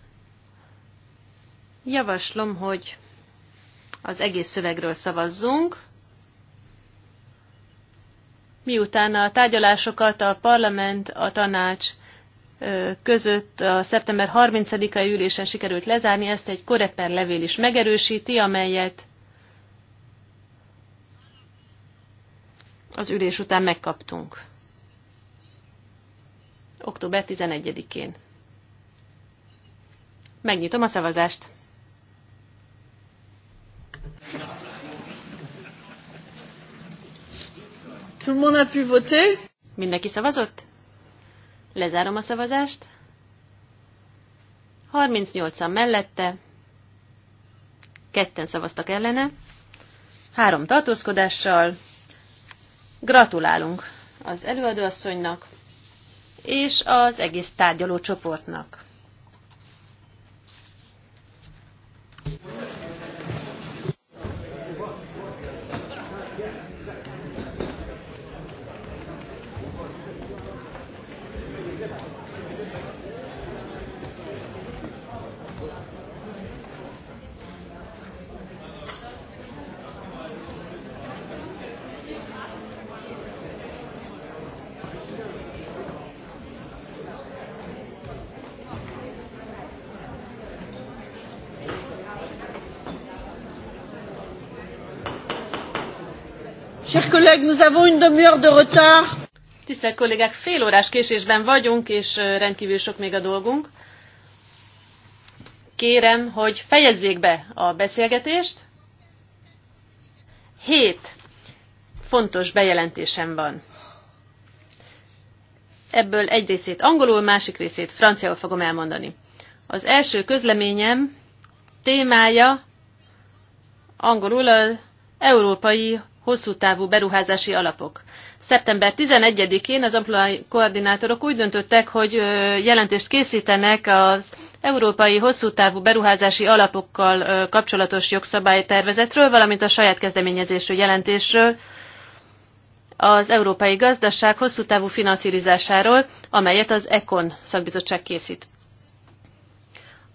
Javaslom, hogy az egész szövegről szavazzunk miután a tárgyalásokat a parlament, a tanács között a szeptember 30-ai ülésen sikerült lezárni, ezt egy koreper levél is megerősíti, amelyet az ülés után megkaptunk. Október 11-én. Megnyitom a szavazást. Tout le monde a pu voter? Mindenki szavazott? Lezárom a szavazást. 38-an mellette, ketten szavaztak ellene, három tartózkodással. Gratulálunk az előadóasszonynak és az egész tárgyaló csoportnak. Chers collègues, nous avons une demi-heure de retard. Tisztelt kollégák, fél órás késésben vagyunk, és rendkívül sok még a dolgunk. Kérem, hogy fejezzék be a beszélgetést. Hét fontos bejelentésem van. Ebből egy részét angolul, másik részét franciául fogom elmondani. Az első közleményem témája angolul az európai hosszú távú beruházási alapok. Szeptember 11-én az amplai koordinátorok úgy döntöttek, hogy jelentést készítenek az európai hosszú távú beruházási alapokkal kapcsolatos jogszabálytervezetről, valamint a saját kezdeményezésű jelentésről, az európai gazdaság hosszú távú finanszírozásáról, amelyet az ECON szakbizottság készít.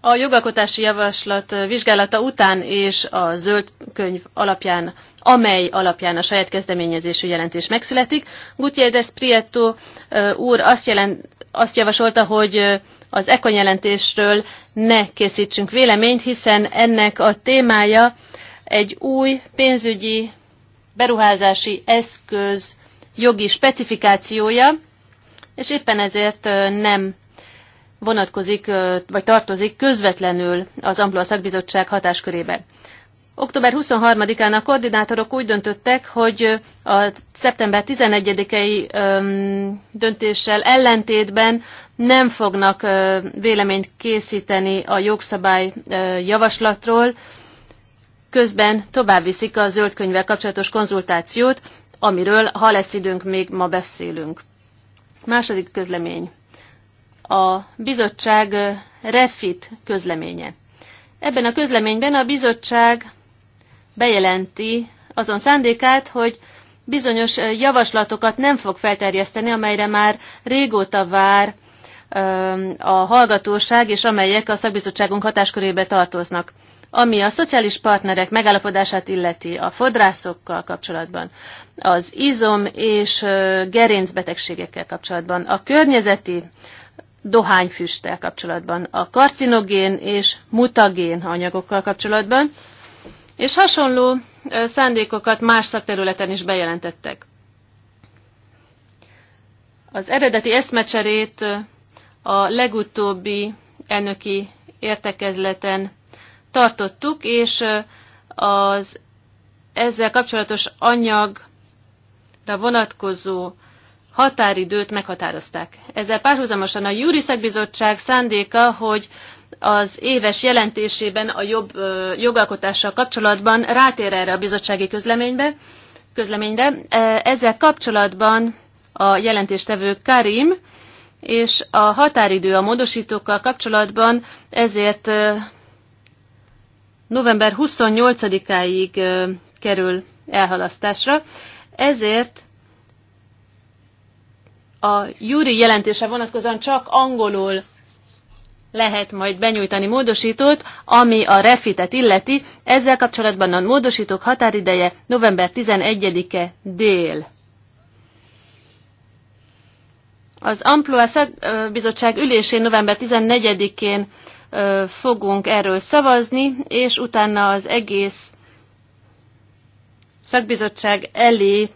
A jogalkotási javaslat vizsgálata után és a zöld könyv alapján, amely alapján a saját kezdeményezésű jelentés megszületik, Gutierrez Prieto úr azt, jelent, azt javasolta, hogy az ECON jelentésről ne készítsünk véleményt, hiszen ennek a témája egy új pénzügyi beruházási eszköz jogi specifikációja, és éppen ezért nem vonatkozik, vagy tartozik közvetlenül az Amplua Szakbizottság hatáskörébe. Október 23-án a koordinátorok úgy döntöttek, hogy a szeptember 11-i döntéssel ellentétben nem fognak véleményt készíteni a jogszabály javaslatról, közben tovább viszik a zöldkönyvvel kapcsolatos konzultációt, amiről, ha lesz időnk, még ma beszélünk. Második közlemény a bizottság refit közleménye. Ebben a közleményben a bizottság bejelenti azon szándékát, hogy bizonyos javaslatokat nem fog felterjeszteni, amelyre már régóta vár a hallgatóság, és amelyek a szakbizottságunk hatáskörébe tartoznak. Ami a szociális partnerek megállapodását illeti a fodrászokkal kapcsolatban, az izom és gerincbetegségekkel kapcsolatban, a környezeti dohányfüsttel kapcsolatban, a karcinogén és mutagén anyagokkal kapcsolatban, és hasonló szándékokat más szakterületen is bejelentettek. Az eredeti eszmecserét a legutóbbi elnöki értekezleten tartottuk, és az ezzel kapcsolatos anyagra vonatkozó határidőt meghatározták. Ezzel párhuzamosan a Júri bizottság szándéka, hogy az éves jelentésében a jobb ö, jogalkotással kapcsolatban rátér erre a bizottsági közleménybe, közleményre. E, ezzel kapcsolatban a jelentéstevő Karim és a határidő a módosítókkal kapcsolatban ezért november 28-áig kerül elhalasztásra. Ezért a Júri jelentése vonatkozóan csak angolul lehet majd benyújtani módosítót, ami a refitet illeti. Ezzel kapcsolatban a módosítók határideje november 11-e dél. Az Amploa bizottság ülésén november 14-én fogunk erről szavazni, és utána az egész szakbizottság elé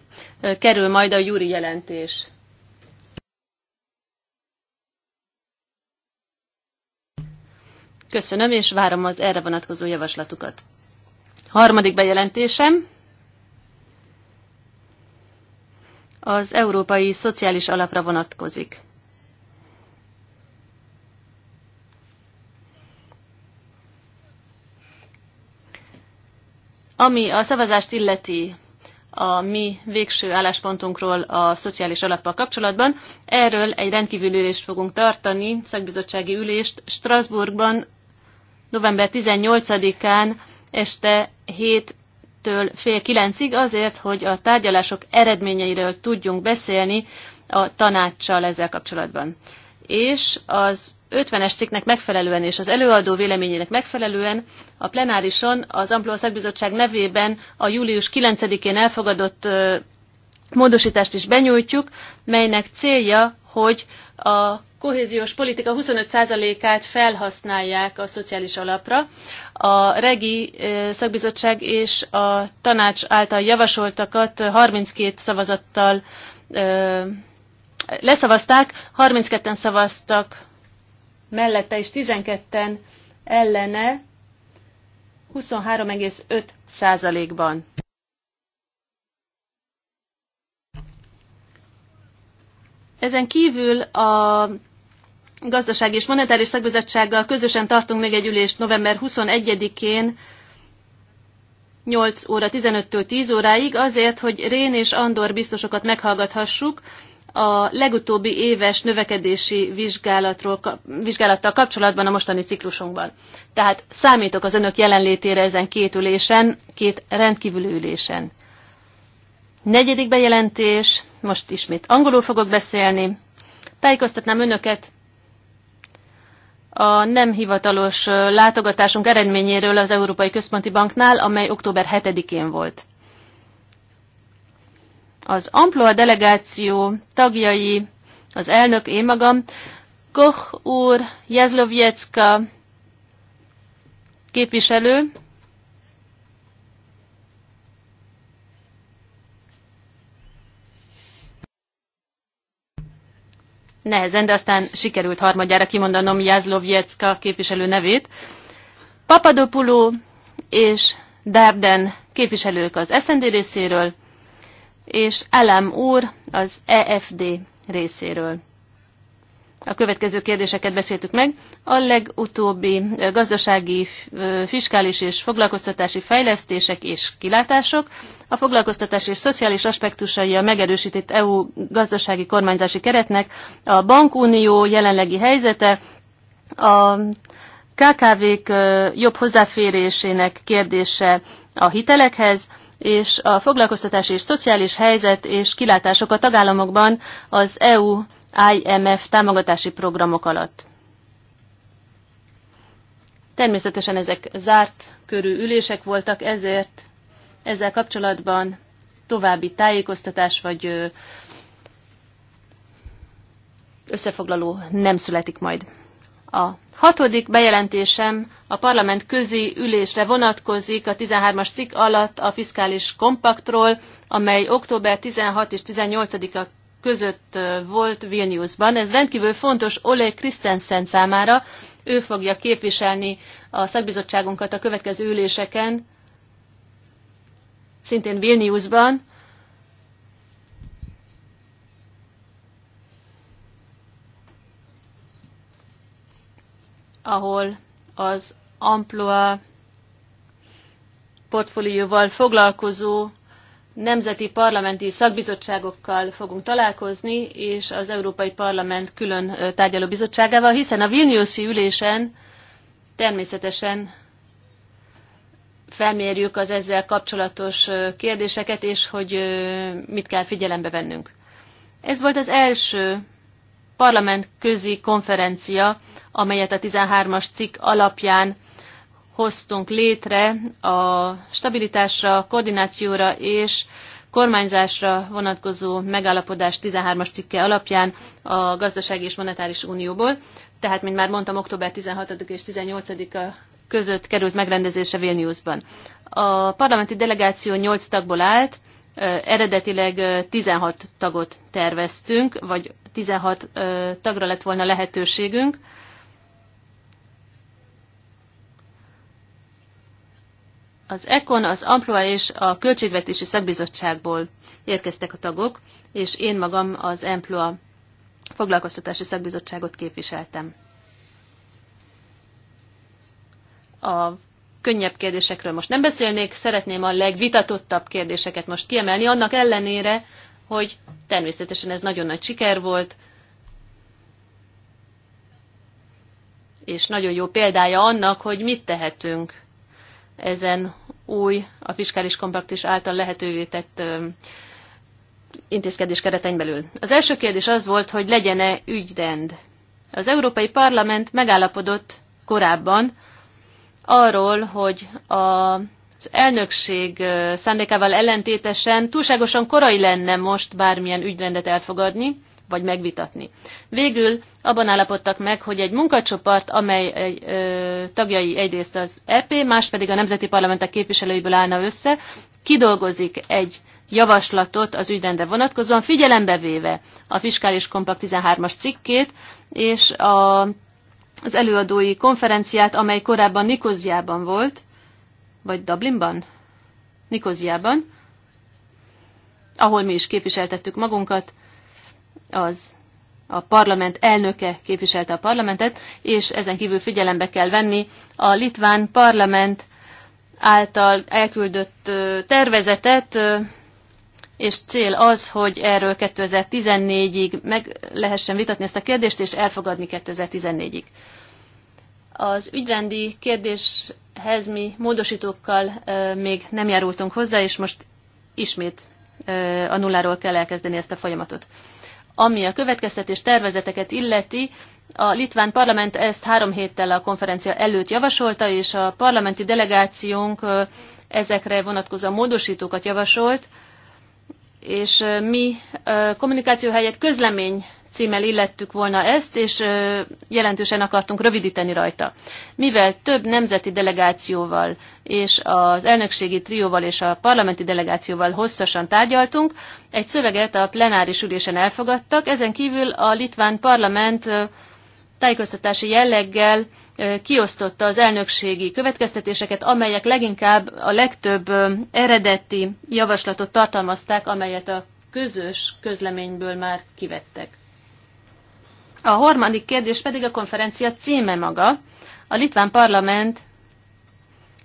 kerül majd a júri jelentés. Köszönöm, és várom az erre vonatkozó javaslatukat. Harmadik bejelentésem. Az Európai Szociális Alapra vonatkozik. Ami a szavazást illeti a mi végső álláspontunkról a szociális alappal kapcsolatban, erről egy rendkívül ülést fogunk tartani, szakbizottsági ülést Strasbourgban november 18-án este 7-től fél 9-ig azért, hogy a tárgyalások eredményeiről tudjunk beszélni a tanácssal ezzel kapcsolatban. És az 50-es cikknek megfelelően és az előadó véleményének megfelelően a plenárison az Ampló Szakbizottság nevében a július 9-én elfogadott módosítást is benyújtjuk, melynek célja, hogy a kohéziós politika 25%-át felhasználják a szociális alapra. A regi szakbizottság és a tanács által javasoltakat 32 szavazattal leszavazták, 32-en szavaztak mellette és 12-en ellene 23,5 százalékban. Ezen kívül a gazdasági és monetáris szakbizottsággal közösen tartunk még egy ülést november 21-én 8 óra 15-től 10 óráig azért, hogy Rén és Andor biztosokat meghallgathassuk a legutóbbi éves növekedési vizsgálatról, vizsgálattal kapcsolatban a mostani ciklusunkban. Tehát számítok az önök jelenlétére ezen két ülésen, két rendkívüli ülésen. Negyedik bejelentés, most ismét angolul fogok beszélni. Tájékoztatnám önöket a nem hivatalos látogatásunk eredményéről az Európai Központi Banknál, amely október 7-én volt. Az Amploa delegáció tagjai, az elnök, én magam, Koch úr, Jezlovjecka képviselő, nehezen, de aztán sikerült harmadjára kimondanom Jászlovjecka képviselő nevét. Papadopuló és Darden képviselők az SND részéről, és Elem úr az EFD részéről a következő kérdéseket beszéltük meg. A legutóbbi gazdasági, fiskális és foglalkoztatási fejlesztések és kilátások, a foglalkoztatás és szociális aspektusai a megerősített EU gazdasági kormányzási keretnek, a bankunió jelenlegi helyzete, a KKV-k jobb hozzáférésének kérdése a hitelekhez, és a foglalkoztatási és szociális helyzet és kilátások a tagállamokban az EU IMF támogatási programok alatt. Természetesen ezek zárt körű ülések voltak, ezért ezzel kapcsolatban további tájékoztatás vagy összefoglaló nem születik majd. A hatodik bejelentésem a parlament közi ülésre vonatkozik a 13-as cikk alatt a fiskális kompaktról, amely október 16 és 18-a között volt Vilniusban. Ez rendkívül fontos Ole Christensen számára. Ő fogja képviselni a szakbizottságunkat a következő üléseken, szintén Vilniusban. ahol az Amploa portfólióval foglalkozó nemzeti parlamenti szakbizottságokkal fogunk találkozni, és az Európai Parlament külön tárgyaló bizottságával, hiszen a Vilniuszi ülésen természetesen felmérjük az ezzel kapcsolatos kérdéseket, és hogy mit kell figyelembe vennünk. Ez volt az első parlament közi konferencia, amelyet a 13-as cikk alapján hoztunk létre a stabilitásra, koordinációra és kormányzásra vonatkozó megállapodás 13-as cikke alapján a Gazdasági és Monetáris Unióból. Tehát, mint már mondtam, október 16 és 18-a között került megrendezése Vilniusban. A parlamenti delegáció 8 tagból állt, eredetileg 16 tagot terveztünk, vagy 16 tagra lett volna lehetőségünk. Az ECON, az AMPLOA és a Költségvetési Szakbizottságból érkeztek a tagok, és én magam az EMPLOA foglalkoztatási szakbizottságot képviseltem. A könnyebb kérdésekről most nem beszélnék, szeretném a legvitatottabb kérdéseket most kiemelni, annak ellenére, hogy természetesen ez nagyon nagy siker volt, és nagyon jó példája annak, hogy mit tehetünk ezen új, a fiskális kompaktus által lehetővé tett intézkedés keretein belül. Az első kérdés az volt, hogy legyen-e ügyrend. Az Európai Parlament megállapodott korábban arról, hogy a az elnökség szándékával ellentétesen túlságosan korai lenne most bármilyen ügyrendet elfogadni, vagy megvitatni. Végül abban állapodtak meg, hogy egy munkacsoport, amely egy, ö, tagjai egyrészt az EP, más pedig a nemzeti parlamentek képviselőiből állna össze, kidolgozik egy javaslatot az ügyrendre vonatkozóan, figyelembe véve a fiskális kompakt 13-as cikkét, és a, az előadói konferenciát, amely korábban Nikoziában volt, vagy Dublinban? Nikoziában, ahol mi is képviseltettük magunkat, az a parlament elnöke képviselte a parlamentet, és ezen kívül figyelembe kell venni a litván parlament által elküldött tervezetet, és cél az, hogy erről 2014-ig meg lehessen vitatni ezt a kérdést, és elfogadni 2014-ig. Az ügyrendi kérdéshez mi módosítókkal még nem járultunk hozzá, és most ismét a nulláról kell elkezdeni ezt a folyamatot. Ami a következtetés tervezeteket illeti, a litván parlament ezt három héttel a konferencia előtt javasolta, és a parlamenti delegációnk ezekre vonatkozó módosítókat javasolt, és mi kommunikáció helyett közlemény címmel illettük volna ezt, és jelentősen akartunk rövidíteni rajta. Mivel több nemzeti delegációval és az elnökségi trióval és a parlamenti delegációval hosszasan tárgyaltunk, egy szöveget a plenáris ülésen elfogadtak, ezen kívül a litván parlament tájékoztatási jelleggel kiosztotta az elnökségi következtetéseket, amelyek leginkább a legtöbb eredeti javaslatot tartalmazták, amelyet a közös közleményből már kivettek. A harmadik kérdés pedig a konferencia címe maga. A litván parlament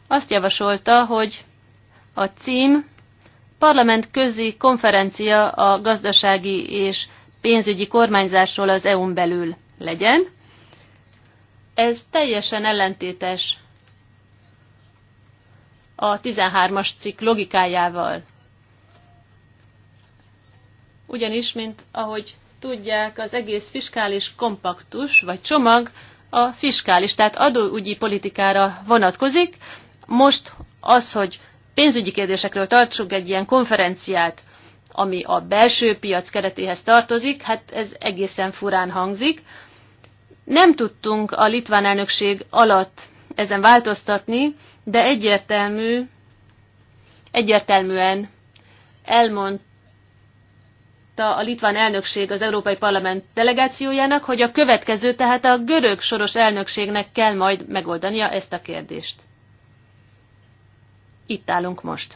azt javasolta, hogy a cím parlament közi konferencia a gazdasági és pénzügyi kormányzásról az EU-n belül legyen. Ez teljesen ellentétes a 13-as cikk logikájával. Ugyanis, mint ahogy tudják, az egész fiskális kompaktus vagy csomag a fiskális, tehát adóügyi politikára vonatkozik. Most az, hogy pénzügyi kérdésekről tartsuk egy ilyen konferenciát, ami a belső piac keretéhez tartozik, hát ez egészen furán hangzik. Nem tudtunk a litván elnökség alatt ezen változtatni, de egyértelmű, egyértelműen elmond, a litván elnökség az Európai Parlament delegációjának, hogy a következő, tehát a görög soros elnökségnek kell majd megoldania ezt a kérdést. Itt állunk most.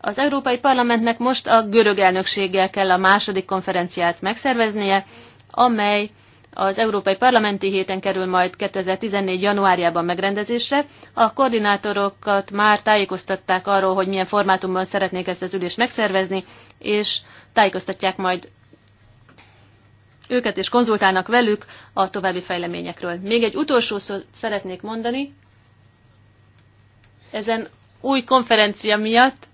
Az Európai Parlamentnek most a görög elnökséggel kell a második konferenciát megszerveznie, amely az Európai Parlamenti héten kerül majd 2014. januárjában megrendezésre. A koordinátorokat már tájékoztatták arról, hogy milyen formátumban szeretnék ezt az ülést megszervezni, és tájékoztatják majd őket és konzultálnak velük a további fejleményekről. Még egy utolsó szót szeretnék mondani. Ezen új konferencia miatt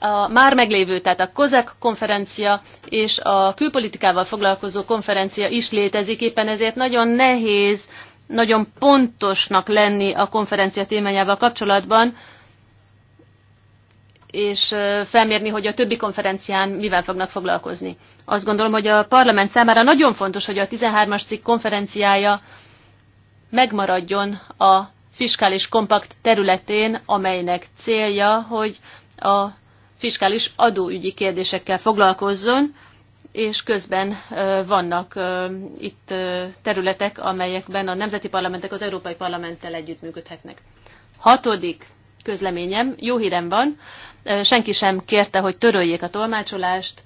a már meglévő, tehát a COSAC konferencia és a külpolitikával foglalkozó konferencia is létezik, éppen ezért nagyon nehéz, nagyon pontosnak lenni a konferencia témájával kapcsolatban, és felmérni, hogy a többi konferencián mivel fognak foglalkozni. Azt gondolom, hogy a parlament számára nagyon fontos, hogy a 13-as cikk konferenciája megmaradjon a fiskális kompakt területén, amelynek célja, hogy a fiskális adóügyi kérdésekkel foglalkozzon, és közben vannak itt területek, amelyekben a nemzeti parlamentek az Európai Parlamenttel együttműködhetnek. Hatodik közleményem, jó hírem van, senki sem kérte, hogy töröljék a tolmácsolást.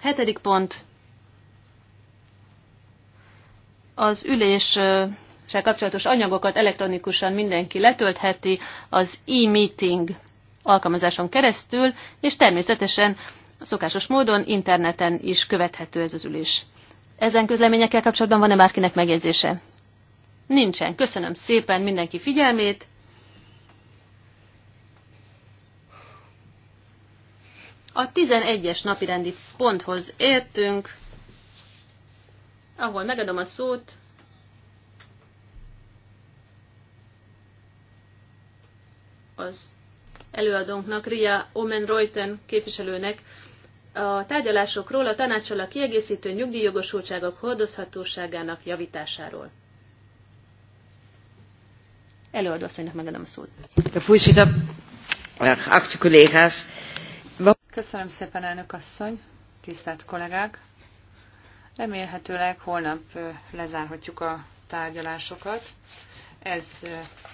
Hetedik pont, az ülés kapcsolatos anyagokat elektronikusan mindenki letöltheti az e-meeting alkalmazáson keresztül, és természetesen a szokásos módon interneten is követhető ez az ülés. Ezen közleményekkel kapcsolatban van-e bárkinek megjegyzése? Nincsen. Köszönöm szépen mindenki figyelmét. A 11-es napirendi ponthoz értünk, ahol megadom a szót az előadónknak, Ria Omen Reuten képviselőnek, a tárgyalásokról a tanácsal a kiegészítő nyugdíjjogosultságok hordozhatóságának javításáról. Előadó asszonynak megadom a szót. Eh, Köszönöm szépen, elnök asszony, tisztelt kollégák! Remélhetőleg holnap eh, lezárhatjuk a tárgyalásokat, ez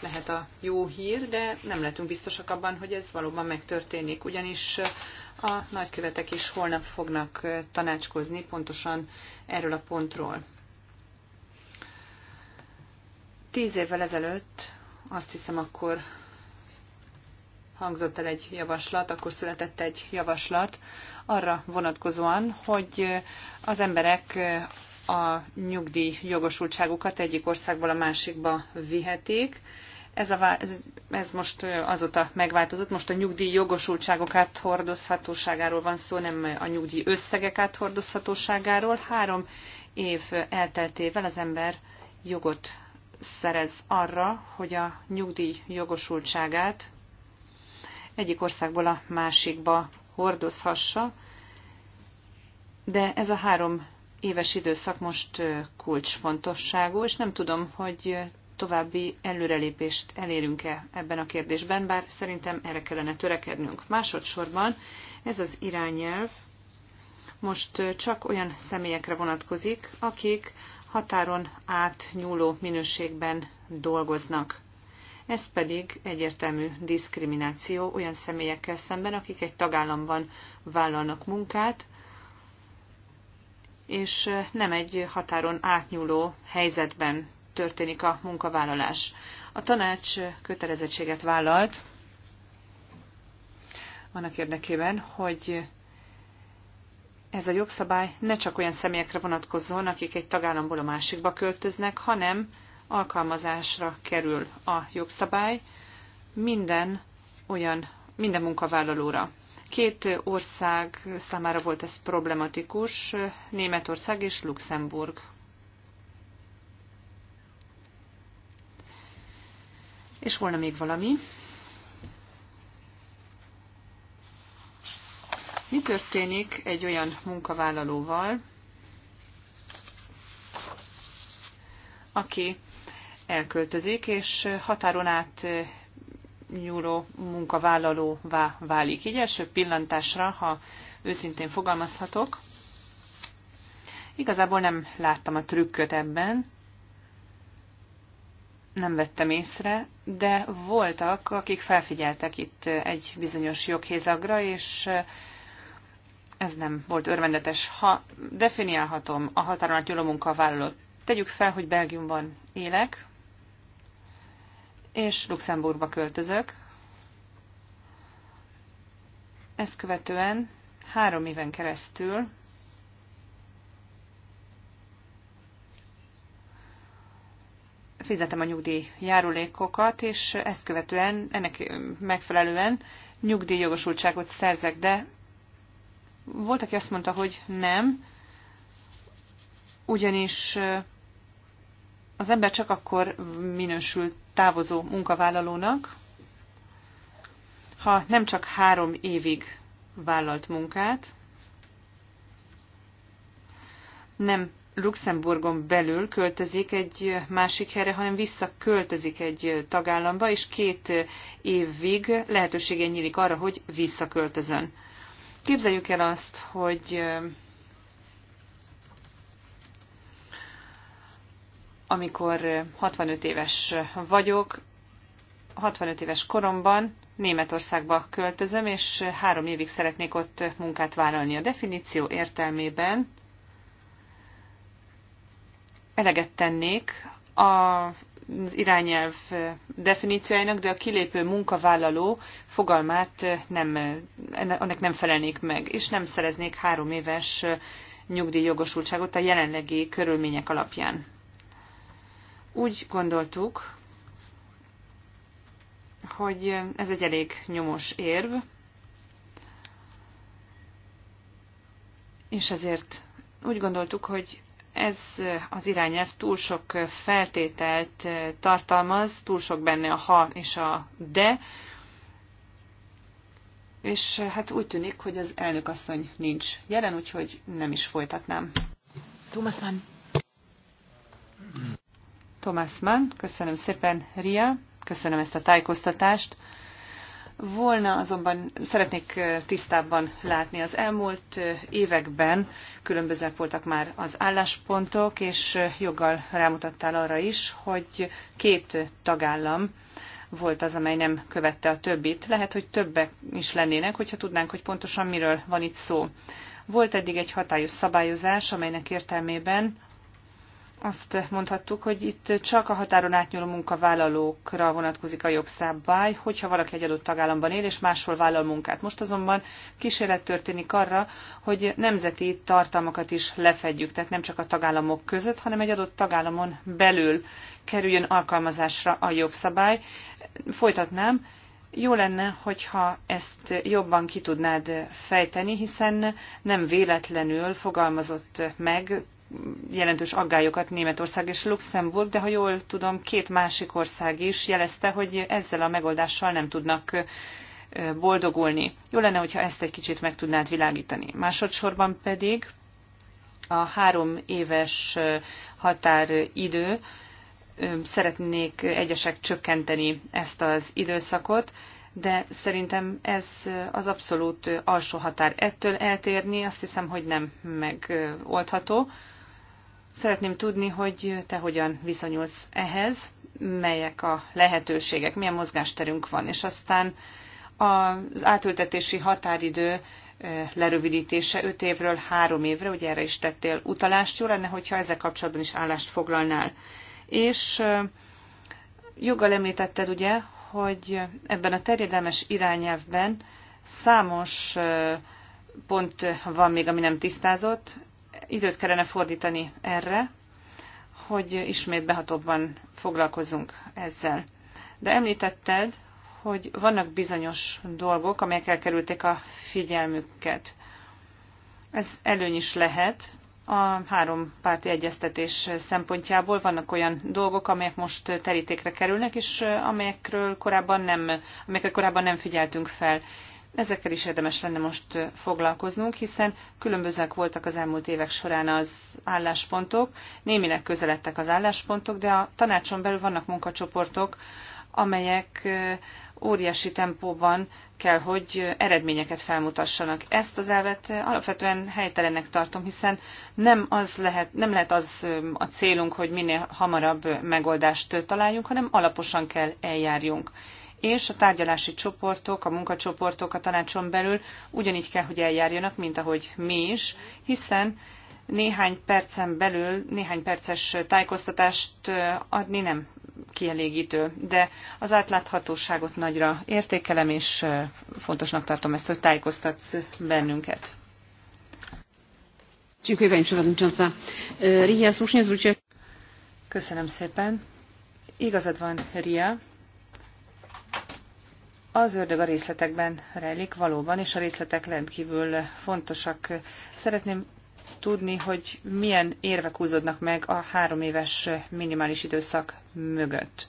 lehet a jó hír, de nem lehetünk biztosak abban, hogy ez valóban megtörténik, ugyanis a nagykövetek is holnap fognak tanácskozni pontosan erről a pontról. Tíz évvel ezelőtt, azt hiszem akkor hangzott el egy javaslat, akkor született egy javaslat arra vonatkozóan, hogy az emberek a nyugdíj jogosultságukat egyik országból a másikba vihetik. Ez, a, ez, ez most azóta megváltozott, most a nyugdíj jogosultságok áthordozhatóságáról van szó, nem a nyugdíj összegek áthordozhatóságáról. Három év elteltével az ember jogot szerez arra, hogy a nyugdíj jogosultságát egyik országból a másikba hordozhassa, de ez a három éves időszak most kulcsfontosságú, és nem tudom, hogy további előrelépést elérünk-e ebben a kérdésben, bár szerintem erre kellene törekednünk. Másodszorban ez az irányelv most csak olyan személyekre vonatkozik, akik határon átnyúló minőségben dolgoznak. Ez pedig egyértelmű diszkrimináció olyan személyekkel szemben, akik egy tagállamban vállalnak munkát, és nem egy határon átnyúló helyzetben történik a munkavállalás. A tanács kötelezettséget vállalt annak érdekében, hogy ez a jogszabály ne csak olyan személyekre vonatkozzon, akik egy tagállamból a másikba költöznek, hanem alkalmazásra kerül a jogszabály minden olyan, minden munkavállalóra. Két ország számára volt ez problematikus, Németország és Luxemburg. És volna még valami. Mi történik egy olyan munkavállalóval, aki elköltözik, és határon át nyúló munkavállalóvá válik. Így első pillantásra, ha őszintén fogalmazhatok, igazából nem láttam a trükköt ebben, nem vettem észre, de voltak, akik felfigyeltek itt egy bizonyos joghézagra, és ez nem volt örvendetes. Ha definiálhatom a határon átnyúló munkavállalót, tegyük fel, hogy Belgiumban élek, és Luxemburgba költözök. Ezt követően három éven keresztül fizetem a nyugdíj járulékokat, és ezt követően, ennek megfelelően nyugdíjjogosultságot szerzek, de volt, aki azt mondta, hogy nem, ugyanis az ember csak akkor minősül távozó munkavállalónak, ha nem csak három évig vállalt munkát, nem Luxemburgon belül költözik egy másik helyre, hanem visszaköltözik egy tagállamba, és két évig lehetősége nyílik arra, hogy visszaköltözön. Képzeljük el azt, hogy amikor 65 éves vagyok, 65 éves koromban Németországba költözöm, és három évig szeretnék ott munkát vállalni. A definíció értelmében eleget tennék az irányelv definíciójának, de a kilépő munkavállaló fogalmát nem, annak nem felelnék meg, és nem szereznék három éves nyugdíjjogosultságot a jelenlegi körülmények alapján. Úgy gondoltuk, hogy ez egy elég nyomos érv, és ezért úgy gondoltuk, hogy ez az irányelv túl sok feltételt tartalmaz, túl sok benne a ha és a de, és hát úgy tűnik, hogy az asszony nincs jelen, úgyhogy nem is folytatnám. Thomas Mann. Thomas Mann, köszönöm szépen, Ria, köszönöm ezt a tájékoztatást. Volna azonban szeretnék tisztábban látni. Az elmúlt években különbözőek voltak már az álláspontok, és joggal rámutattál arra is, hogy két tagállam volt az, amely nem követte a többit. Lehet, hogy többek is lennének, hogyha tudnánk, hogy pontosan miről van itt szó. Volt eddig egy hatályos szabályozás, amelynek értelmében azt mondhattuk, hogy itt csak a határon átnyúló munkavállalókra vonatkozik a jogszabály, hogyha valaki egy adott tagállamban él, és máshol vállal munkát. Most azonban kísérlet történik arra, hogy nemzeti tartalmakat is lefedjük, tehát nem csak a tagállamok között, hanem egy adott tagállamon belül kerüljön alkalmazásra a jogszabály. Folytatnám, jó lenne, hogyha ezt jobban ki tudnád fejteni, hiszen nem véletlenül fogalmazott meg jelentős aggályokat Németország és Luxemburg, de ha jól tudom, két másik ország is jelezte, hogy ezzel a megoldással nem tudnak boldogulni. Jó lenne, hogyha ezt egy kicsit meg tudnád világítani. Másodszorban pedig a három éves határidő, szeretnék egyesek csökkenteni ezt az időszakot, de szerintem ez az abszolút alsó határ. Ettől eltérni azt hiszem, hogy nem megoldható. Szeretném tudni, hogy te hogyan viszonyulsz ehhez, melyek a lehetőségek, milyen mozgásterünk van, és aztán az átültetési határidő eh, lerövidítése 5 évről 3 évre, ugye erre is tettél utalást, jó lenne, hogyha ezzel kapcsolatban is állást foglalnál. És eh, joggal említetted ugye, hogy ebben a terjedelmes irányelvben számos eh, pont van még, ami nem tisztázott, időt kellene fordítani erre, hogy ismét behatóbban foglalkozunk ezzel. De említetted, hogy vannak bizonyos dolgok, amelyek elkerülték a figyelmüket. Ez előny is lehet a három párti egyeztetés szempontjából. Vannak olyan dolgok, amelyek most terítékre kerülnek, és amelyekről korábban nem, amelyekre korábban nem figyeltünk fel. Ezekkel is érdemes lenne most foglalkoznunk, hiszen különbözőek voltak az elmúlt évek során az álláspontok, némileg közeledtek az álláspontok, de a tanácson belül vannak munkacsoportok, amelyek óriási tempóban kell, hogy eredményeket felmutassanak. Ezt az elvet alapvetően helytelennek tartom, hiszen nem, az lehet, nem lehet az a célunk, hogy minél hamarabb megoldást találjunk, hanem alaposan kell eljárjunk és a tárgyalási csoportok, a munkacsoportok a tanácson belül ugyanígy kell, hogy eljárjanak, mint ahogy mi is, hiszen néhány percen belül, néhány perces tájékoztatást adni nem kielégítő, de az átláthatóságot nagyra értékelem, és fontosnak tartom ezt, hogy tájékoztatsz bennünket. E, Köszönöm szépen. Igazad van, Ria az ördög a részletekben rejlik valóban, és a részletek rendkívül fontosak. Szeretném tudni, hogy milyen érvek húzódnak meg a három éves minimális időszak mögött.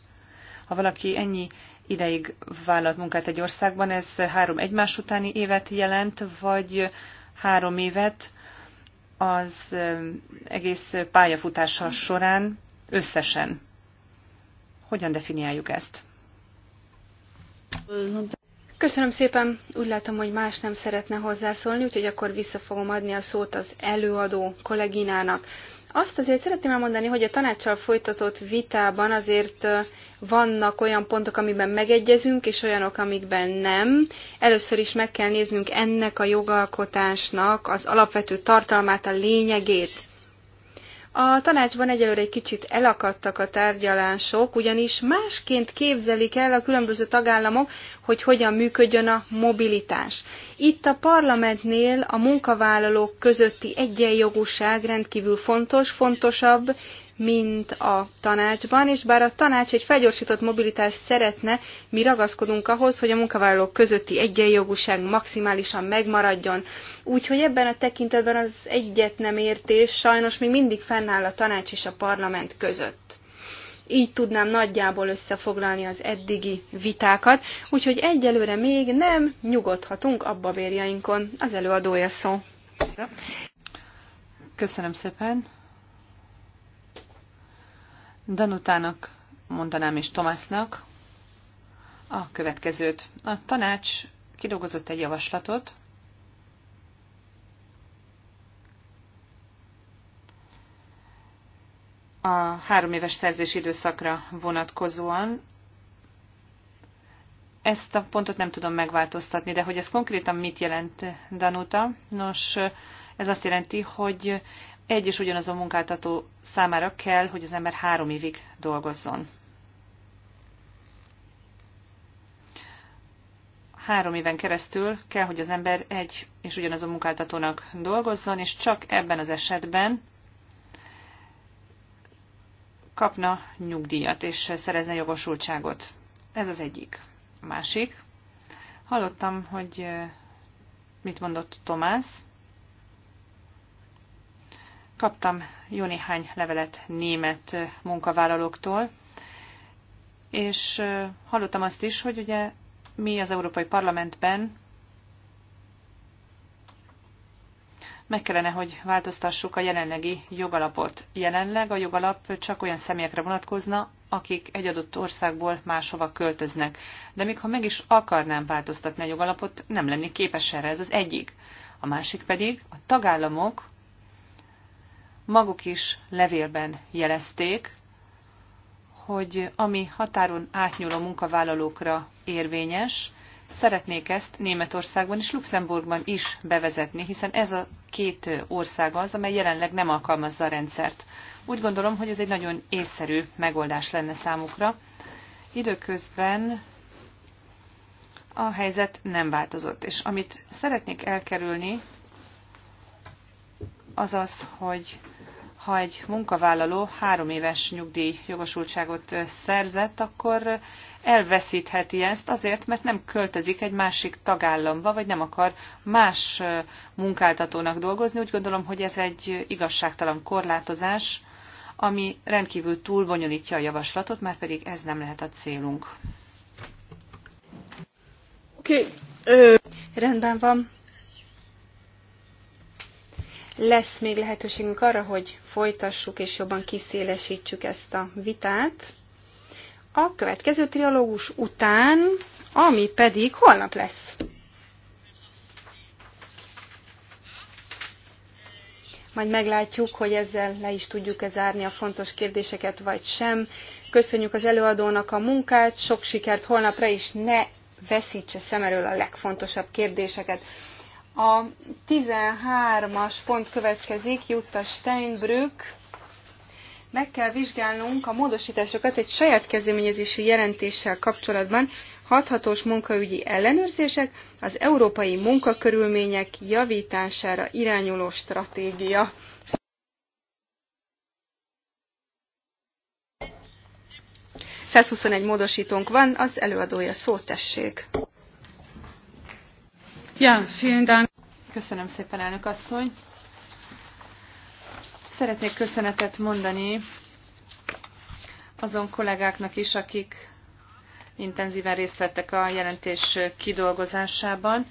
Ha valaki ennyi ideig vállalt munkát egy országban, ez három egymás utáni évet jelent, vagy három évet az eh, egész pályafutása során összesen. Hogyan definiáljuk ezt? Köszönöm szépen. Úgy látom, hogy más nem szeretne hozzászólni, úgyhogy akkor vissza fogom adni a szót az előadó kolléginának. Azt azért szeretném elmondani, hogy a tanácssal folytatott vitában azért vannak olyan pontok, amiben megegyezünk, és olyanok, amikben nem. Először is meg kell néznünk ennek a jogalkotásnak az alapvető tartalmát, a lényegét. A tanácsban egyelőre egy kicsit elakadtak a tárgyalások, ugyanis másként képzelik el a különböző tagállamok, hogy hogyan működjön a mobilitás. Itt a parlamentnél a munkavállalók közötti egyenjogúság rendkívül fontos, fontosabb, mint a tanácsban, és bár a tanács egy felgyorsított mobilitást szeretne, mi ragaszkodunk ahhoz, hogy a munkavállalók közötti egyenjogúság maximálisan megmaradjon. Úgyhogy ebben a tekintetben az egyet nem értés sajnos még mindig fennáll a tanács és a parlament között. Így tudnám nagyjából összefoglalni az eddigi vitákat, úgyhogy egyelőre még nem nyugodhatunk abba vérjainkon. Az előadója szó. Köszönöm szépen. Danutának mondanám és Tomásnak a következőt. A tanács kidolgozott egy javaslatot, a három éves szerzés időszakra vonatkozóan. Ezt a pontot nem tudom megváltoztatni, de hogy ez konkrétan mit jelent, Danuta? Nos, ez azt jelenti, hogy egy és ugyanaz a munkáltató számára kell, hogy az ember három évig dolgozzon. Három éven keresztül kell, hogy az ember egy és ugyanaz a munkáltatónak dolgozzon, és csak ebben az esetben kapna nyugdíjat és szerezne jogosultságot. Ez az egyik. A másik. Hallottam, hogy eh, mit mondott Tomás. Kaptam jó néhány levelet német munkavállalóktól, és hallottam azt is, hogy ugye mi az Európai Parlamentben meg kellene, hogy változtassuk a jelenlegi jogalapot. Jelenleg a jogalap csak olyan személyekre vonatkozna, akik egy adott országból máshova költöznek. De még ha meg is akarnám változtatni a jogalapot, nem lennék képes erre, ez az egyik. A másik pedig a tagállamok maguk is levélben jelezték, hogy ami határon átnyúló munkavállalókra érvényes, szeretnék ezt Németországban és Luxemburgban is bevezetni, hiszen ez a két ország az, amely jelenleg nem alkalmazza a rendszert. Úgy gondolom, hogy ez egy nagyon észszerű megoldás lenne számukra. Időközben a helyzet nem változott, és amit szeretnék elkerülni, az az, hogy ha egy munkavállaló három éves nyugdíj jogosultságot szerzett, akkor elveszítheti ezt azért, mert nem költözik egy másik tagállamba, vagy nem akar más munkáltatónak dolgozni. Úgy gondolom, hogy ez egy igazságtalan korlátozás, ami rendkívül túl bonyolítja a javaslatot, már pedig ez nem lehet a célunk. Oké, okay. rendben van. Lesz még lehetőségünk arra, hogy folytassuk és jobban kiszélesítsük ezt a vitát. A következő trialógus után, ami pedig holnap lesz. majd meglátjuk, hogy ezzel le is tudjuk-e zárni a fontos kérdéseket, vagy sem. Köszönjük az előadónak a munkát, sok sikert holnapra, is. ne veszítse szem elől a legfontosabb kérdéseket. A 13-as pont következik, Jutta Steinbrück. Meg kell vizsgálnunk a módosításokat egy saját kezdeményezésű jelentéssel kapcsolatban, hathatós munkaügyi ellenőrzések, az európai munkakörülmények javítására irányuló stratégia. 121 módosítónk van, az előadója szó tessék. Ja, vielen Dank. Köszönöm szépen, elnök asszony. Szeretnék köszönetet mondani azon kollégáknak is, akik intenzíven részt vettek a jelentés kidolgozásában,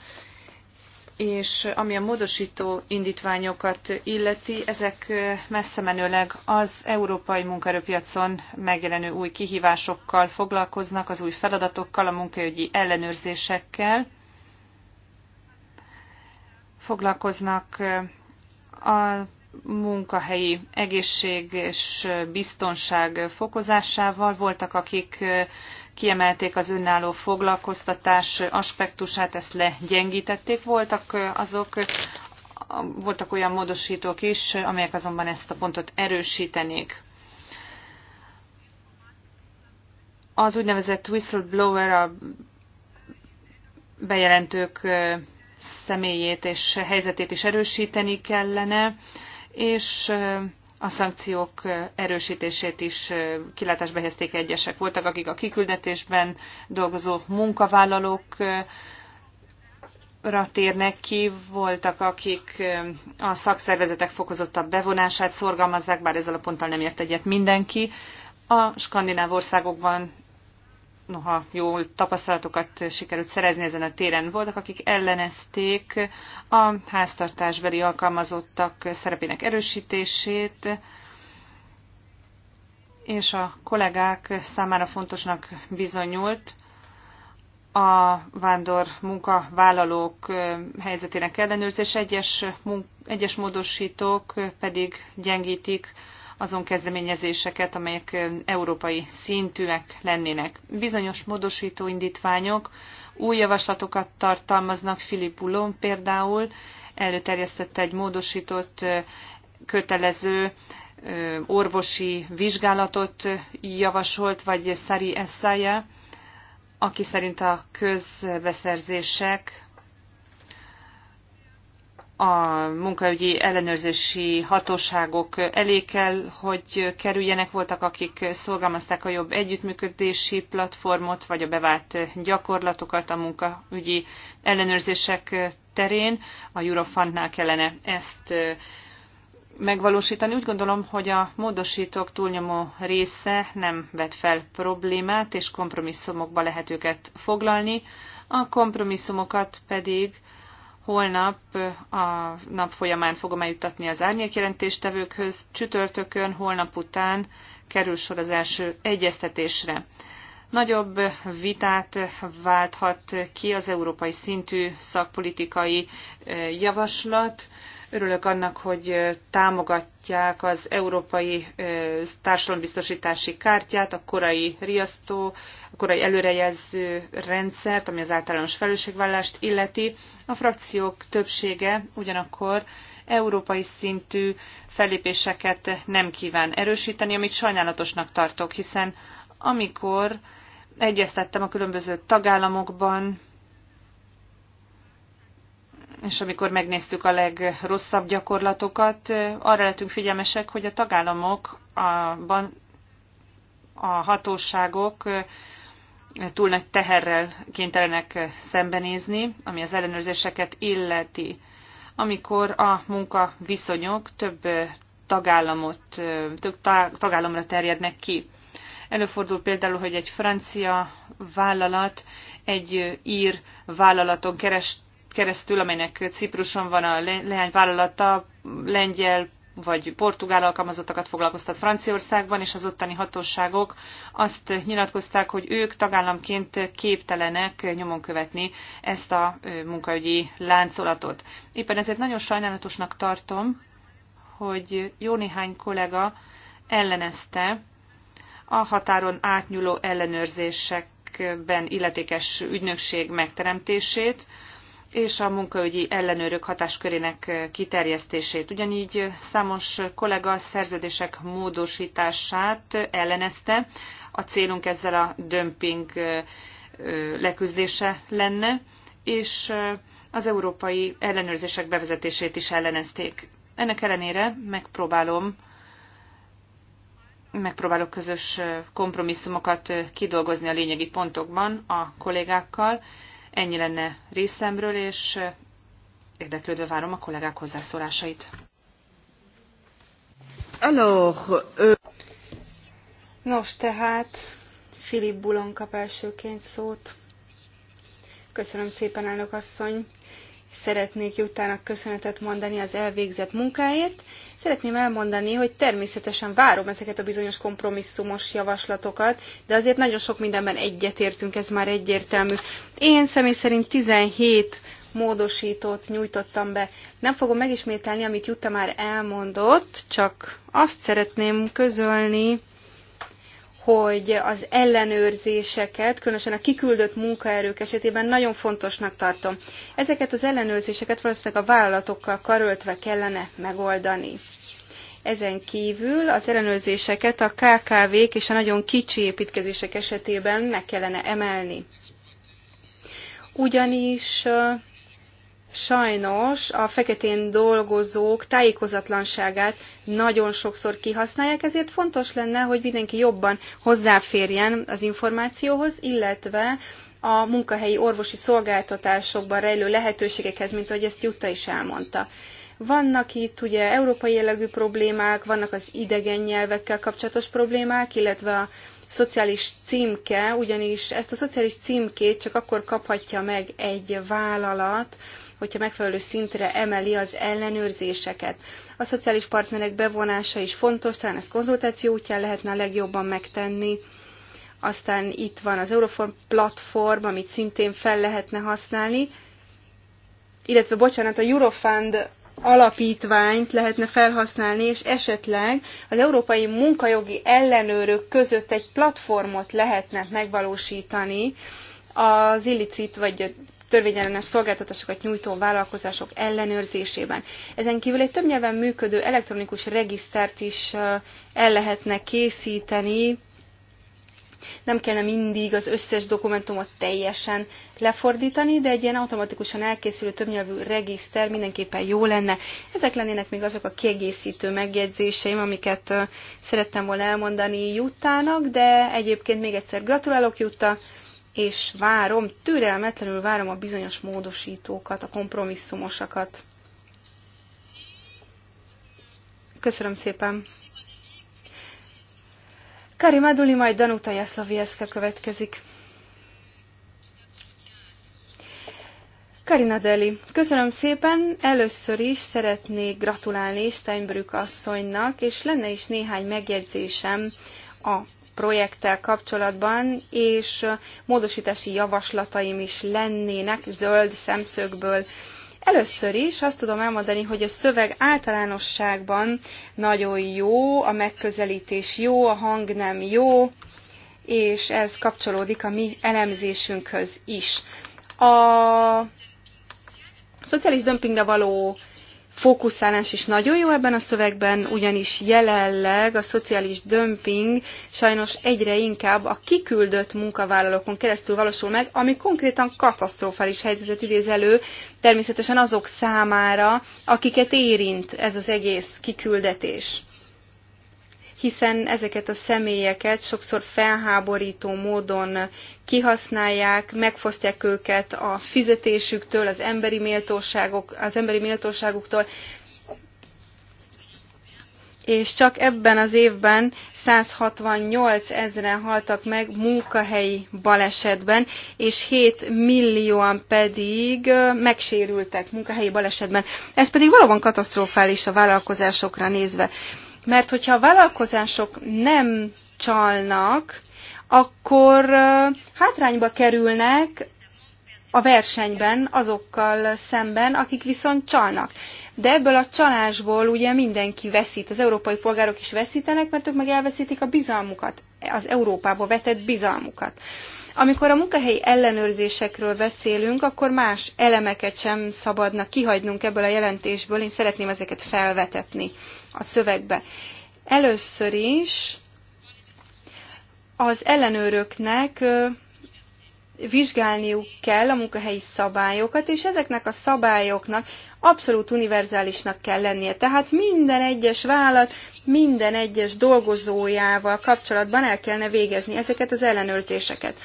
és ami a módosító indítványokat illeti, ezek messze menőleg az európai munkaerőpiacon megjelenő új kihívásokkal foglalkoznak, az új feladatokkal, a munkaügyi ellenőrzésekkel, foglalkoznak a munkahelyi egészség és biztonság fokozásával. Voltak, akik kiemelték az önálló foglalkoztatás aspektusát, ezt legyengítették. Voltak azok, voltak olyan módosítók is, amelyek azonban ezt a pontot erősítenék. Az úgynevezett whistleblower, a bejelentők személyét és helyzetét is erősíteni kellene, és a szankciók erősítését is kilátásba helyezték egyesek voltak, akik a kiküldetésben dolgozó munkavállalók térnek ki, voltak, akik a szakszervezetek fokozottabb bevonását szorgalmazzák, bár ezzel a ponttal nem ért egyet mindenki. A skandináv országokban noha jól tapasztalatokat sikerült szerezni ezen a téren. Voltak, akik ellenezték a háztartásbeli alkalmazottak szerepének erősítését, és a kollégák számára fontosnak bizonyult a vándor munkavállalók helyzetének ellenőrzés, egyes, egyes módosítók pedig gyengítik azon kezdeményezéseket, amelyek európai szintűek lennének. Bizonyos módosító indítványok új javaslatokat tartalmaznak, Filip Bulon például előterjesztette egy módosított kötelező orvosi vizsgálatot javasolt, vagy Szari Eszája, aki szerint a közbeszerzések a munkaügyi ellenőrzési hatóságok elé kell, hogy kerüljenek. Voltak, akik szolgálmazták a jobb együttműködési platformot, vagy a bevált gyakorlatokat a munkaügyi ellenőrzések terén. A Eurofundnál kellene ezt megvalósítani. Úgy gondolom, hogy a módosítók túlnyomó része nem vet fel problémát, és kompromisszumokba lehet őket foglalni. A kompromisszumokat pedig Holnap a nap folyamán fogom eljutatni az árnyékjelentéstevőkhöz. Csütörtökön, holnap után kerül sor az első egyeztetésre. Nagyobb vitát válthat ki az európai szintű szakpolitikai eh, javaslat Örülök annak, hogy támogatják az európai társadalombiztosítási kártyát, a korai riasztó, a korai előrejelző rendszert, ami az általános felelősségvállást illeti. A frakciók többsége ugyanakkor európai szintű fellépéseket nem kíván erősíteni, amit sajnálatosnak tartok, hiszen amikor egyeztettem a különböző tagállamokban, és amikor megnéztük a legrosszabb gyakorlatokat, arra lettünk figyelmesek, hogy a tagállamokban a hatóságok túl nagy teherrel kénytelenek szembenézni, ami az ellenőrzéseket illeti. Amikor a munka viszonyok több tagállamot, több tagállamra terjednek ki. Előfordul például, hogy egy francia vállalat egy ír vállalaton keresztül keresztül, amelynek Cipruson van a leányvállalata, lengyel vagy portugál alkalmazottakat foglalkoztat Franciaországban, és az ottani hatóságok azt nyilatkozták, hogy ők tagállamként képtelenek nyomon követni ezt a munkaügyi láncolatot. Éppen ezért nagyon sajnálatosnak tartom, hogy jó néhány kollega ellenezte a határon átnyúló ellenőrzésekben illetékes ügynökség megteremtését, és a munkaügyi ellenőrök hatáskörének kiterjesztését. Ugyanígy számos kollega szerződések módosítását ellenezte. A célunk ezzel a dömping leküzdése lenne, és az európai ellenőrzések bevezetését is ellenezték. Ennek ellenére megpróbálom megpróbálok közös kompromisszumokat kidolgozni a lényegi pontokban a kollégákkal, Ennyi lenne részemről, és érdeklődve várom a kollégák hozzászólásait. Euh, Nos, tehát Filip Bulon kap elsőként szót. Köszönöm szépen, elnök asszony. Szeretnék utána köszönetet mondani az elvégzett munkáért, Szeretném elmondani, hogy természetesen várom ezeket a bizonyos kompromisszumos javaslatokat, de azért nagyon sok mindenben egyetértünk, ez már egyértelmű. Én személy szerint 17 módosítót nyújtottam be. Nem fogom megismételni, amit Jutta már elmondott, csak azt szeretném közölni, hogy az ellenőrzéseket, különösen a kiküldött munkaerők esetében nagyon fontosnak tartom. Ezeket az ellenőrzéseket valószínűleg a vállalatokkal karöltve kellene megoldani. Ezen kívül az ellenőrzéseket a KKV-k és a nagyon kicsi építkezések esetében meg kellene emelni. Ugyanis sajnos a feketén dolgozók tájékozatlanságát nagyon sokszor kihasználják, ezért fontos lenne, hogy mindenki jobban hozzáférjen az információhoz, illetve a munkahelyi orvosi szolgáltatásokban rejlő lehetőségekhez, mint ahogy ezt Jutta is elmondta. Vannak itt ugye európai jellegű problémák, vannak az idegen nyelvekkel kapcsolatos problémák, illetve a szociális címke, ugyanis ezt a szociális címkét csak akkor kaphatja meg egy vállalat, hogyha megfelelő szintre emeli az ellenőrzéseket. A szociális partnerek bevonása is fontos, talán ezt konzultáció útján lehetne a legjobban megtenni. Aztán itt van az Euroform platform, amit szintén fel lehetne használni, illetve bocsánat, a Eurofund alapítványt lehetne felhasználni, és esetleg az európai munkajogi ellenőrök között egy platformot lehetne megvalósítani az illicit vagy törvényellenes szolgáltatásokat nyújtó vállalkozások ellenőrzésében. Ezen kívül egy több nyelven működő elektronikus regisztert is el lehetne készíteni, nem kellene mindig az összes dokumentumot teljesen lefordítani, de egy ilyen automatikusan elkészülő többnyelvű regiszter mindenképpen jó lenne. Ezek lennének még azok a kiegészítő megjegyzéseim, amiket szerettem volna elmondani Juttának, de egyébként még egyszer gratulálok Jutta, és várom, türelmetlenül várom a bizonyos módosítókat, a kompromisszumosakat. Köszönöm szépen! Karim Aduli, majd Danuta Jaszlovieszka következik. Karina Deli, köszönöm szépen. Először is szeretnék gratulálni Steinbrück asszonynak, és lenne is néhány megjegyzésem a projekttel kapcsolatban, és módosítási javaslataim is lennének zöld szemszögből. Először is azt tudom elmondani, hogy a szöveg általánosságban nagyon jó, a megközelítés jó, a hang nem jó, és ez kapcsolódik a mi elemzésünkhöz is. A szociális dömpingre való fókuszálás is nagyon jó ebben a szövegben, ugyanis jelenleg a szociális dömping sajnos egyre inkább a kiküldött munkavállalókon keresztül valósul meg, ami konkrétan katasztrofális helyzetet idéz elő, természetesen azok számára, akiket érint ez az egész kiküldetés hiszen ezeket a személyeket sokszor felháborító módon kihasználják, megfosztják őket a fizetésüktől, az emberi, méltóságok, az emberi méltóságuktól, és csak ebben az évben 168 ezeren haltak meg munkahelyi balesetben, és 7 millióan pedig megsérültek munkahelyi balesetben. Ez pedig valóban katasztrofális a vállalkozásokra nézve. Mert hogyha a vállalkozások nem csalnak, akkor hátrányba kerülnek a versenyben azokkal szemben, akik viszont csalnak. De ebből a csalásból ugye mindenki veszít, az európai polgárok is veszítenek, mert ők meg elveszítik a bizalmukat, az Európába vetett bizalmukat. Amikor a munkahelyi ellenőrzésekről beszélünk, akkor más elemeket sem szabadna kihagynunk ebből a jelentésből, én szeretném ezeket felvetetni a szövegbe. Először is az ellenőröknek vizsgálniuk kell a munkahelyi szabályokat, és ezeknek a szabályoknak abszolút univerzálisnak kell lennie. Tehát minden egyes vállalat, minden egyes dolgozójával kapcsolatban el kellene végezni ezeket az ellenőrzéseket.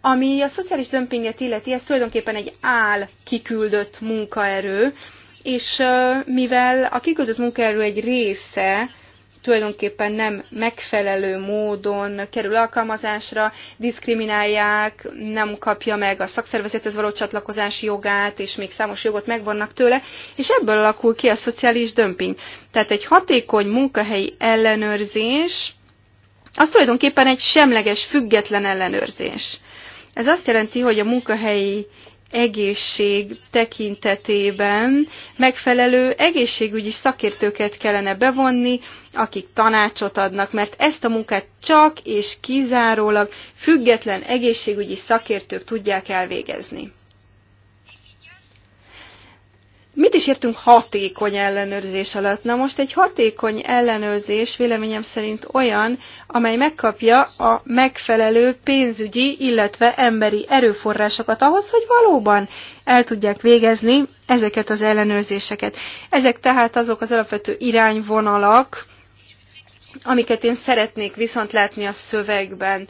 Ami a szociális dömpinget illeti, ez tulajdonképpen egy áll kiküldött munkaerő, és mivel a kiküldött munkaerő egy része tulajdonképpen nem megfelelő módon kerül alkalmazásra, diszkriminálják, nem kapja meg a szakszervezethez való csatlakozási jogát, és még számos jogot megvannak tőle, és ebből alakul ki a szociális dömping. Tehát egy hatékony munkahelyi ellenőrzés, az tulajdonképpen egy semleges, független ellenőrzés. Ez azt jelenti, hogy a munkahelyi egészség tekintetében megfelelő egészségügyi szakértőket kellene bevonni, akik tanácsot adnak, mert ezt a munkát csak és kizárólag független egészségügyi szakértők tudják elvégezni. Mit is értünk hatékony ellenőrzés alatt? Na most egy hatékony ellenőrzés véleményem szerint olyan, amely megkapja a megfelelő pénzügyi, illetve emberi erőforrásokat ahhoz, hogy valóban el tudják végezni ezeket az ellenőrzéseket. Ezek tehát azok az alapvető irányvonalak, amiket én szeretnék viszont látni a szövegben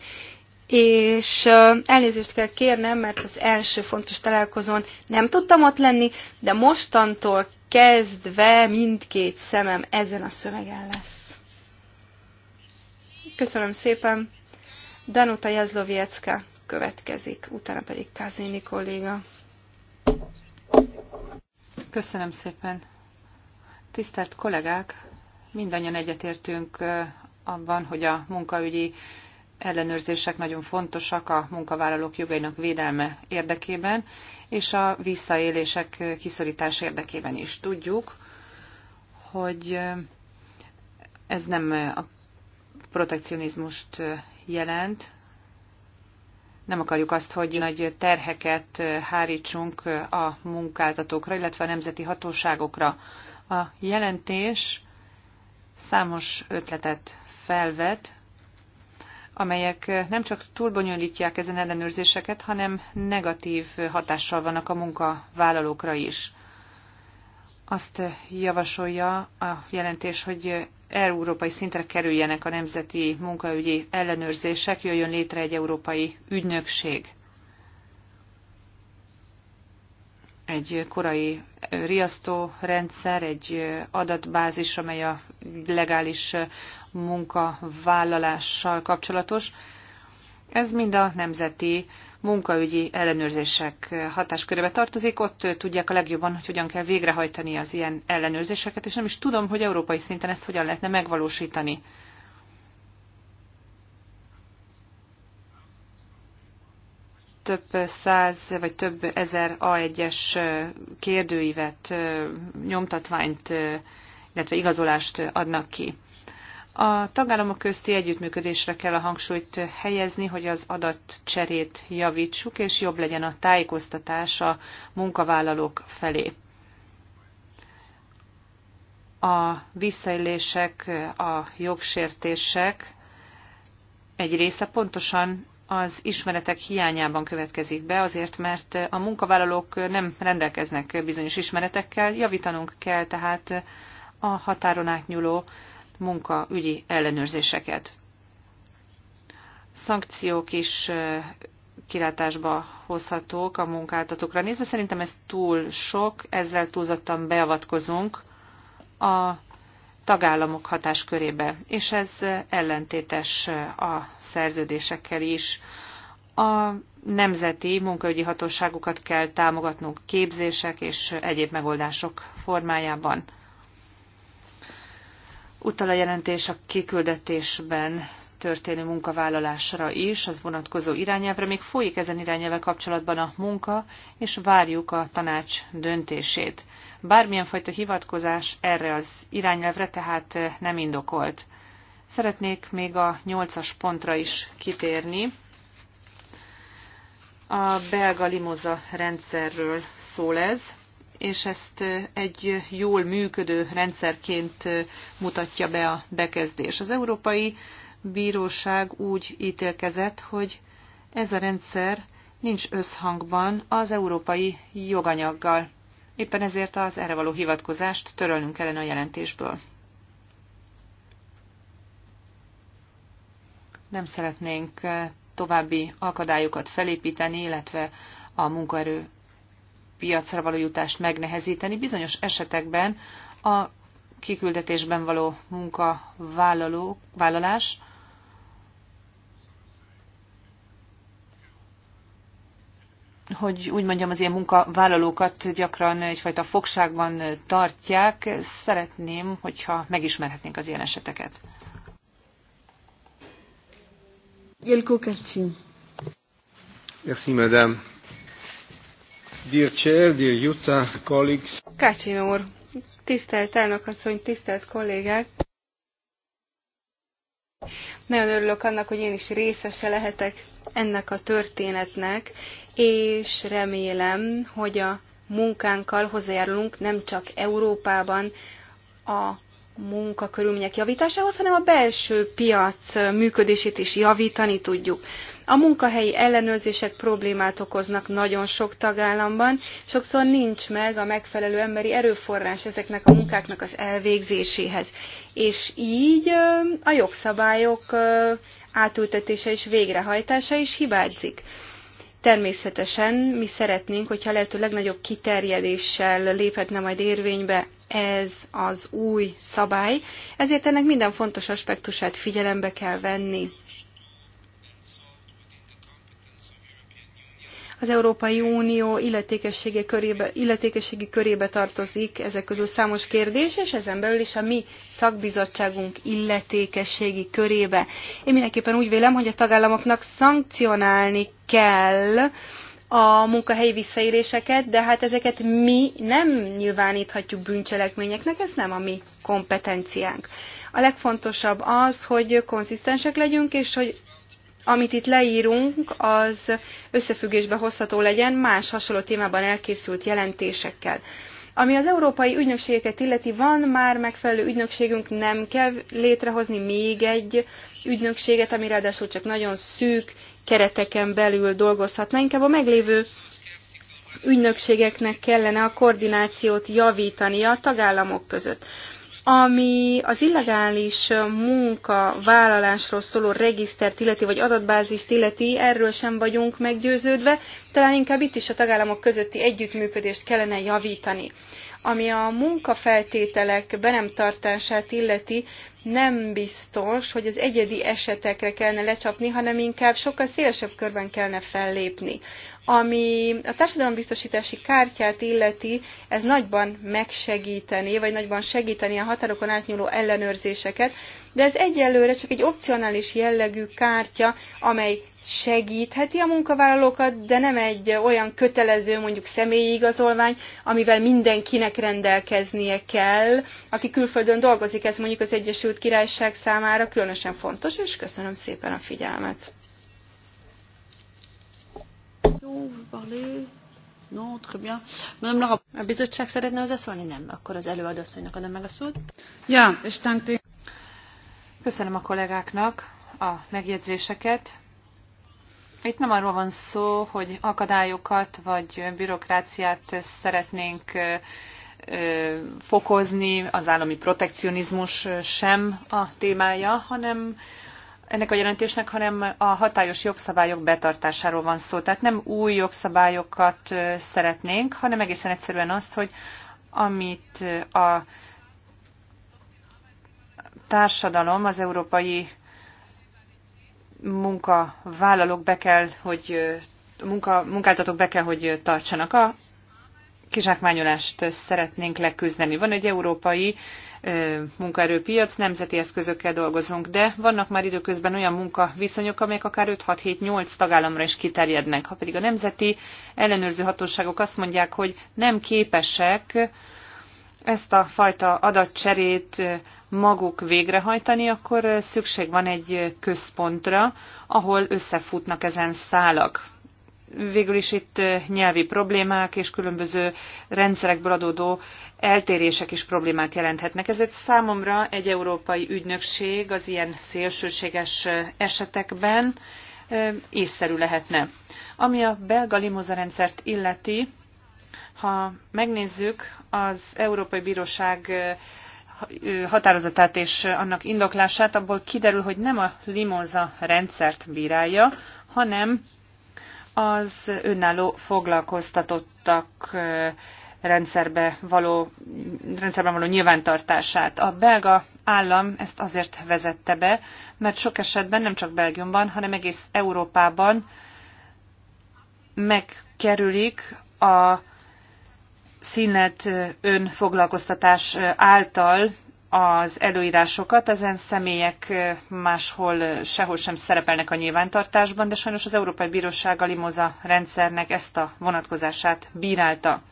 és elnézést kell kérnem, mert az első fontos találkozón nem tudtam ott lenni, de mostantól kezdve mindkét szemem ezen a szövegen lesz. Köszönöm szépen. Danuta Jazlovjecka következik, utána pedig Kazini kolléga. Köszönöm szépen. Tisztelt kollégák, mindannyian egyetértünk abban, hogy a munkaügyi ellenőrzések nagyon fontosak a munkavállalók jogainak védelme érdekében, és a visszaélések kiszorítás érdekében is. Tudjuk, hogy ez nem a protekcionizmust jelent, nem akarjuk azt, hogy nagy terheket hárítsunk a munkáltatókra, illetve a nemzeti hatóságokra. A jelentés számos ötletet felvet, amelyek nem csak túlbonyolítják ezen ellenőrzéseket, hanem negatív hatással vannak a munkavállalókra is. Azt javasolja a jelentés, hogy európai szintre kerüljenek a nemzeti munkaügyi ellenőrzések, jöjjön létre egy európai ügynökség. Egy korai riasztórendszer, egy adatbázis, amely a legális munkavállalással kapcsolatos. Ez mind a nemzeti munkaügyi ellenőrzések hatáskörébe tartozik, ott tudják a legjobban, hogy hogyan kell végrehajtani az ilyen ellenőrzéseket, és nem is tudom, hogy európai szinten ezt hogyan lehetne megvalósítani. több száz vagy több ezer A1-es kérdőívet, nyomtatványt, illetve igazolást adnak ki. A tagállamok közti együttműködésre kell a hangsúlyt helyezni, hogy az adatcserét javítsuk, és jobb legyen a tájékoztatás a munkavállalók felé. A visszaélések, a jogsértések egy része pontosan az ismeretek hiányában következik be, azért mert a munkavállalók nem rendelkeznek bizonyos ismeretekkel, javítanunk kell tehát a határon átnyúló munkaügyi ellenőrzéseket. Szankciók is kilátásba hozhatók a munkáltatókra nézve. Szerintem ez túl sok, ezzel túlzottan beavatkozunk a tagállamok hatáskörébe, és ez ellentétes a szerződésekkel is. A nemzeti munkaügyi hatóságokat kell támogatnunk képzések és egyéb megoldások formájában. Utal a jelentés a kiküldetésben történő munkavállalásra is, az vonatkozó irányelvre. Még folyik ezen irányelve kapcsolatban a munka, és várjuk a tanács döntését. Bármilyen fajta hivatkozás erre az irányelvre tehát nem indokolt. Szeretnék még a nyolcas pontra is kitérni. A belga limoza rendszerről szól ez és ezt egy jól működő rendszerként mutatja be a bekezdés. Az Európai Bíróság úgy ítélkezett, hogy ez a rendszer nincs összhangban az európai joganyaggal. Éppen ezért az erre való hivatkozást törölnünk kellene a jelentésből. Nem szeretnénk további akadályokat felépíteni, illetve a munkaerő piacra való jutást megnehezíteni. Bizonyos esetekben a kiküldetésben való munkavállalás vállalás hogy úgy mondjam, az ilyen munkavállalókat gyakran egyfajta fogságban tartják. Szeretném, hogyha megismerhetnénk az ilyen eseteket. Jelko Kacsin. Merci, madame. Dear Chair, dear Utah colleagues. Kácsin úr, tisztelt asszony, tisztelt kollégák! Nagyon örülök annak, hogy én is részese lehetek ennek a történetnek, és remélem, hogy a munkánkkal hozzájárulunk nem csak Európában a munkakörülmények javításához, hanem a belső piac működését is javítani tudjuk. A munkahelyi ellenőrzések problémát okoznak nagyon sok tagállamban, sokszor nincs meg a megfelelő emberi erőforrás ezeknek a munkáknak az elvégzéséhez. És így a jogszabályok átültetése és végrehajtása is hibázik. Természetesen mi szeretnénk, hogyha lehető legnagyobb kiterjedéssel léphetne majd érvénybe ez az új szabály, ezért ennek minden fontos aspektusát figyelembe kell venni. az Európai Unió illetékességi körébe, illetékességi körébe tartozik ezek közül számos kérdés, és ezen belül is a mi szakbizottságunk illetékességi körébe. Én mindenképpen úgy vélem, hogy a tagállamoknak szankcionálni kell a munkahelyi visszaéléseket, de hát ezeket mi nem nyilváníthatjuk bűncselekményeknek, ez nem a mi kompetenciánk. A legfontosabb az, hogy konzisztensek legyünk, és hogy amit itt leírunk, az összefüggésbe hozható legyen más hasonló témában elkészült jelentésekkel. Ami az európai ügynökségeket illeti, van már megfelelő ügynökségünk, nem kell létrehozni még egy ügynökséget, ami ráadásul csak nagyon szűk kereteken belül dolgozhatna. Inkább a meglévő ügynökségeknek kellene a koordinációt javítani a tagállamok között ami az illegális munkavállalásról szóló regisztert illeti, vagy adatbázist illeti, erről sem vagyunk meggyőződve, talán inkább itt is a tagállamok közötti együttműködést kellene javítani. Ami a munkafeltételek benemtartását illeti, nem biztos, hogy az egyedi esetekre kellene lecsapni, hanem inkább sokkal szélesebb körben kellene fellépni. Ami a társadalombiztosítási kártyát illeti, ez nagyban megsegíteni, vagy nagyban segíteni a határokon átnyúló ellenőrzéseket, de ez egyelőre csak egy opcionális jellegű kártya, amely segítheti a munkavállalókat, de nem egy olyan kötelező, mondjuk személyi igazolvány, amivel mindenkinek rendelkeznie kell, aki külföldön dolgozik. Ez mondjuk az Egyesült Királyság számára különösen fontos, és köszönöm szépen a figyelmet. A bizottság szeretne hozzászólni? Nem. Akkor az előadószonynak adom meg a szót. Ja, és Köszönöm a kollégáknak a megjegyzéseket. Itt nem arról van szó, hogy akadályokat vagy bürokráciát szeretnénk fokozni, az állami protekcionizmus sem a témája, hanem ennek a jelentésnek, hanem a hatályos jogszabályok betartásáról van szó. Tehát nem új jogszabályokat szeretnénk, hanem egészen egyszerűen azt, hogy amit a társadalom, az európai munkavállalók be kell, hogy munka, munkáltatók be kell, hogy tartsanak. A kizsákmányolást szeretnénk leküzdeni. Van egy európai munkaerőpiac, nemzeti eszközökkel dolgozunk, de vannak már időközben olyan munkaviszonyok, amelyek akár 5-6-7-8 tagállamra is kiterjednek. Ha pedig a nemzeti ellenőrző hatóságok azt mondják, hogy nem képesek ezt a fajta adatcserét maguk végrehajtani, akkor szükség van egy központra, ahol összefutnak ezen szálak végül is itt nyelvi problémák és különböző rendszerekből adódó eltérések is problémát jelenthetnek. Ezért számomra egy európai ügynökség az ilyen szélsőséges esetekben észszerű lehetne. Ami a belga rendszert illeti, ha megnézzük az Európai Bíróság határozatát és annak indoklását, abból kiderül, hogy nem a limoza rendszert bírálja, hanem az önálló foglalkoztatottak rendszerbe való, rendszerben való nyilvántartását. A belga állam ezt azért vezette be, mert sok esetben nem csak Belgiumban, hanem egész Európában megkerülik a színlet önfoglalkoztatás által az előírásokat, ezen személyek máshol sehol sem szerepelnek a nyilvántartásban, de sajnos az Európai Bíróság a limoza rendszernek ezt a vonatkozását bírálta.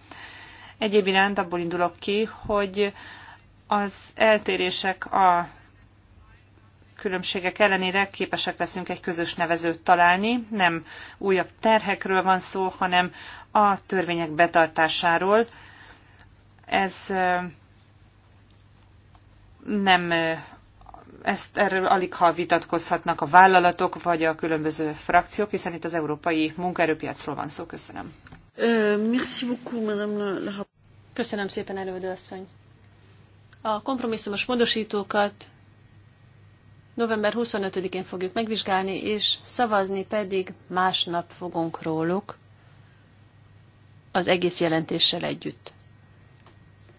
Egyéb iránt abból indulok ki, hogy az eltérések a különbségek ellenére képesek leszünk egy közös nevezőt találni. Nem újabb terhekről van szó, hanem a törvények betartásáról. Ez nem ezt erről alig ha vitatkozhatnak a vállalatok vagy a különböző frakciók, hiszen itt az európai munkaerőpiacról van szó. Köszönöm. Köszönöm szépen, elődő asszony. A kompromisszumos módosítókat november 25-én fogjuk megvizsgálni, és szavazni pedig másnap fogunk róluk az egész jelentéssel együtt.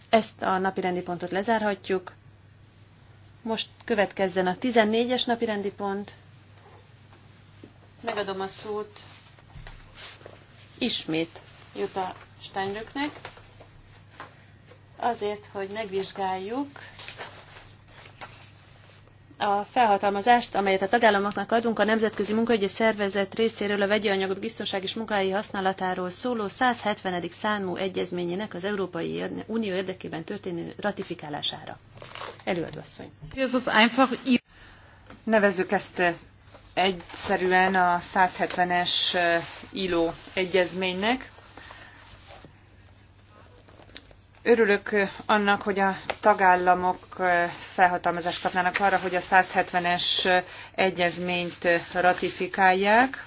Ezt a napi rendi pontot lezárhatjuk. Most következzen a 14-es napi rendi pont. Megadom a szót ismét Jutta Steinröknek, azért, hogy megvizsgáljuk a felhatalmazást, amelyet a tagállamoknak adunk a Nemzetközi Munkaügyi Szervezet részéről a vegyi anyagok biztonság és munkahelyi használatáról szóló 170. számú egyezményének az Európai Unió érdekében történő ratifikálására. Előadvasszony. Nevezzük ezt egyszerűen a 170-es ILO eh, egyezménynek. Örülök annak, hogy a tagállamok eh, felhatalmazást kapnának arra, hogy a 170-es eh, egyezményt eh, ratifikálják.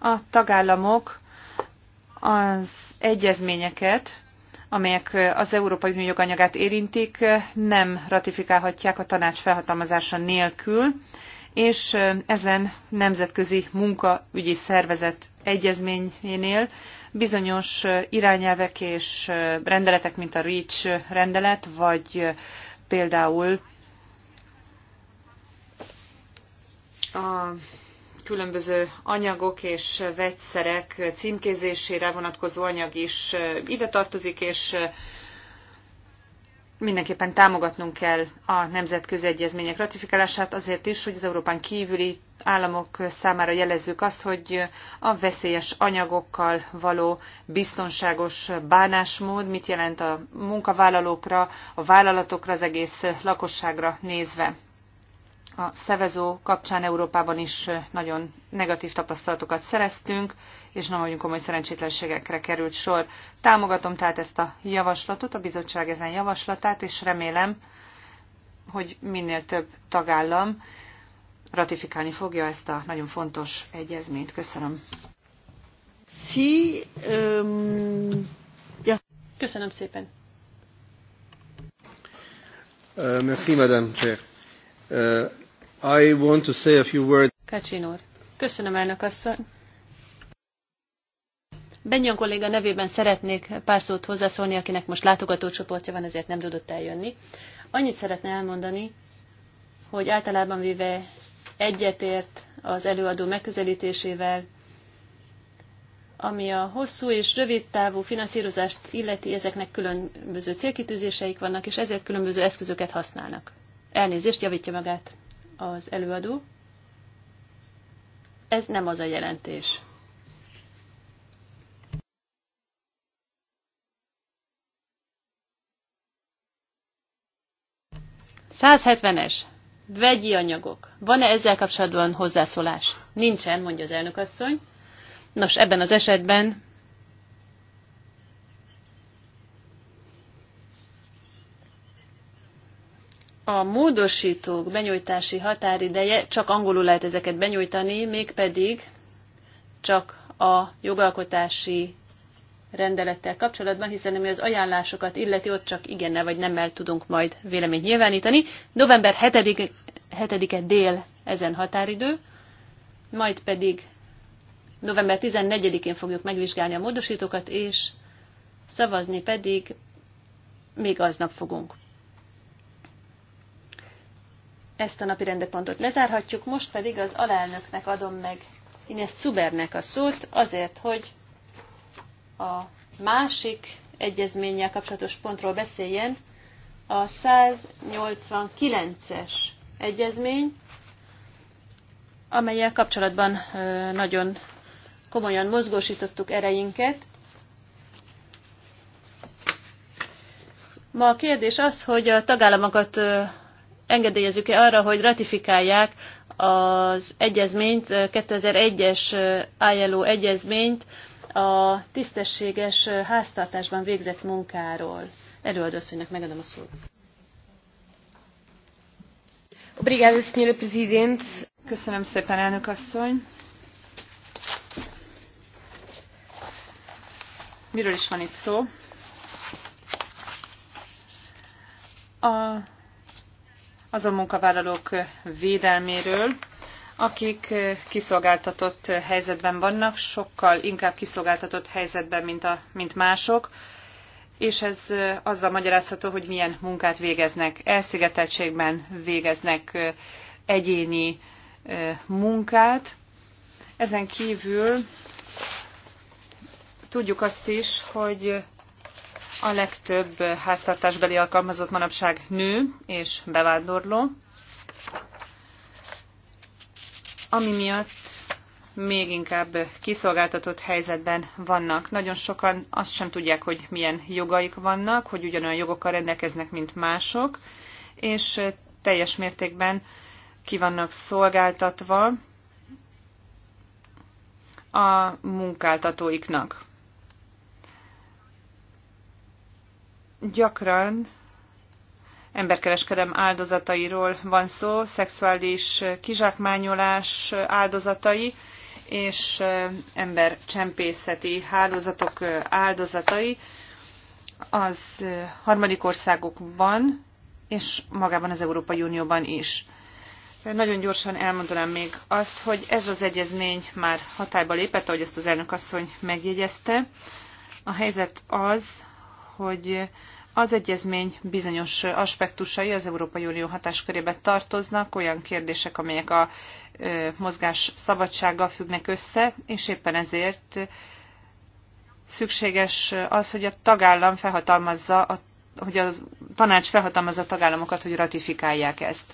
A tagállamok az egyezményeket, amelyek az Európai Unió joganyagát érintik, nem ratifikálhatják a tanács felhatalmazása nélkül, és ezen nemzetközi munkaügyi szervezet egyezményénél bizonyos irányelvek és rendeletek, mint a REACH rendelet, vagy például a különböző anyagok és vegyszerek címkézésére vonatkozó anyag is ide tartozik, és mindenképpen támogatnunk kell a nemzetközi egyezmények ratifikálását azért is, hogy az Európán kívüli államok számára jelezzük azt, hogy a veszélyes anyagokkal való biztonságos bánásmód mit jelent a munkavállalókra, a vállalatokra, az egész lakosságra nézve a szevezó kapcsán Európában is nagyon negatív tapasztalatokat szereztünk, és nagyon komoly szerencsétlenségekre került sor. Támogatom tehát ezt a javaslatot, a bizottság ezen javaslatát, és remélem, hogy minél több tagállam ratifikálni fogja ezt a nagyon fontos egyezményt. Köszönöm. Si, um, ja. Köszönöm szépen. Uh, merci, Madame Chair. Uh, I want to say a few words. Kacsin úr. Köszönöm, elnök asszony. Benyon kolléga nevében szeretnék pár szót hozzászólni, akinek most látogatócsoportja van, ezért nem tudott eljönni. Annyit szeretne elmondani, hogy általában véve egyetért az előadó megközelítésével, ami a hosszú és rövid távú finanszírozást illeti, ezeknek különböző célkitűzéseik vannak, és ezért különböző eszközöket használnak. Elnézést, javítja magát az előadó. Ez nem az a jelentés. Százhetvenes. Vegyi anyagok. Van-e ezzel kapcsolatban hozzászólás? Nincsen, mondja az elnökasszony. Nos, ebben az esetben a módosítók benyújtási határideje, csak angolul lehet ezeket benyújtani, mégpedig csak a jogalkotási rendelettel kapcsolatban, hiszen ami az ajánlásokat illeti, ott csak igenne vagy nemmel tudunk majd véleményt nyilvánítani. November 7-e 7 dél ezen határidő, majd pedig november 14-én fogjuk megvizsgálni a módosítókat, és szavazni pedig még aznap fogunk. Ezt a napi rendepontot lezárhatjuk, most pedig az alelnöknek adom meg Inés Cubernek a szót, azért, hogy a másik egyezménnyel kapcsolatos pontról beszéljen, a 189-es egyezmény, amelyel kapcsolatban nagyon komolyan mozgósítottuk ereinket. Ma a kérdés az, hogy a tagállamokat engedélyezzük-e arra, hogy ratifikálják az egyezményt, 2001-es ILO egyezményt a tisztességes háztartásban végzett munkáról. Előadószonynak megadom a szót. Presidente. Köszönöm szépen, elnök asszony. Miről is van itt szó? A azon munkavállalók védelméről, akik kiszolgáltatott helyzetben vannak, sokkal inkább kiszolgáltatott helyzetben, mint, a, mint mások, és ez azzal magyarázható, hogy milyen munkát végeznek. Elszigeteltségben végeznek egyéni munkát. Ezen kívül tudjuk azt is, hogy a legtöbb háztartásbeli alkalmazott manapság nő és bevándorló, ami miatt még inkább kiszolgáltatott helyzetben vannak. Nagyon sokan azt sem tudják, hogy milyen jogaik vannak, hogy ugyanolyan jogokkal rendelkeznek, mint mások, és teljes mértékben ki vannak szolgáltatva a munkáltatóiknak. gyakran emberkereskedem áldozatairól van szó, szexuális kizsákmányolás áldozatai és embercsempészeti hálózatok áldozatai az harmadik országokban és magában az Európai Unióban is. Nagyon gyorsan elmondanám még azt, hogy ez az egyezmény már hatályba lépett, ahogy ezt az elnök asszony megjegyezte. A helyzet az, hogy az egyezmény bizonyos aspektusai az Európai Unió hatáskörébe tartoznak, olyan kérdések, amelyek a mozgás szabadsággal függnek össze, és éppen ezért szükséges az, hogy a tagállam felhatalmazza, a, hogy a tanács felhatalmazza a tagállamokat, hogy ratifikálják ezt.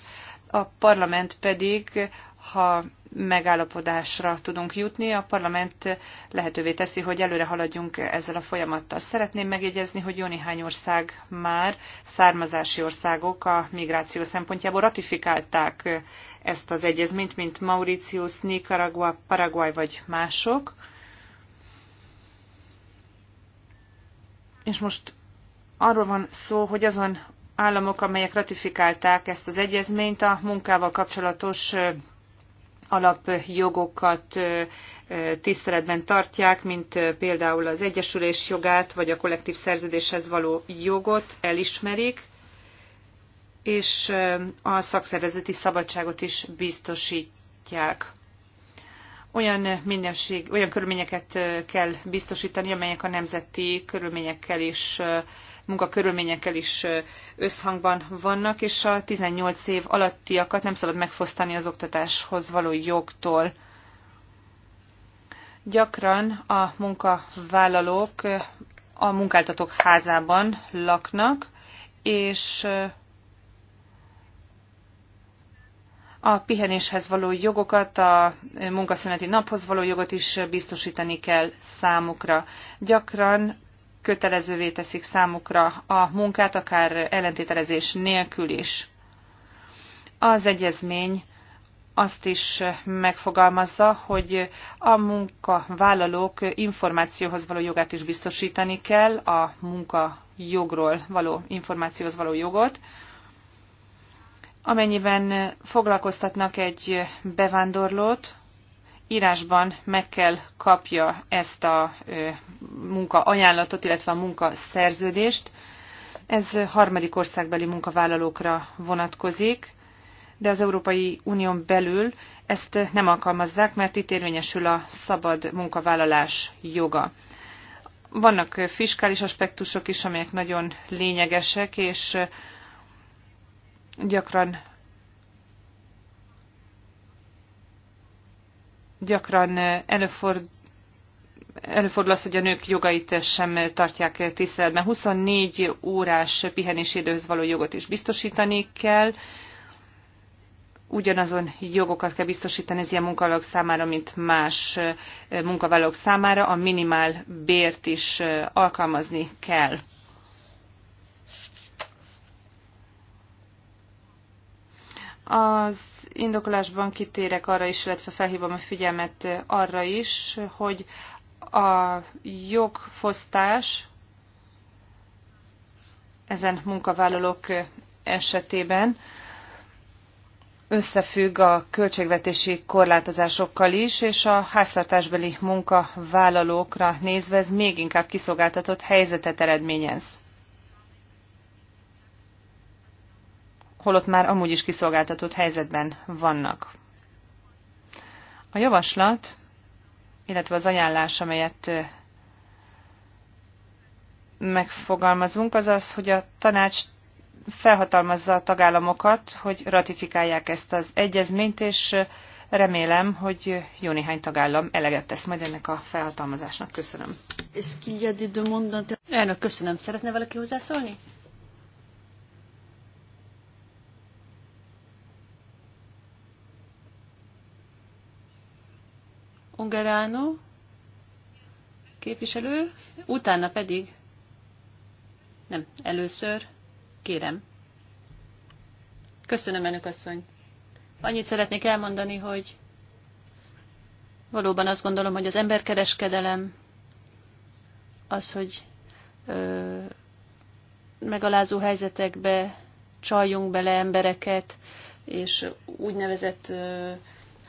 A parlament pedig ha megállapodásra tudunk jutni, a parlament lehetővé teszi, hogy előre haladjunk ezzel a folyamattal. Szeretném megjegyezni, hogy jó néhány ország már származási országok a migráció szempontjából ratifikálták ezt az egyezményt, mint Mauritius, Nicaragua, Paraguay vagy mások. És most arról van szó, hogy azon államok, amelyek ratifikálták ezt az egyezményt, a munkával kapcsolatos alapjogokat tiszteletben tartják, mint például az egyesülés jogát, vagy a kollektív szerződéshez való jogot elismerik, és a szakszervezeti szabadságot is biztosítják olyan, minőség, olyan körülményeket kell biztosítani, amelyek a nemzeti körülményekkel és munkakörülményekkel is összhangban vannak, és a 18 év alattiakat nem szabad megfosztani az oktatáshoz való jogtól. Gyakran a munkavállalók a munkáltatók házában laknak, és A pihenéshez való jogokat, a munkaszüneti naphoz való jogot is biztosítani kell számukra. Gyakran kötelezővé teszik számukra a munkát, akár ellentételezés nélkül is. Az egyezmény azt is megfogalmazza, hogy a munkavállalók információhoz való jogát is biztosítani kell, a munkajogról való információhoz való jogot, Amennyiben foglalkoztatnak egy bevándorlót, írásban meg kell kapja ezt a munkaajánlatot, illetve a munkaszerződést. Ez harmadik országbeli munkavállalókra vonatkozik, de az Európai Unión belül ezt nem alkalmazzák, mert itt érvényesül a szabad munkavállalás joga. Vannak fiskális aspektusok is, amelyek nagyon lényegesek, és gyakran gyakran eh, előfordul előfordul az, hogy a nők jogait sem tartják tiszteletben. 24 órás pihenési időhöz való jogot is biztosítani kell. Ugyanazon jogokat kell biztosítani az ilyen munkavállalók számára, mint más eh, munkavállalók számára. A minimál bért is eh, alkalmazni kell. Az indokolásban kitérek arra is, illetve felhívom a figyelmet arra is, hogy a jogfosztás ezen munkavállalók esetében összefügg a költségvetési korlátozásokkal is, és a háztartásbeli munkavállalókra nézve ez még inkább kiszolgáltatott helyzetet eredményez. holott már amúgy is kiszolgáltatott helyzetben vannak. A javaslat, illetve az ajánlás, amelyet megfogalmazunk, az az, hogy a tanács felhatalmazza a tagállamokat, hogy ratifikálják ezt az egyezményt, és remélem, hogy jó néhány tagállam eleget tesz majd ennek a felhatalmazásnak. Köszönöm. Elnök, köszönöm. Szeretne valaki hozzászólni? Ungerano képviselő, utána pedig, nem, először, kérem. Köszönöm, Önök asszony. Annyit szeretnék elmondani, hogy valóban azt gondolom, hogy az emberkereskedelem az, hogy ö, megalázó helyzetekbe csaljunk bele embereket, és úgynevezett ö,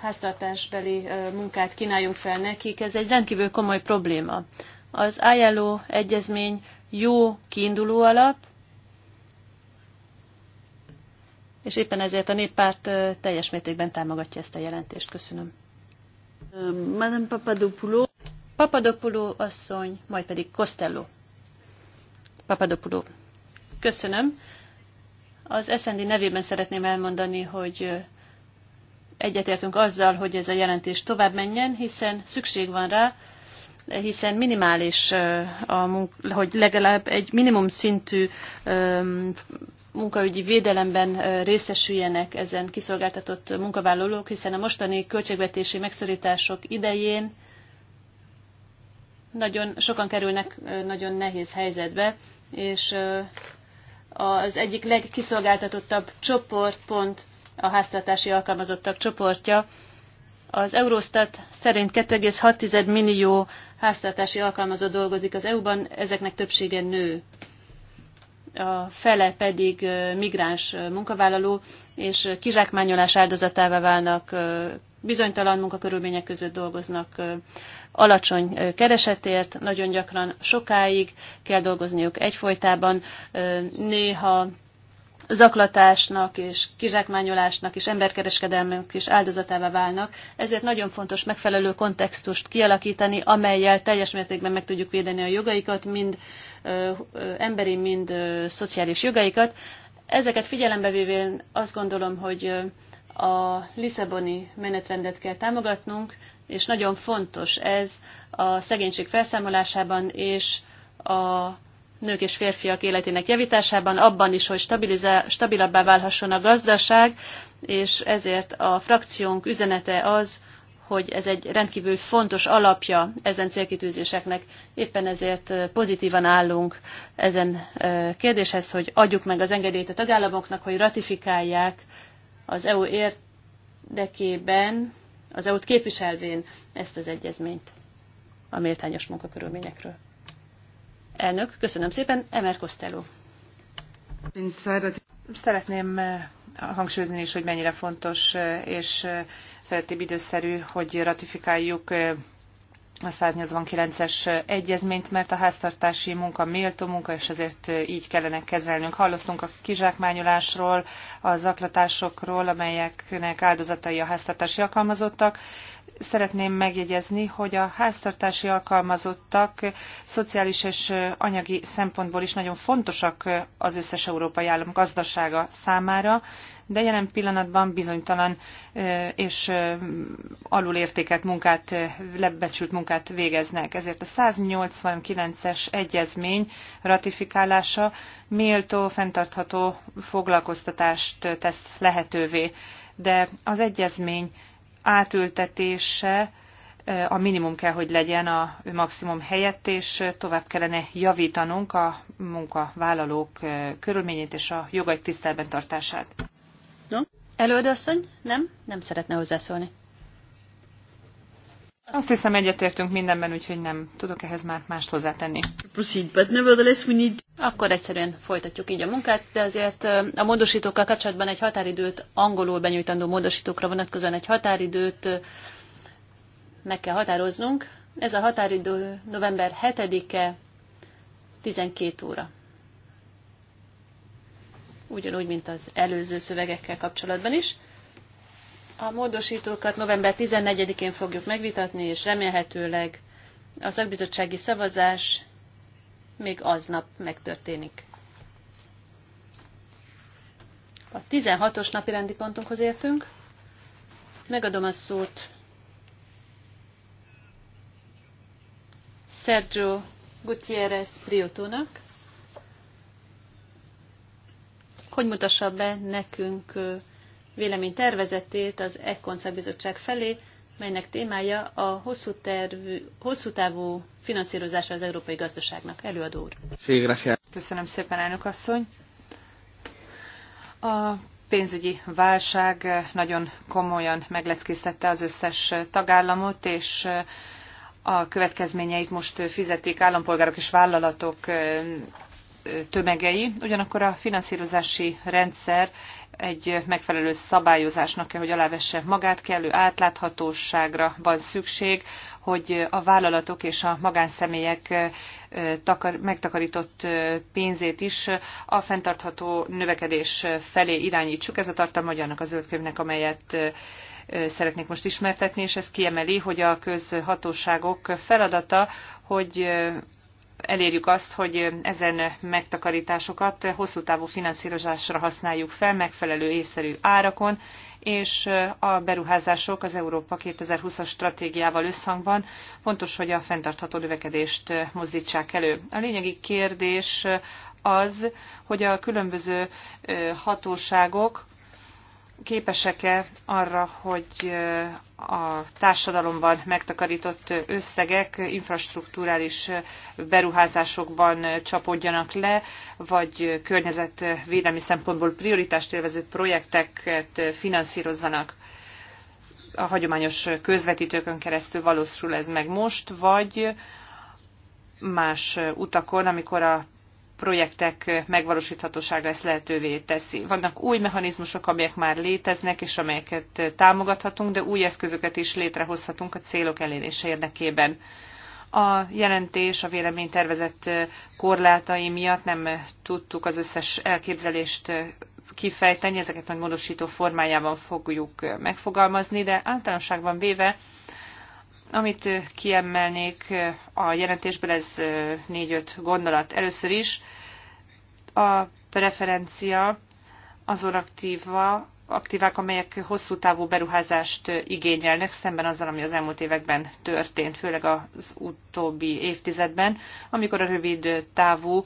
háztartásbeli munkát kínáljunk fel nekik, ez egy rendkívül komoly probléma. Az ILO egyezmény jó kiinduló alap, és éppen ezért a néppárt teljes mértékben támogatja ezt a jelentést. Köszönöm. Madame Papadopoulou. Papadopoulou asszony, majd pedig Costello. Papadopoulou. Köszönöm. Az SND nevében szeretném elmondani, hogy egyetértünk azzal, hogy ez a jelentés tovább menjen, hiszen szükség van rá, hiszen minimális, a munk- hogy legalább egy minimum szintű munkaügyi védelemben részesüljenek ezen kiszolgáltatott munkavállalók, hiszen a mostani költségvetési megszorítások idején nagyon sokan kerülnek nagyon nehéz helyzetbe, és az egyik legkiszolgáltatottabb csoport pont a háztartási alkalmazottak csoportja. Az Eurostat szerint 2,6 millió háztartási alkalmazott dolgozik az EU-ban, ezeknek többsége nő. A fele pedig migráns munkavállaló, és kizsákmányolás áldozatává válnak, bizonytalan munkakörülmények között dolgoznak, alacsony keresetért, nagyon gyakran sokáig kell dolgozniuk egyfolytában, néha zaklatásnak és kizsákmányolásnak és emberkereskedelmnek is áldozatává válnak. Ezért nagyon fontos megfelelő kontextust kialakítani, amelyel teljes mértékben meg tudjuk védeni a jogaikat, mind ö, ö, emberi, mind ö, szociális jogaikat. Ezeket figyelembe vévén azt gondolom, hogy a Lisszaboni menetrendet kell támogatnunk, és nagyon fontos ez a szegénység felszámolásában és a nők és férfiak életének javításában, abban is, hogy stabilabbá válhasson a gazdaság, és ezért a frakciónk üzenete az, hogy ez egy rendkívül fontos alapja ezen célkitűzéseknek. Éppen ezért pozitívan állunk ezen kérdéshez, hogy adjuk meg az engedélyt a tagállamoknak, hogy ratifikálják az EU érdekében, az EU-t képviselvén ezt az egyezményt a méltányos munkakörülményekről. Elnök, köszönöm szépen, Emer Costello. Szeretném eh, hangsúlyozni is, hogy mennyire fontos eh, és felettébb eh, időszerű, hogy ratifikáljuk a 189-es egyezményt, mert a háztartási munka méltó munka, és ezért így kellene kezelnünk. Hallottunk a kizsákmányolásról, a zaklatásokról, amelyeknek áldozatai a háztartási alkalmazottak, szeretném megjegyezni, hogy a háztartási alkalmazottak szociális és anyagi szempontból is nagyon fontosak az összes európai állam gazdasága számára, de jelen pillanatban bizonytalan és alulértékelt munkát, lebecsült munkát végeznek. Ezért a 189-es egyezmény ratifikálása méltó, fenntartható foglalkoztatást tesz lehetővé. De az egyezmény átültetése a minimum kell, hogy legyen a maximum helyett, és tovább kellene javítanunk a munkavállalók körülményét és a jogaik tisztelben tartását. No? Előadasszony? Nem? Nem szeretne hozzászólni. Azt hiszem egyetértünk mindenben, úgyhogy nem tudok ehhez már mást hozzátenni. Akkor egyszerűen folytatjuk így a munkát, de azért a módosítókkal kapcsolatban egy határidőt, angolul benyújtandó módosítókra vonatkozóan egy határidőt meg kell határoznunk. Ez a határidő november 7-e 12 óra. Ugyanúgy, mint az előző szövegekkel kapcsolatban is. A módosítókat november 14-én fogjuk megvitatni, és remélhetőleg a szakbizottsági szavazás még aznap megtörténik. A 16-os napi rendi pontunkhoz értünk. Megadom a szót Sergio Gutierrez Priotónak, hogy mutassa be nekünk vélemény tervezetét az ECON bizottság felé, melynek témája a hosszú, tervű, hosszú távú finanszírozása az európai gazdaságnak. Előadó úr. Köszönöm szépen, elnök asszony. A pénzügyi válság nagyon komolyan megleckésztette az összes tagállamot, és a következményeit most fizetik állampolgárok és vállalatok tömegei, ugyanakkor a finanszírozási rendszer egy megfelelő szabályozásnak kell, hogy alávesse magát, kellő átláthatóságra van szükség, hogy a vállalatok és a magánszemélyek megtakarított pénzét is a fenntartható növekedés felé irányítsuk. Ez a tartalma annak a zöldkönyvnek, amelyet szeretnék most ismertetni, és ez kiemeli, hogy a közhatóságok feladata, hogy elérjük azt, hogy ezen megtakarításokat hosszú távú finanszírozásra használjuk fel, megfelelő észszerű árakon, és a beruházások az Európa 2020-as stratégiával összhangban fontos, hogy a fenntartható növekedést mozdítsák elő. A lényegi kérdés az, hogy a különböző hatóságok képesek-e arra, hogy a társadalomban megtakarított összegek infrastruktúrális beruházásokban csapódjanak le, vagy környezetvédelmi szempontból prioritást élvező projekteket finanszírozzanak a hagyományos közvetítőkön keresztül valósul ez meg most, vagy más utakon, amikor a projektek megvalósíthatóság lesz lehetővé teszi. Vannak új mechanizmusok, amelyek már léteznek, és amelyeket támogathatunk, de új eszközöket is létrehozhatunk a célok elérése érdekében. A jelentés a tervezett korlátai miatt nem tudtuk az összes elképzelést kifejteni, ezeket majd módosító formájában fogjuk megfogalmazni, de általánosságban véve amit kiemelnék a jelentésből, ez négy-öt gondolat. Először is a preferencia azon aktíva, aktívák, amelyek hosszú távú beruházást igényelnek, szemben azzal, ami az elmúlt években történt, főleg az utóbbi évtizedben, amikor a rövid távú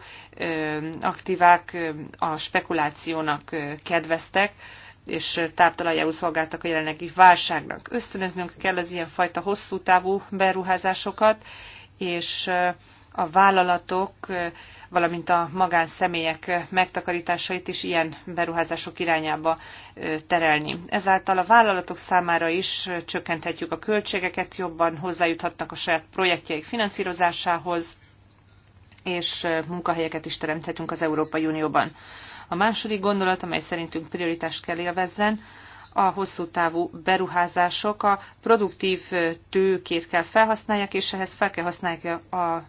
aktívák a spekulációnak kedveztek, és táptalajául szolgáltak a jelenlegi válságnak. Ösztönöznünk kell az ilyenfajta hosszú távú beruházásokat, és eh, a vállalatok, eh, valamint a magánszemélyek megtakarításait is ilyen beruházások irányába eh, terelni. Ezáltal a vállalatok számára is csökkenthetjük a költségeket, jobban hozzájuthatnak a saját projektjeik finanszírozásához, és munkahelyeket is teremthetünk az Európai Unióban. A második gondolat, amely szerintünk prioritást kell élvezzen, a hosszú távú beruházások a produktív tőkét kell felhasználják, és ehhez fel kell használják a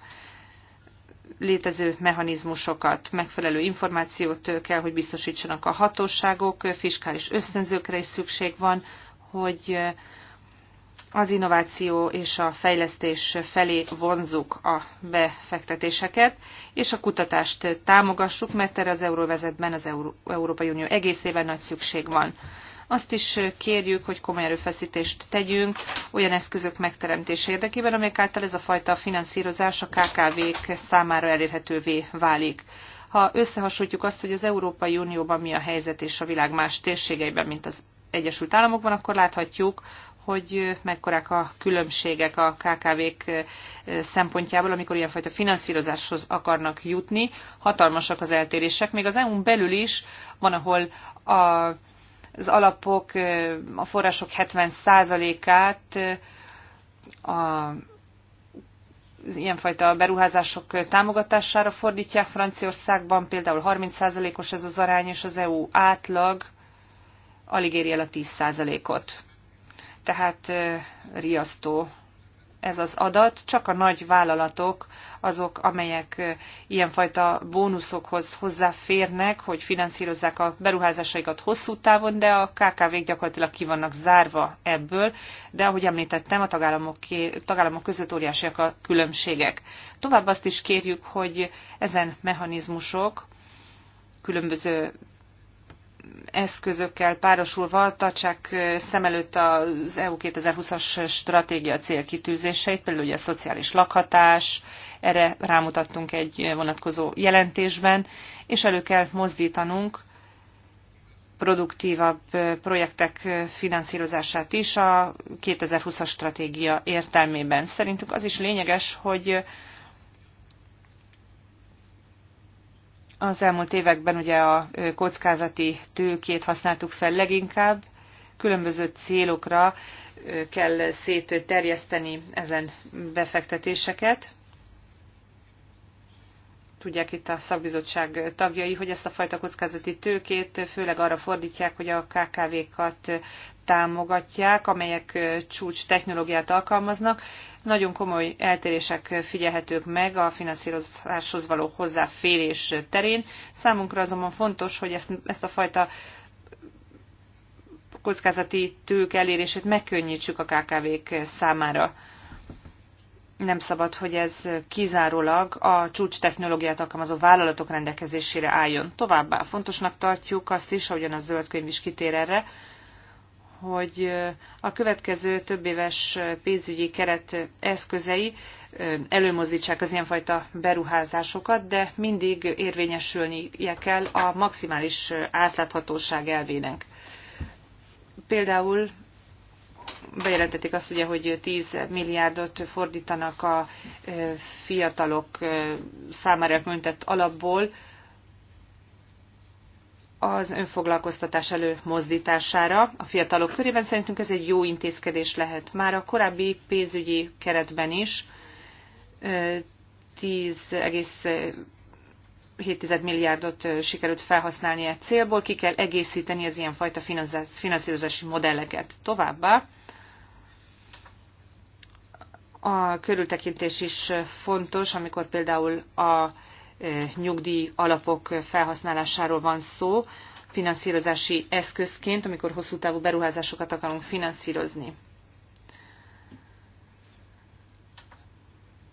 létező mechanizmusokat, megfelelő információt kell, hogy biztosítsanak a hatóságok, fiskális ösztönzőkre is szükség van, hogy az innováció és a fejlesztés felé vonzuk a befektetéseket, és a kutatást támogassuk, mert erre az euróvezetben az Euró- Európai Unió egészében nagy szükség van. Azt is kérjük, hogy komoly erőfeszítést tegyünk olyan eszközök megteremtése érdekében, amelyek által ez a fajta finanszírozás a KKV-k számára elérhetővé válik ha összehasonlítjuk azt, hogy az Európai Unióban mi a helyzet és a világ más térségeiben, mint az Egyesült Államokban, akkor láthatjuk, hogy mekkorák a különbségek a KKV-k szempontjából, amikor ilyenfajta finanszírozáshoz akarnak jutni. Hatalmasak az eltérések, még az EU-n belül is van, ahol a, az alapok, a források 70%-át a ilyenfajta beruházások támogatására fordítják Franciaországban, például 30%-os ez az arány, és az EU átlag alig éri el a 10%-ot tehát riasztó ez az adat, csak a nagy vállalatok azok, amelyek ilyenfajta bónuszokhoz hozzáférnek, hogy finanszírozzák a beruházásaikat hosszú távon, de a KKV-k gyakorlatilag ki vannak zárva ebből, de ahogy említettem, a tagállamok, tagállamok között óriásiak a különbségek. Tovább azt is kérjük, hogy ezen mechanizmusok, különböző eszközökkel párosulva tartsák szem előtt az EU 2020-as stratégia célkitűzéseit, például ugye a szociális lakhatás, erre rámutattunk egy vonatkozó jelentésben, és elő kell mozdítanunk produktívabb projektek finanszírozását is a 2020-as stratégia értelmében. Szerintünk az is lényeges, hogy Az elmúlt években ugye a kockázati tőkét használtuk fel leginkább, különböző célokra kell szétterjeszteni ezen befektetéseket tudják itt a szakbizottság tagjai, hogy ezt a fajta kockázati tőkét főleg arra fordítják, hogy a KKV-kat támogatják, amelyek csúcs technológiát alkalmaznak. Nagyon komoly eltérések figyelhetők meg a finanszírozáshoz való hozzáférés terén. Számunkra azonban fontos, hogy ezt, ezt a fajta kockázati tők elérését megkönnyítsük a KKV-k számára nem szabad, hogy ez kizárólag a csúcs technológiát alkalmazó vállalatok rendelkezésére álljon. Továbbá fontosnak tartjuk azt is, ahogyan a zöld könyv is kitér erre, hogy a következő több éves pénzügyi keret eszközei előmozdítsák az ilyenfajta beruházásokat, de mindig érvényesülnie kell a maximális átláthatóság elvének. Például bejelentették azt ugye, hogy 10 milliárdot fordítanak a fiatalok számára különített alapból az önfoglalkoztatás előmozdítására a fiatalok körében. Szerintünk ez egy jó intézkedés lehet. Már a korábbi pénzügyi keretben is 10,7 milliárdot sikerült felhasználni egy célból, ki kell egészíteni az ilyenfajta finanszírozási modelleket. Továbbá a körültekintés is fontos, amikor például a e, nyugdíj alapok felhasználásáról van szó, finanszírozási eszközként, amikor hosszú távú beruházásokat akarunk finanszírozni.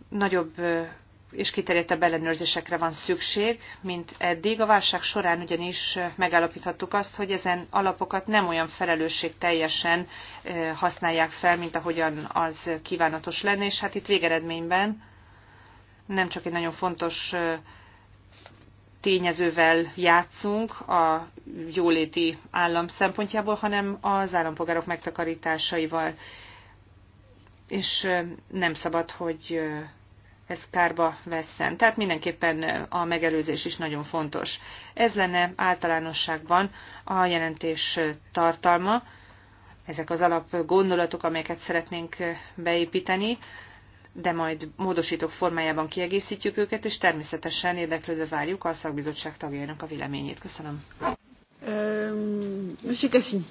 Nagyobb e, és kiterjedtebb ellenőrzésekre van szükség, mint eddig. A válság során ugyanis megállapíthattuk azt, hogy ezen alapokat nem olyan felelősség teljesen használják fel, mint ahogyan az kívánatos lenne, és hát itt végeredményben nem csak egy nagyon fontos tényezővel játszunk a jóléti állam szempontjából, hanem az állampolgárok megtakarításaival. És nem szabad, hogy ez kárba vesszen. Tehát mindenképpen a megelőzés is nagyon fontos. Ez lenne általánosságban a jelentés tartalma, ezek az alap gondolatok, amelyeket szeretnénk beépíteni, de majd módosítók formájában kiegészítjük őket, és természetesen érdeklődve várjuk a szakbizottság tagjainak a véleményét. Köszönöm. Monsieur Kacsin.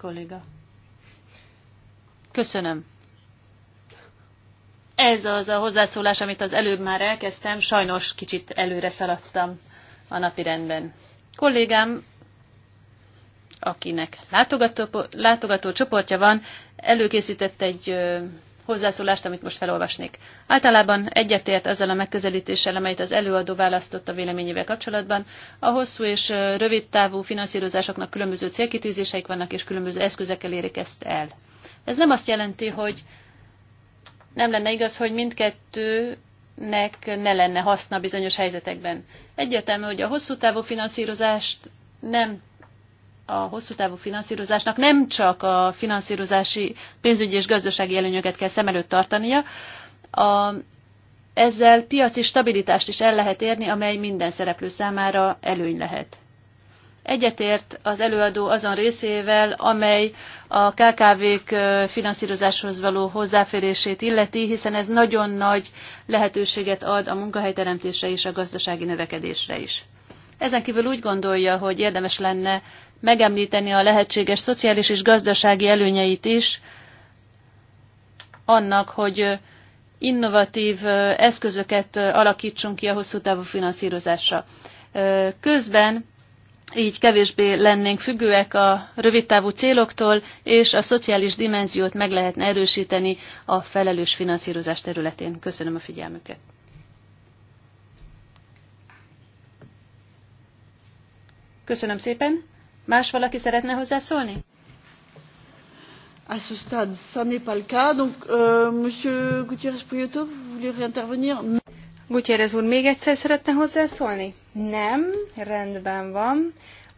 kolléga. Köszönöm. Ez az a hozzászólás, amit az előbb már elkezdtem, sajnos kicsit előre szaladtam a napi rendben. Kollégám, akinek látogató, látogató csoportja van, előkészített egy hozzászólást, amit most felolvasnék. Általában egyetért azzal a megközelítéssel, amelyet az előadó választott a véleményével kapcsolatban. A hosszú és rövid távú finanszírozásoknak különböző célkitűzéseik vannak, és különböző eszközekkel érik ezt el. Ez nem azt jelenti, hogy nem lenne igaz, hogy mindkettőnek ne lenne haszna bizonyos helyzetekben. Egyértelmű, hogy a hosszú távú finanszírozást nem a hosszú távú finanszírozásnak nem csak a finanszírozási pénzügyi és gazdasági előnyöket kell szem előtt tartania, a, ezzel piaci stabilitást is el lehet érni, amely minden szereplő számára előny lehet. Egyetért az előadó azon részével, amely a KKV-k finanszírozáshoz való hozzáférését illeti, hiszen ez nagyon nagy lehetőséget ad a munkahelyteremtésre és a gazdasági növekedésre is. Ezen kívül úgy gondolja, hogy érdemes lenne megemlíteni a lehetséges szociális és gazdasági előnyeit is annak, hogy innovatív eszközöket alakítsunk ki a hosszú távú finanszírozásra. Közben így kevésbé lennénk függőek a rövidtávú céloktól, és a szociális dimenziót meg lehetne erősíteni a felelős finanszírozás területén. Köszönöm a figyelmüket. Köszönöm szépen. Más valaki szeretne hozzászólni? À ce stade, ça n'est pas le cas. Donc, euh, Monsieur Gutiérrez Prieto, vous voulez réintervenir Gutiérrez úr, még egyszer szeretne hozzászólni? Nem, rendben van.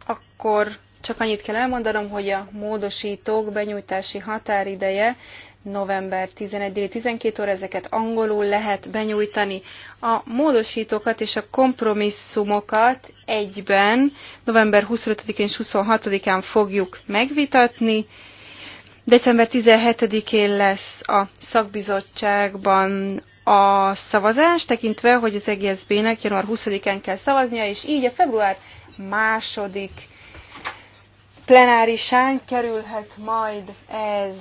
Akkor csak annyit kell elmondanom, hogy a módosítók benyújtási határideje november 11-12 óra, ezeket angolul lehet benyújtani. A módosítókat és a kompromisszumokat egyben november 25-én és 26-án fogjuk megvitatni. December 17-én lesz a szakbizottságban a szavazás, tekintve, hogy az EGSZB-nek január 20-án kell szavaznia, és így a február második plenárisán kerülhet majd ez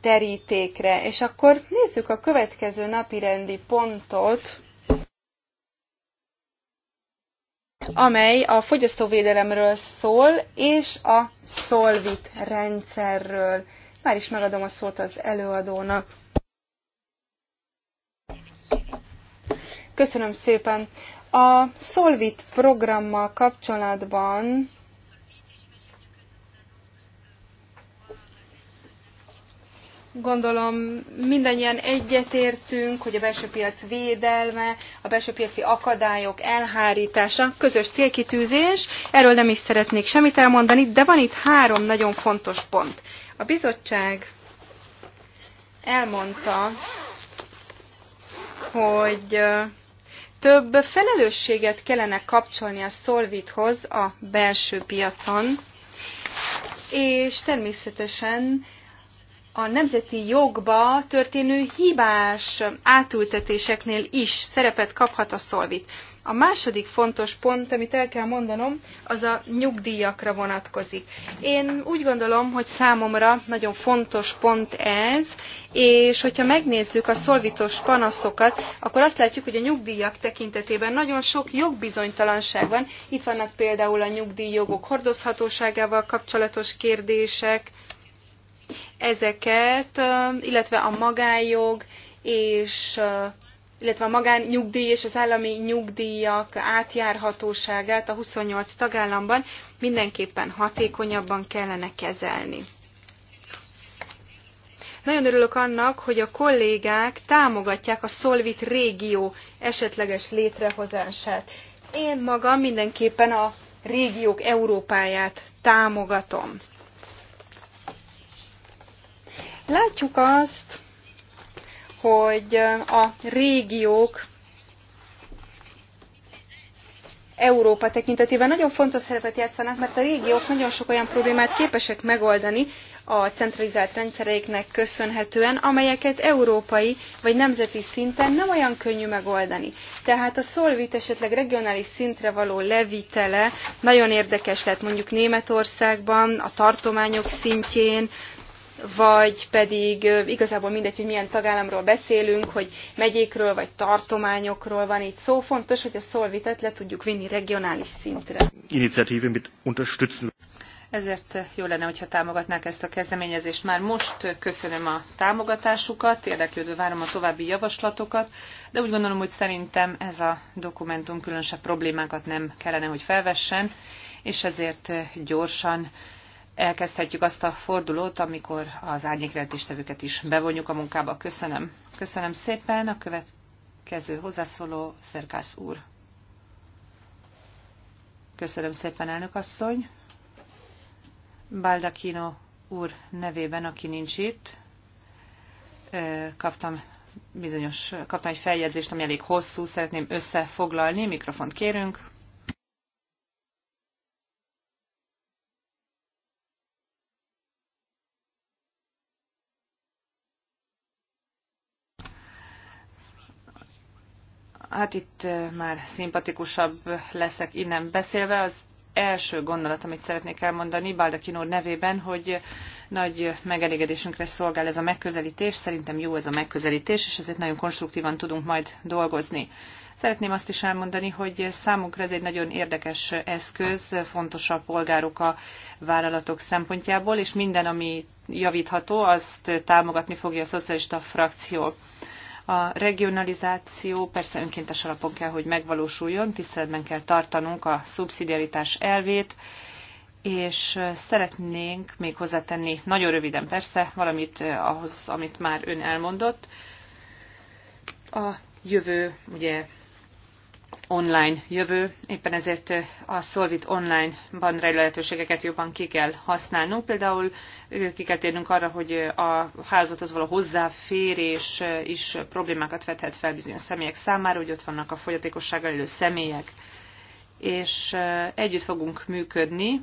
terítékre. És akkor nézzük a következő napi rendi pontot, amely a fogyasztóvédelemről szól, és a szolvit rendszerről. Már is megadom a szót az előadónak. Köszönöm szépen. A Solvit programmal kapcsolatban gondolom mindannyian egyetértünk, hogy a belső piac védelme, a belső piaci akadályok elhárítása, közös célkitűzés, erről nem is szeretnék semmit elmondani, de van itt három nagyon fontos pont. A bizottság elmondta, hogy több felelősséget kellene kapcsolni a szolvithoz a belső piacon, és természetesen a nemzeti jogba történő hibás átültetéseknél is szerepet kaphat a szolvit. A második fontos pont, amit el kell mondanom, az a nyugdíjakra vonatkozik. Én úgy gondolom, hogy számomra nagyon fontos pont ez, és hogyha megnézzük a szolvitos panaszokat, akkor azt látjuk, hogy a nyugdíjak tekintetében nagyon sok jogbizonytalanság van. Itt vannak például a nyugdíjjogok hordozhatóságával kapcsolatos kérdések, ezeket, illetve a magájog és illetve a magánnyugdíj és az állami nyugdíjak átjárhatóságát a 28 tagállamban mindenképpen hatékonyabban kellene kezelni. Nagyon örülök annak, hogy a kollégák támogatják a Szolvit régió esetleges létrehozását. Én magam mindenképpen a régiók Európáját támogatom. Látjuk azt, hogy a régiók Európa tekintetében nagyon fontos szerepet játszanak, mert a régiók nagyon sok olyan problémát képesek megoldani a centralizált rendszereiknek köszönhetően, amelyeket európai vagy nemzeti szinten nem olyan könnyű megoldani. Tehát a szolvit esetleg regionális szintre való levitele nagyon érdekes lett mondjuk Németországban, a tartományok szintjén, vagy pedig igazából mindegy, hogy milyen tagállamról beszélünk, hogy megyékről vagy tartományokról van itt szó, fontos, hogy a szolvitet le tudjuk vinni regionális szintre. Iniciatíve unterstützen. Ezért jó lenne, hogyha támogatnák ezt a kezdeményezést. Már most köszönöm a támogatásukat, érdeklődve várom a további javaslatokat, de úgy gondolom, hogy szerintem ez a dokumentum különösebb problémákat nem kellene, hogy felvessen, és ezért gyorsan elkezdhetjük azt a fordulót, amikor az árnyékrendéstevőket is bevonjuk a munkába. Köszönöm. Köszönöm szépen. A következő hozzászóló Szerkász úr. Köszönöm szépen, elnök asszony. Baldakino úr nevében, aki nincs itt, kaptam bizonyos, kaptam egy feljegyzést, ami elég hosszú, szeretném összefoglalni, mikrofont kérünk. Hát itt már szimpatikusabb leszek innen beszélve. Az első gondolat, amit szeretnék elmondani Baldakin úr nevében, hogy nagy megelégedésünkre szolgál ez a megközelítés. Szerintem jó ez a megközelítés, és ezért nagyon konstruktívan tudunk majd dolgozni. Szeretném azt is elmondani, hogy számunkra ez egy nagyon érdekes eszköz, fontos a polgárok a vállalatok szempontjából, és minden, ami javítható, azt támogatni fogja a szocialista frakció. A regionalizáció persze önkéntes alapon kell, hogy megvalósuljon, tiszteletben kell tartanunk a szubszidiaritás elvét, és szeretnénk még hozzátenni, nagyon röviden persze, valamit eh, ahhoz, amit már ön elmondott. A jövő ugye online jövő, éppen ezért a Solvit online-ban rejlő lehetőségeket jobban ki kell használnunk. Például ki kell térnünk arra, hogy a házathoz való hozzáférés is problémákat vethet fel bizonyos személyek számára, hogy ott vannak a fogyatékossággal élő személyek. És együtt fogunk működni,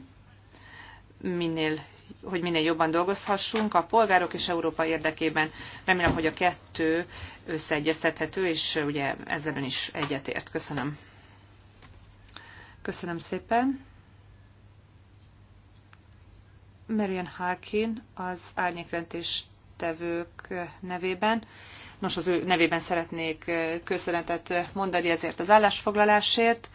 minél hogy minél jobban dolgozhassunk a polgárok és Európa érdekében. Remélem, hogy a kettő összeegyeztethető, és ugye ezzel ön is egyetért. Köszönöm. Köszönöm szépen. Marian Harkin az tevők nevében. Nos, az ő nevében szeretnék köszönetet mondani ezért az állásfoglalásért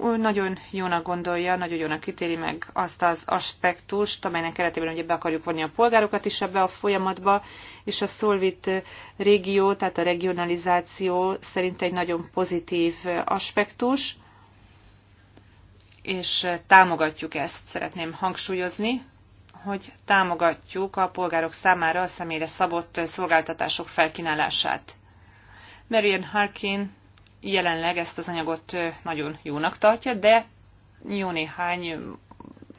nagyon jónak gondolja, nagyon jónak ítéli meg azt az aspektust, amelynek keretében ugye be akarjuk vonni a polgárokat is ebbe a folyamatba, és a Szolvit régió, tehát a regionalizáció szerint egy nagyon pozitív aspektus, és támogatjuk ezt, szeretném hangsúlyozni, hogy támogatjuk a polgárok számára a személyre szabott szolgáltatások felkínálását. Marian Harkin jelenleg ezt az anyagot nagyon jónak tartja, de jó néhány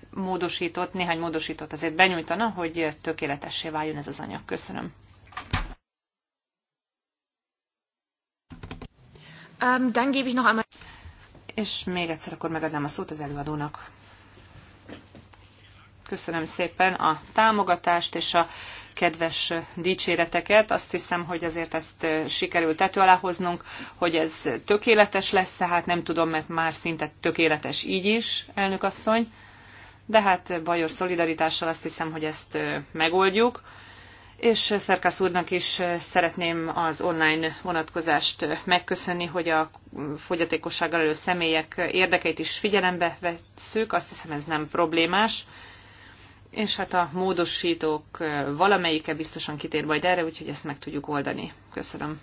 módosított, néhány módosított azért benyújtana, hogy tökéletessé váljon ez az anyag. Köszönöm. Um, dann gebe ich noch einmal... És még egyszer akkor megadnám a szót az előadónak. Köszönöm szépen a támogatást és a kedves dicséreteket. Azt hiszem, hogy azért ezt eh, sikerült tető alá hoznunk, hogy ez tökéletes lesz, hát nem tudom, mert már szinte tökéletes így is, elnök asszony. De hát bajos szolidaritással azt hiszem, hogy ezt eh, megoldjuk és Szerkász úrnak is eh, szeretném az online vonatkozást megköszönni, hogy a fogyatékossággal elő személyek érdekeit is figyelembe veszük. Azt hiszem ez nem problémás és hát a módosítók valamelyike biztosan kitér majd erre, úgyhogy ezt meg tudjuk oldani. Köszönöm.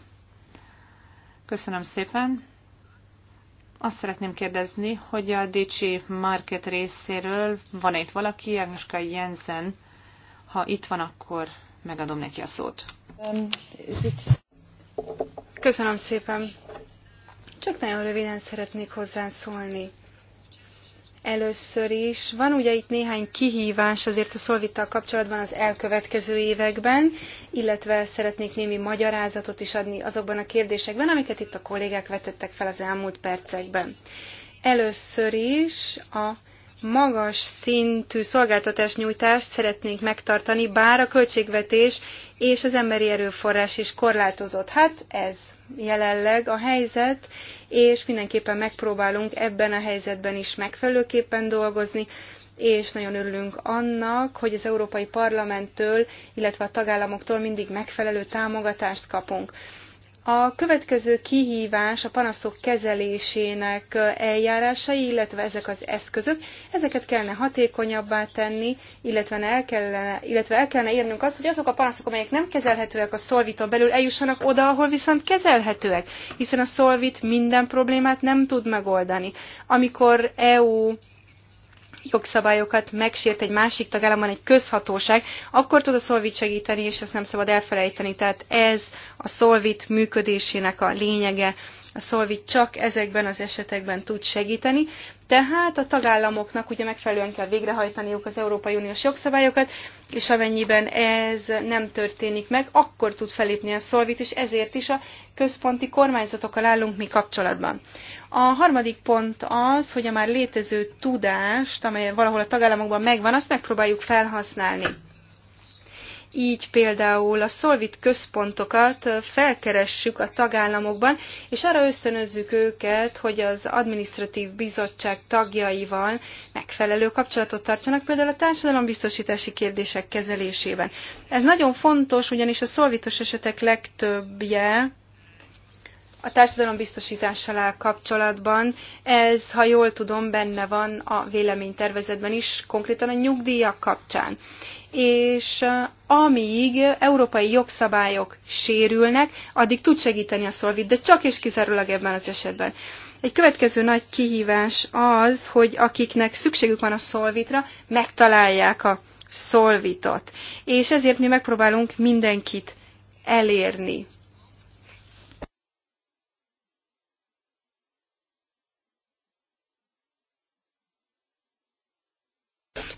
Köszönöm szépen. Azt szeretném kérdezni, hogy a Dicsi Market részéről van -e itt valaki, Agnieszka Jensen, ha itt van, akkor megadom neki a szót. Um, Köszönöm szépen. Csak nagyon röviden szeretnék hozzászólni. Először is van ugye itt néhány kihívás azért a szolvittal kapcsolatban az elkövetkező években, illetve szeretnék némi magyarázatot is adni azokban a kérdésekben, amiket itt a kollégák vetettek fel az elmúlt percekben. Először is a magas szintű szolgáltatás nyújtást szeretnénk megtartani, bár a költségvetés és az emberi erőforrás is korlátozott. Hát ez jelenleg a helyzet, és mindenképpen megpróbálunk ebben a helyzetben is megfelelőképpen dolgozni, és nagyon örülünk annak, hogy az Európai Parlamenttől, illetve a tagállamoktól mindig megfelelő támogatást kapunk. A következő kihívás a panaszok kezelésének eljárásai, illetve ezek az eszközök. Ezeket kellene hatékonyabbá tenni, illetve el kellene, illetve el kellene érnünk azt, hogy azok a panaszok, amelyek nem kezelhetőek a szolviton belül, eljussanak oda, ahol viszont kezelhetőek, hiszen a szolvit minden problémát nem tud megoldani. Amikor EU jogszabályokat megsért egy másik tagállamban egy közhatóság, akkor tud a Szolvit segíteni, és ezt nem szabad elfelejteni. Tehát ez a Szolvit működésének a lényege, a szolvit csak ezekben az esetekben tud segíteni, tehát a tagállamoknak ugye megfelelően kell végrehajtaniuk az Európai Uniós jogszabályokat, és amennyiben ez nem történik meg, akkor tud felépni a szolvit, és ezért is a központi kormányzatokkal állunk mi kapcsolatban. A harmadik pont az, hogy a már létező tudást, amely valahol a tagállamokban megvan, azt megpróbáljuk felhasználni. Így például a szolvit központokat felkeressük a tagállamokban, és arra ösztönözzük őket, hogy az administratív bizottság tagjaival megfelelő kapcsolatot tartsanak, például a társadalombiztosítási kérdések kezelésében. Ez nagyon fontos, ugyanis a szolvitos esetek legtöbbje a társadalombiztosítással áll kapcsolatban. Ez, ha jól tudom, benne van a véleménytervezetben is, konkrétan a nyugdíjak kapcsán és amíg európai jogszabályok sérülnek, addig tud segíteni a Solvit, de csak és kizárólag ebben az esetben. Egy következő nagy kihívás az, hogy akiknek szükségük van a Solvitra, megtalálják a Solvitot. És ezért mi megpróbálunk mindenkit elérni.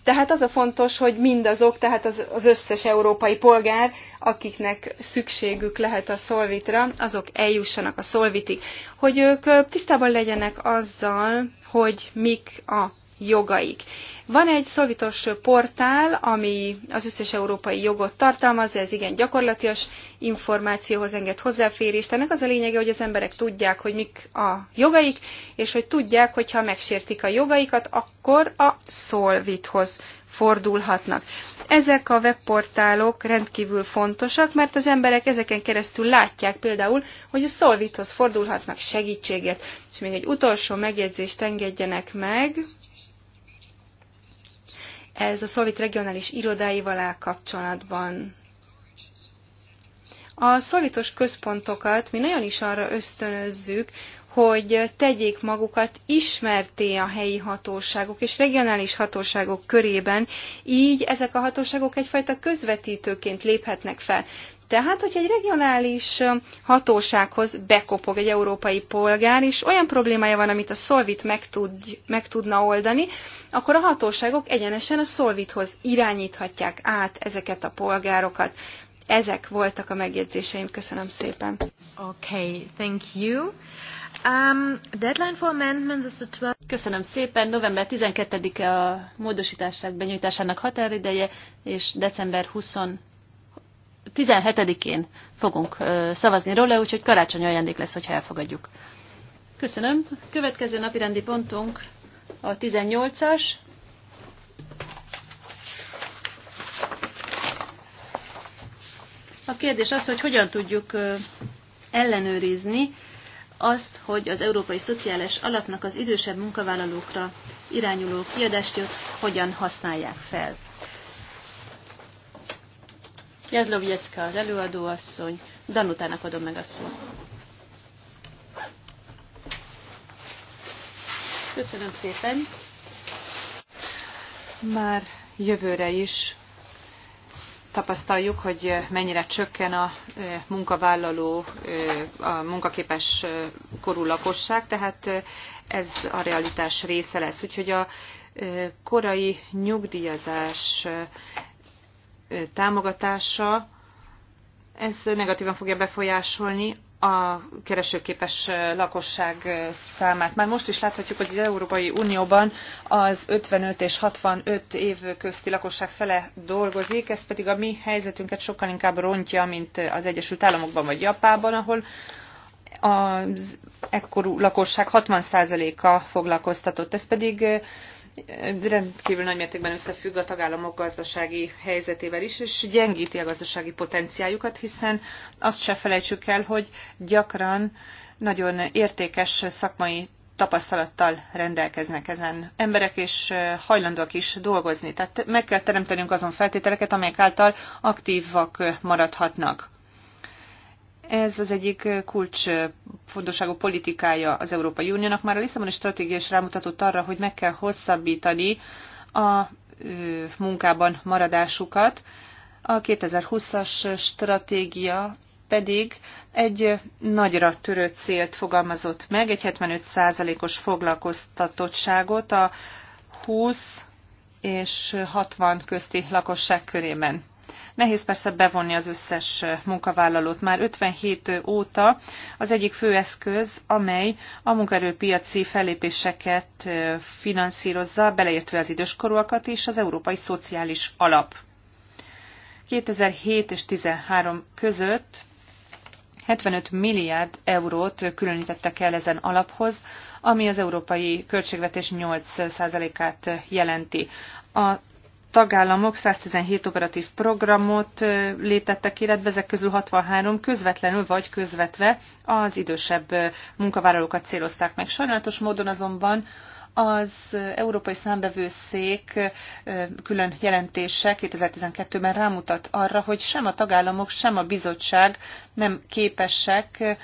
Tehát az a fontos, hogy mindazok, tehát az, az összes európai polgár, akiknek szükségük lehet a szolvitra, azok eljussanak a szolvitig. Hogy ők tisztában legyenek azzal, hogy mik a jogaik. Van egy szolvitos portál, ami az összes európai jogot tartalmaz, ez igen gyakorlatias információhoz enged hozzáférést. Ennek az a lényege, hogy az emberek tudják, hogy mik a jogaik, és hogy tudják, hogy ha megsértik a jogaikat, akkor a szolvithoz fordulhatnak. Ezek a webportálok rendkívül fontosak, mert az emberek ezeken keresztül látják például, hogy a Szolvithoz fordulhatnak segítséget, És még egy utolsó megjegyzést engedjenek meg. Ez a szovjet regionális irodáival áll kapcsolatban. A szovjetos központokat mi nagyon is arra ösztönözzük, hogy tegyék magukat ismerté a helyi hatóságok és regionális hatóságok körében, így ezek a hatóságok egyfajta közvetítőként léphetnek fel. Tehát, hogyha egy regionális hatósághoz bekopog egy európai polgár, és olyan problémája van, amit a Solvit meg, tud, meg tudna oldani, akkor a hatóságok egyenesen a Solvithoz irányíthatják át ezeket a polgárokat. Ezek voltak a megjegyzéseim. Köszönöm szépen. Okay, thank you. Um, deadline for amendments is the 12 Köszönöm szépen. November 12-e a módosítások benyújtásának határideje, és december 20 17-én fogunk szavazni róla, úgyhogy karácsony ajándék lesz, hogyha elfogadjuk. Köszönöm. Következő napi rendi pontunk a 18-as. A kérdés az, hogy hogyan tudjuk ellenőrizni azt, hogy az Európai Szociális Alapnak az idősebb munkavállalókra irányuló kiadást hogyan használják fel. Jazlovjecka az előadóasszony, Danutának adom meg a szót. Köszönöm szépen. Már jövőre is tapasztaljuk, hogy mennyire csökken a munkavállaló, a munkaképes korú lakosság, tehát ez a realitás része lesz. Úgyhogy a korai nyugdíjazás támogatása, ez negatívan fogja befolyásolni a keresőképes lakosság számát. Már most is láthatjuk, hogy az Európai Unióban az 55 és 65 év közti lakosság fele dolgozik, ez pedig a mi helyzetünket sokkal inkább rontja, mint az Egyesült Államokban vagy Japában, ahol az ekkorú lakosság 60%-a foglalkoztatott. Ez pedig rendkívül nagy mértékben összefügg a tagállamok gazdasági helyzetével is, és gyengíti a gazdasági potenciáljukat, hiszen azt se felejtsük el, hogy gyakran nagyon értékes szakmai tapasztalattal rendelkeznek ezen emberek, és hajlandóak is dolgozni. Tehát meg kell teremtenünk azon feltételeket, amelyek által aktívak maradhatnak. Ez az egyik kulcs fontosságú politikája az Európai Uniónak. Már a Lisszaboni stratégia is rámutatott arra, hogy meg kell hosszabbítani a munkában maradásukat. A 2020-as stratégia pedig egy nagyra törő célt fogalmazott meg, egy 75%-os foglalkoztatottságot a 20 és 60 közti lakosság körében. Nehéz persze bevonni az összes munkavállalót. Már 57 óta az egyik fő eszköz, amely a munkaerőpiaci fellépéseket finanszírozza, beleértve az időskorúakat is, az Európai Szociális Alap. 2007 és 2013 között 75 milliárd eurót különítettek el ezen alaphoz, ami az európai költségvetés 8%-át jelenti. A tagállamok 117 operatív programot léptettek életbe, ezek közül 63 közvetlenül vagy közvetve az idősebb munkavállalókat célozták meg. Sajnálatos módon azonban az Európai Számbevőszék külön jelentése 2012-ben rámutat arra, hogy sem a tagállamok, sem a bizottság nem képesek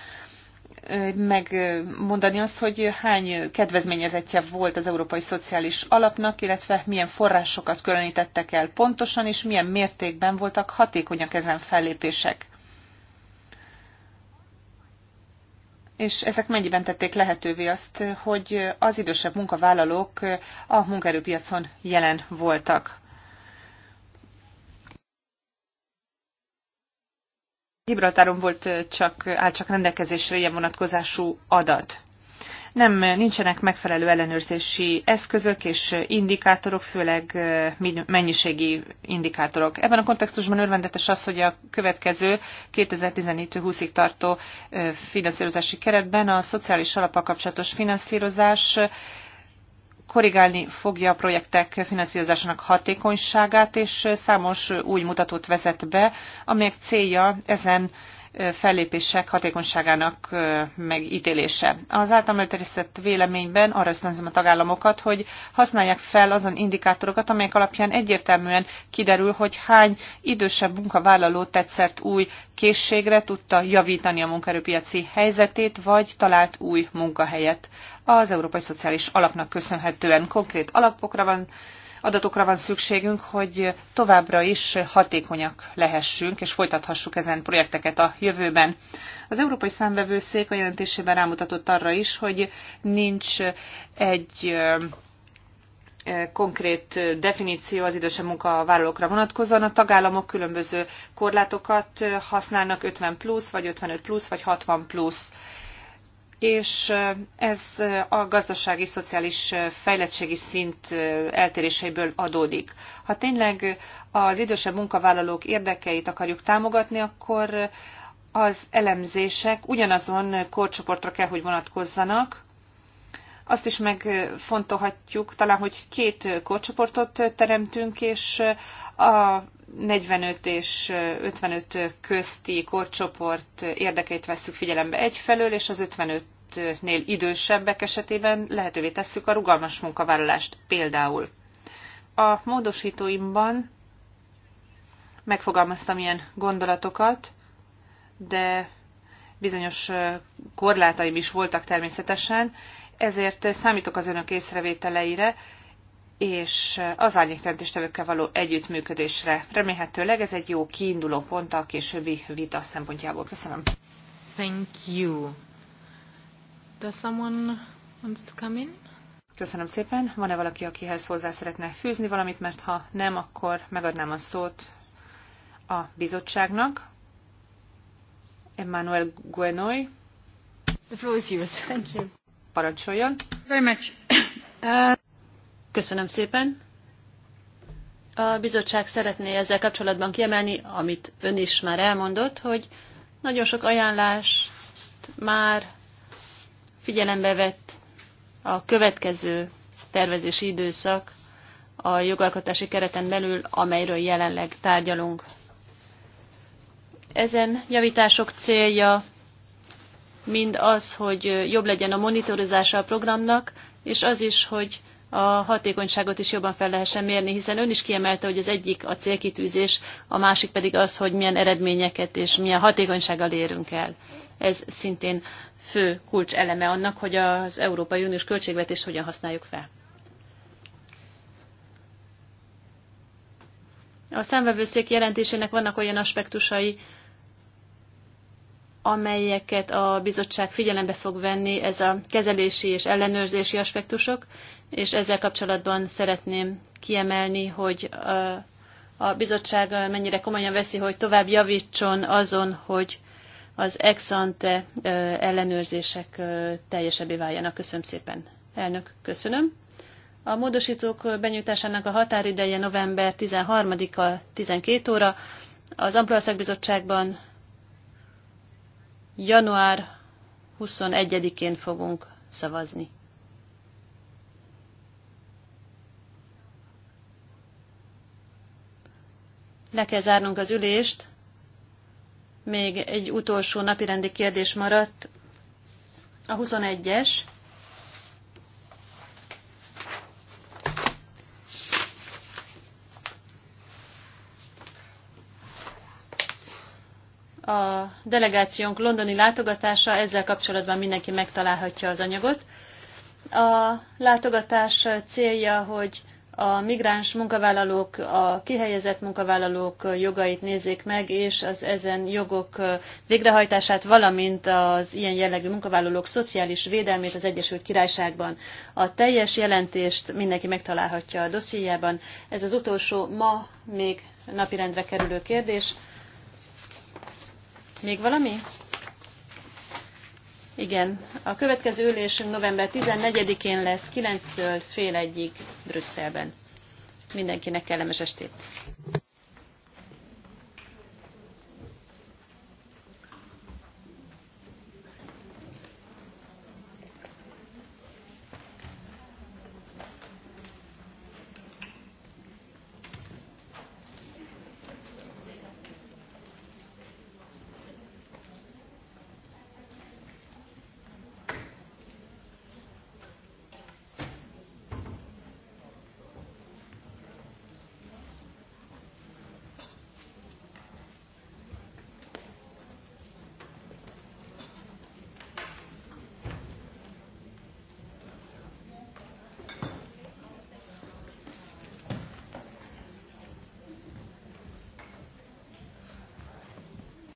megmondani azt, hogy hány kedvezményezettje volt az Európai Szociális Alapnak, illetve milyen forrásokat különítettek el pontosan, és milyen mértékben voltak hatékonyak ezen fellépések. És ezek mennyiben tették lehetővé azt, hogy az idősebb munkavállalók a munkaerőpiacon jelen voltak. Gibraltáron volt csak, áll csak rendelkezésre ilyen vonatkozású adat. Nem, nincsenek megfelelő ellenőrzési eszközök és indikátorok, főleg mennyiségi indikátorok. Ebben a kontextusban örvendetes az, hogy a következő 2014-20-ig tartó finanszírozási keretben a szociális alappal kapcsolatos finanszírozás korrigálni fogja a projektek finanszírozásának hatékonyságát, és számos új mutatót vezet be, amelyek célja ezen fellépések hatékonyságának megítélése. Az általam előterjesztett véleményben arra ösztönzöm a tagállamokat, hogy használják fel azon indikátorokat, amelyek alapján egyértelműen kiderül, hogy hány idősebb munkavállaló tetszett új készségre, tudta javítani a munkaerőpiaci helyzetét, vagy talált új munkahelyet az Európai Szociális Alapnak köszönhetően konkrét alapokra van, adatokra van szükségünk, hogy továbbra is hatékonyak lehessünk, és folytathassuk ezen projekteket a jövőben. Az Európai Számvevőszék a jelentésében rámutatott arra is, hogy nincs egy konkrét definíció az idősebb munkavállalókra vonatkozóan. A tagállamok különböző korlátokat használnak, 50 plusz, vagy 55 plusz, vagy 60 plusz és ez a gazdasági, szociális fejlettségi szint eltéréseiből adódik. Ha tényleg az idősebb munkavállalók érdekeit akarjuk támogatni, akkor az elemzések ugyanazon korcsoportra kell, hogy vonatkozzanak, azt is megfontolhatjuk talán, hogy két korcsoportot teremtünk, és a 45 és 55 közti korcsoport érdekeit vesszük figyelembe egyfelől, és az 55-nél idősebbek esetében lehetővé tesszük a rugalmas munkavállalást például. A módosítóimban megfogalmaztam ilyen gondolatokat, de bizonyos korlátaim is voltak természetesen, ezért számítok az önök észrevételeire, és az árnyékteremtéstevőkkel való együttműködésre. Remélhetőleg ez egy jó kiinduló pont a későbbi vita szempontjából. Köszönöm. Thank you. Does someone wants to come in? Köszönöm szépen. Van-e valaki, akihez hozzá szeretne fűzni valamit, mert ha nem, akkor megadnám a szót a bizottságnak. Emmanuel Guenoy. The floor is yours. Thank you. Parancsoljon. Very much. Köszönöm szépen. A bizottság szeretné ezzel kapcsolatban kiemelni, amit ön is már elmondott, hogy nagyon sok ajánlást már figyelembe vett a következő tervezési időszak a jogalkotási kereten belül, amelyről jelenleg tárgyalunk. Ezen javítások célja mind az, hogy jobb legyen a monitorozása a programnak, és az is, hogy a hatékonyságot is jobban fel lehessen mérni, hiszen ön is kiemelte, hogy az egyik a célkitűzés, a másik pedig az, hogy milyen eredményeket és milyen hatékonysággal érünk el. Ez szintén fő kulcs eleme annak, hogy az Európai Uniós költségvetést hogyan használjuk fel. A számvevőszék jelentésének vannak olyan aspektusai, amelyeket a bizottság figyelembe fog venni, ez a kezelési és ellenőrzési aspektusok, és ezzel kapcsolatban szeretném kiemelni, hogy uh, a bizottság mennyire komolyan veszi, hogy tovább javítson azon, hogy az ex-ante uh, ellenőrzések uh, teljesebbé váljanak. Köszönöm szépen, elnök, köszönöm. A módosítók benyújtásának a határideje november 13-a 12 óra. Az Amploa bizottságban. Január 21-én fogunk szavazni. Le kell zárnunk az ülést. Még egy utolsó napirendi kérdés maradt. A 21-es. A delegációnk londoni látogatása, ezzel kapcsolatban mindenki megtalálhatja az anyagot. A látogatás célja, hogy a migráns munkavállalók, a kihelyezett munkavállalók jogait nézzék meg, és az ezen jogok végrehajtását, valamint az ilyen jellegű munkavállalók szociális védelmét az Egyesült Királyságban. A teljes jelentést mindenki megtalálhatja a dossziéjában. Ez az utolsó ma még napirendre kerülő kérdés. Még valami? Igen. A következő ülésünk november 14-én lesz, 9-től fél egyig Brüsszelben. Mindenkinek kellemes estét!